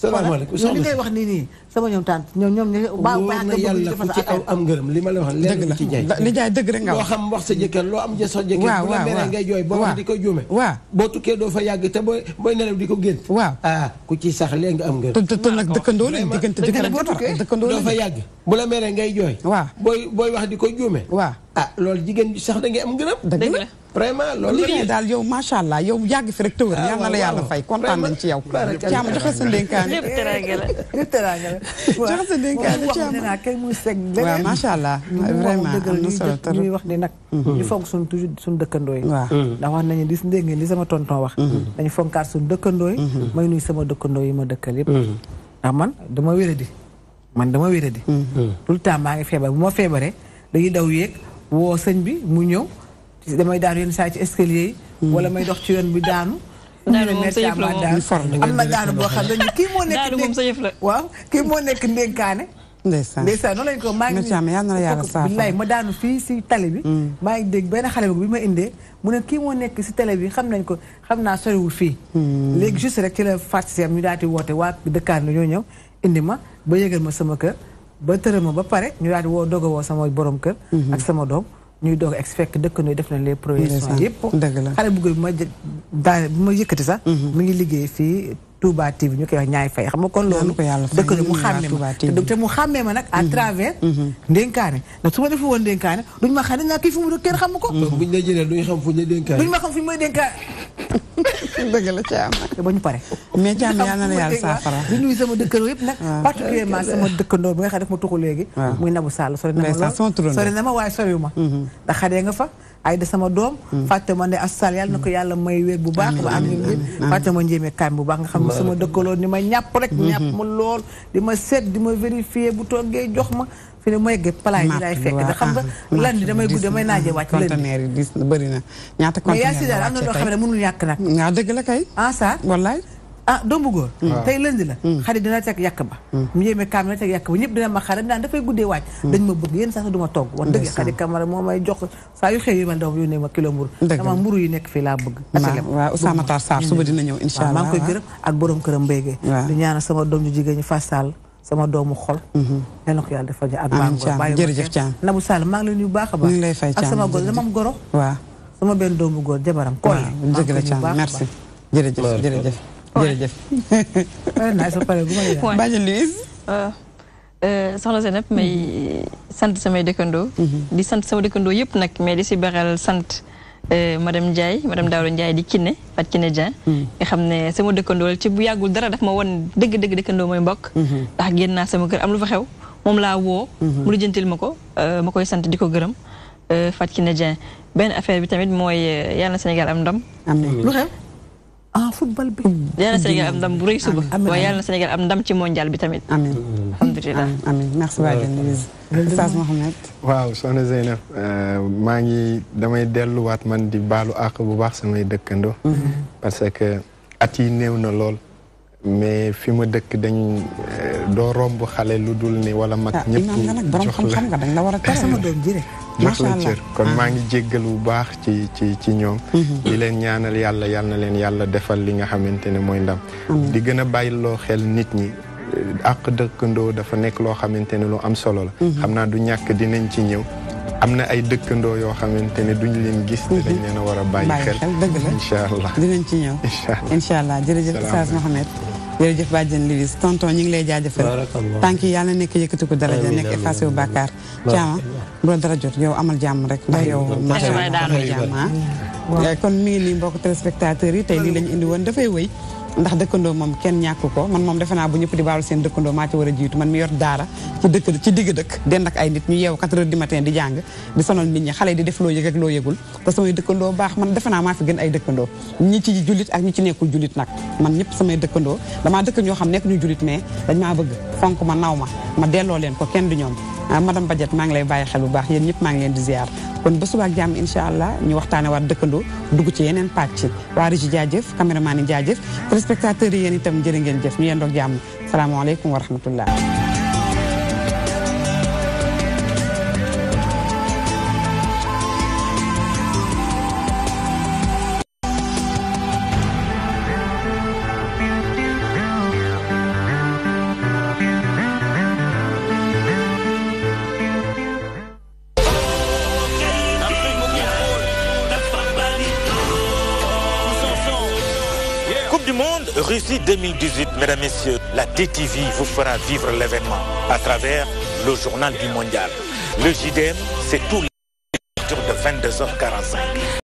salaamaaleykum soxna li ngay wax nii nii sama ñoom tànt ñoom ñoom wóor na yàlla ku ci aw am ngërëm li ma la wax dëgg ci jaay li jaay dëgg rek nga wax loo xam wax sa jëkkër loo am sa jëkkër waaw bu la ngay jooy boo di ko juume waaw boo tukkee doo fa yàgg te gitu. booy booy nelaw di ko génn waaw ah ku ci sax léegi nga am ngërëm te te nag dëkkandoo leen diggante jëkkër boo tukkee dëkkandoo doo fa yàgg bu la meree ngay jooy waaw booy booy wax di ko juume waaw ah loolu jigéen sax da ngay am ngërëm dëgg la vraiment loolu liggéey daal yow macha allah yow yàgg fi rek tëwër ah, yal na la yàlla fay kontaan nañ ci yow. caam joxe sa ndénkaane. lépp sa ndénkaane caam waaw kay macha allah vraiment am na solo wax ni nag. Mhm. ñu fonk suñ suñ dëkkandoo yi. waaw mhm. ndax wax nañu di sama tonton wax. Mhm. dañu fonkaat suñ dëkkandoo yi. may sama dëkkandoo yi ma dëkkal yëpp. ndax man dama wéradi man dama wéradi. tout temps maa ngi feebar bu ma feebaree dañuy daw yéeg woo sëñ bi mu ñëw damay daanu yenn saa ci escalier yi. Hmm. wala may dox ci yoon bi daanu. daanu moom sa am na daanu boo xam ne kii moo nekk. daanu moom sa yëf la waaw kii moo nekk ndénkaane. ndeysaan ndeysaan noonu lañ ko maa ngi ma daanu fii si tali bi hmm. maa ngi dégg benn xale bi ma indee mu ne kii moo nekk si tali bi xam nañ ko xam naa soriwul fii hmm. léegi juste rek ci la fàttisi am ñu daal di woote waa dëkkaan la ñëw indi ma ba yëgal ma sama kër ba tëral ma ba pare ñu daal woo doga woo sama borom kër ak sama doom ñuy doog ex fekk dëkkandoo def nañ les provisions yëpp xale bu góor bi ma daane bi ma yëkkati sax mhm. mi ngi liggéey fii Touba TV ñu koy wax ñaay fay xam nga kon loolu dëkk la mu xàmmee ma te mu xàmmee ma nag à mm-hmm. travers mm-hmm. ndénkaane ndax su ma defu woon ndénkaane duñ ma xam mm-hmm. la jëlee duñ la dénkaane duñ ma xam fuñ la Thiam na yàlla saafara di nuyu sama dëkkandoo yëpp nag ah. particulièrement sama dëkkandoo bi nga xam ne ma tuxu léegi ah. muy Nabou Sall sori na na ma waaye soriwu ma ndax xadee nga fa ay de sama doom hmm. fàtte ma ne asal yàlla na ko hmm. yàlla may wér bu baax ba am lim fàtte ma njéemee kaam bu baax nga xam ne sama dëkkaloon ni ma ñàpp rek hmm. ñàpp ma lool di ma set di ma vérifier bu toggee jox ma fi ne mooy gëpp palaay yi lay fekk da xam nga lan di damay guddi damay naaje wàcc conteneur yi dis bëri na ñaata conteneur mais yaa si daal am na loo xam ne mënul ñàkk nag nga dëgg la kay ah ça wallaay ah doomu góor hmm. ah. tey lëndi la hmm. xarit dina yàq ba hmm. mu yéeme kaam dina teg yàq ba ñëpp dina ma xarit naan dafay guddee waaj dañ ma bëgg yéen sax duma togg wax dëgg xarit Camara moo may jox saa yu xew yi nekk fii laa bëgg waaw Ousama Tar Sarr suba dina ñëw incha allah maa ngi koy gërëm ak borom këram mbéygee di ñaanal sama doom ju jigéen ñu Fass Sall sama doomu xol mm-hmm. yal na ko yàlla defal ñu ak bàyyi jërëjëf Thiam Nabou maa ngi leen yu baax a baax ñu lay fay ak sama goro dama am goro waaw sama benn doomu góor jabaram kool dëgg la Thiam merci jërëjëf jërëjëf jërëjëf. Baye Louise. soxna Zeynep may mhm. sant samay dëkkandoo. di sant sama dëkkandoo yëpp nag mais di si beral sant madame njaay madame Daouda njaay di Kiné Fat Kiné Dieng. nga mhm. e xam ne sama dëkkandoo la ci bu yàggul dara daf ma won dëgg-dëgg dëkkandoo mooy mbokk. Mhm. ndax génn naa sama kër am lu fa xew moom laa woo. mu lu jëntil ma ko eh, ma koy sant di ko gërëm eh, Fat Kiné Dieng benn affaire bi tamit mooy eh, yàlla na Sénégal am ndam. lu xew. ah football bi. Mm. yàlla na Sénégal am ndam bu suba. waaye yàlla na Sénégal am ndam ci mondial bi tamit. amiin alhamdulilah amiin merci beaucoup Louise. Oustaz euh, maa ngi damay delluwaat man di baalu àq bu baax sa samay dëkkandoo. Mm-hmm. parce que at yi néew na lool. mais fi mu dëkk dañ euh, doo romb xale lu dul ni wala mag. Ah, ñëpp jox la ah imaam xam-xam nga dañ la war a tere ah, sama macha allah cër kon maa mm-hmm. ngi jéggal bu baax ci ci ci ñoom. Mm-hmm. di leen ñaanal yàlla yàlla na leen yàlla defal li nga xamante ne mooy ndam. di gën a loo xel nit ñi. ak eh, dëkkandoo dafa nekk loo xamante ne lu am solo la. Mm-hmm. xam naa du ñàkk dinañ ci ñëw. am na ay dëkkandoo yoo xamante ne duñ leen gis. dañ leen a war a bàyyi xel bàyyi dëgg la incha allah dinañ ci ñëw. Mohamed jërëjëf bàjjen Liwis tonton ñu ngi lay jaajëfal tànk yi yàlla nekk yëkkati ko daraja nekk effacé wu bàkkaar caama boo dara jot yow amal jàmm rek ndax yow macha allah jàmm kon mi ngi nii mbokk spectateur yi tey lii lañu indi woon dafay woy ndax dëkkandoo moom kenn ñàkk ko man moom defe naa bu ñëpp di baalu seen dëkkandoo maa ci war a jiitu man mi yor daara ci dëkk dëkk dend ak ay nit ñu yeew 4 heures di jàng di sonal nit ñi xale di def loo yëg ak loo yëgul te samay dëkkandoo baax man defe naa maa fi gën ay dëkkandoo ñi ci jullit ak ñi ci nekkul jullit xam nekk ñu jullit mais dañ maa bëgg fonk ma naw ma ma delloo leen ko kenn di ñoom ah madame Badiate maa ngi lay bàyyi xel bu baax yéen ñëpp maa ngi leen di ziar kon ba subaak jàmm incha allah ñu waxtaane waat dëkkandoo dugg ci yeneen pàcc waa Régis jaajëf caméraman yi jaajëf téléspectateurs yi yéen itam jërë ngeen jëf ñu yendoog jàmm salaamaaleykum wa rahmatullah D'ici 2018, mesdames, et messieurs, la TTV vous fera vivre l'événement à travers le journal du mondial. Le JDM, c'est tous les de 22h45.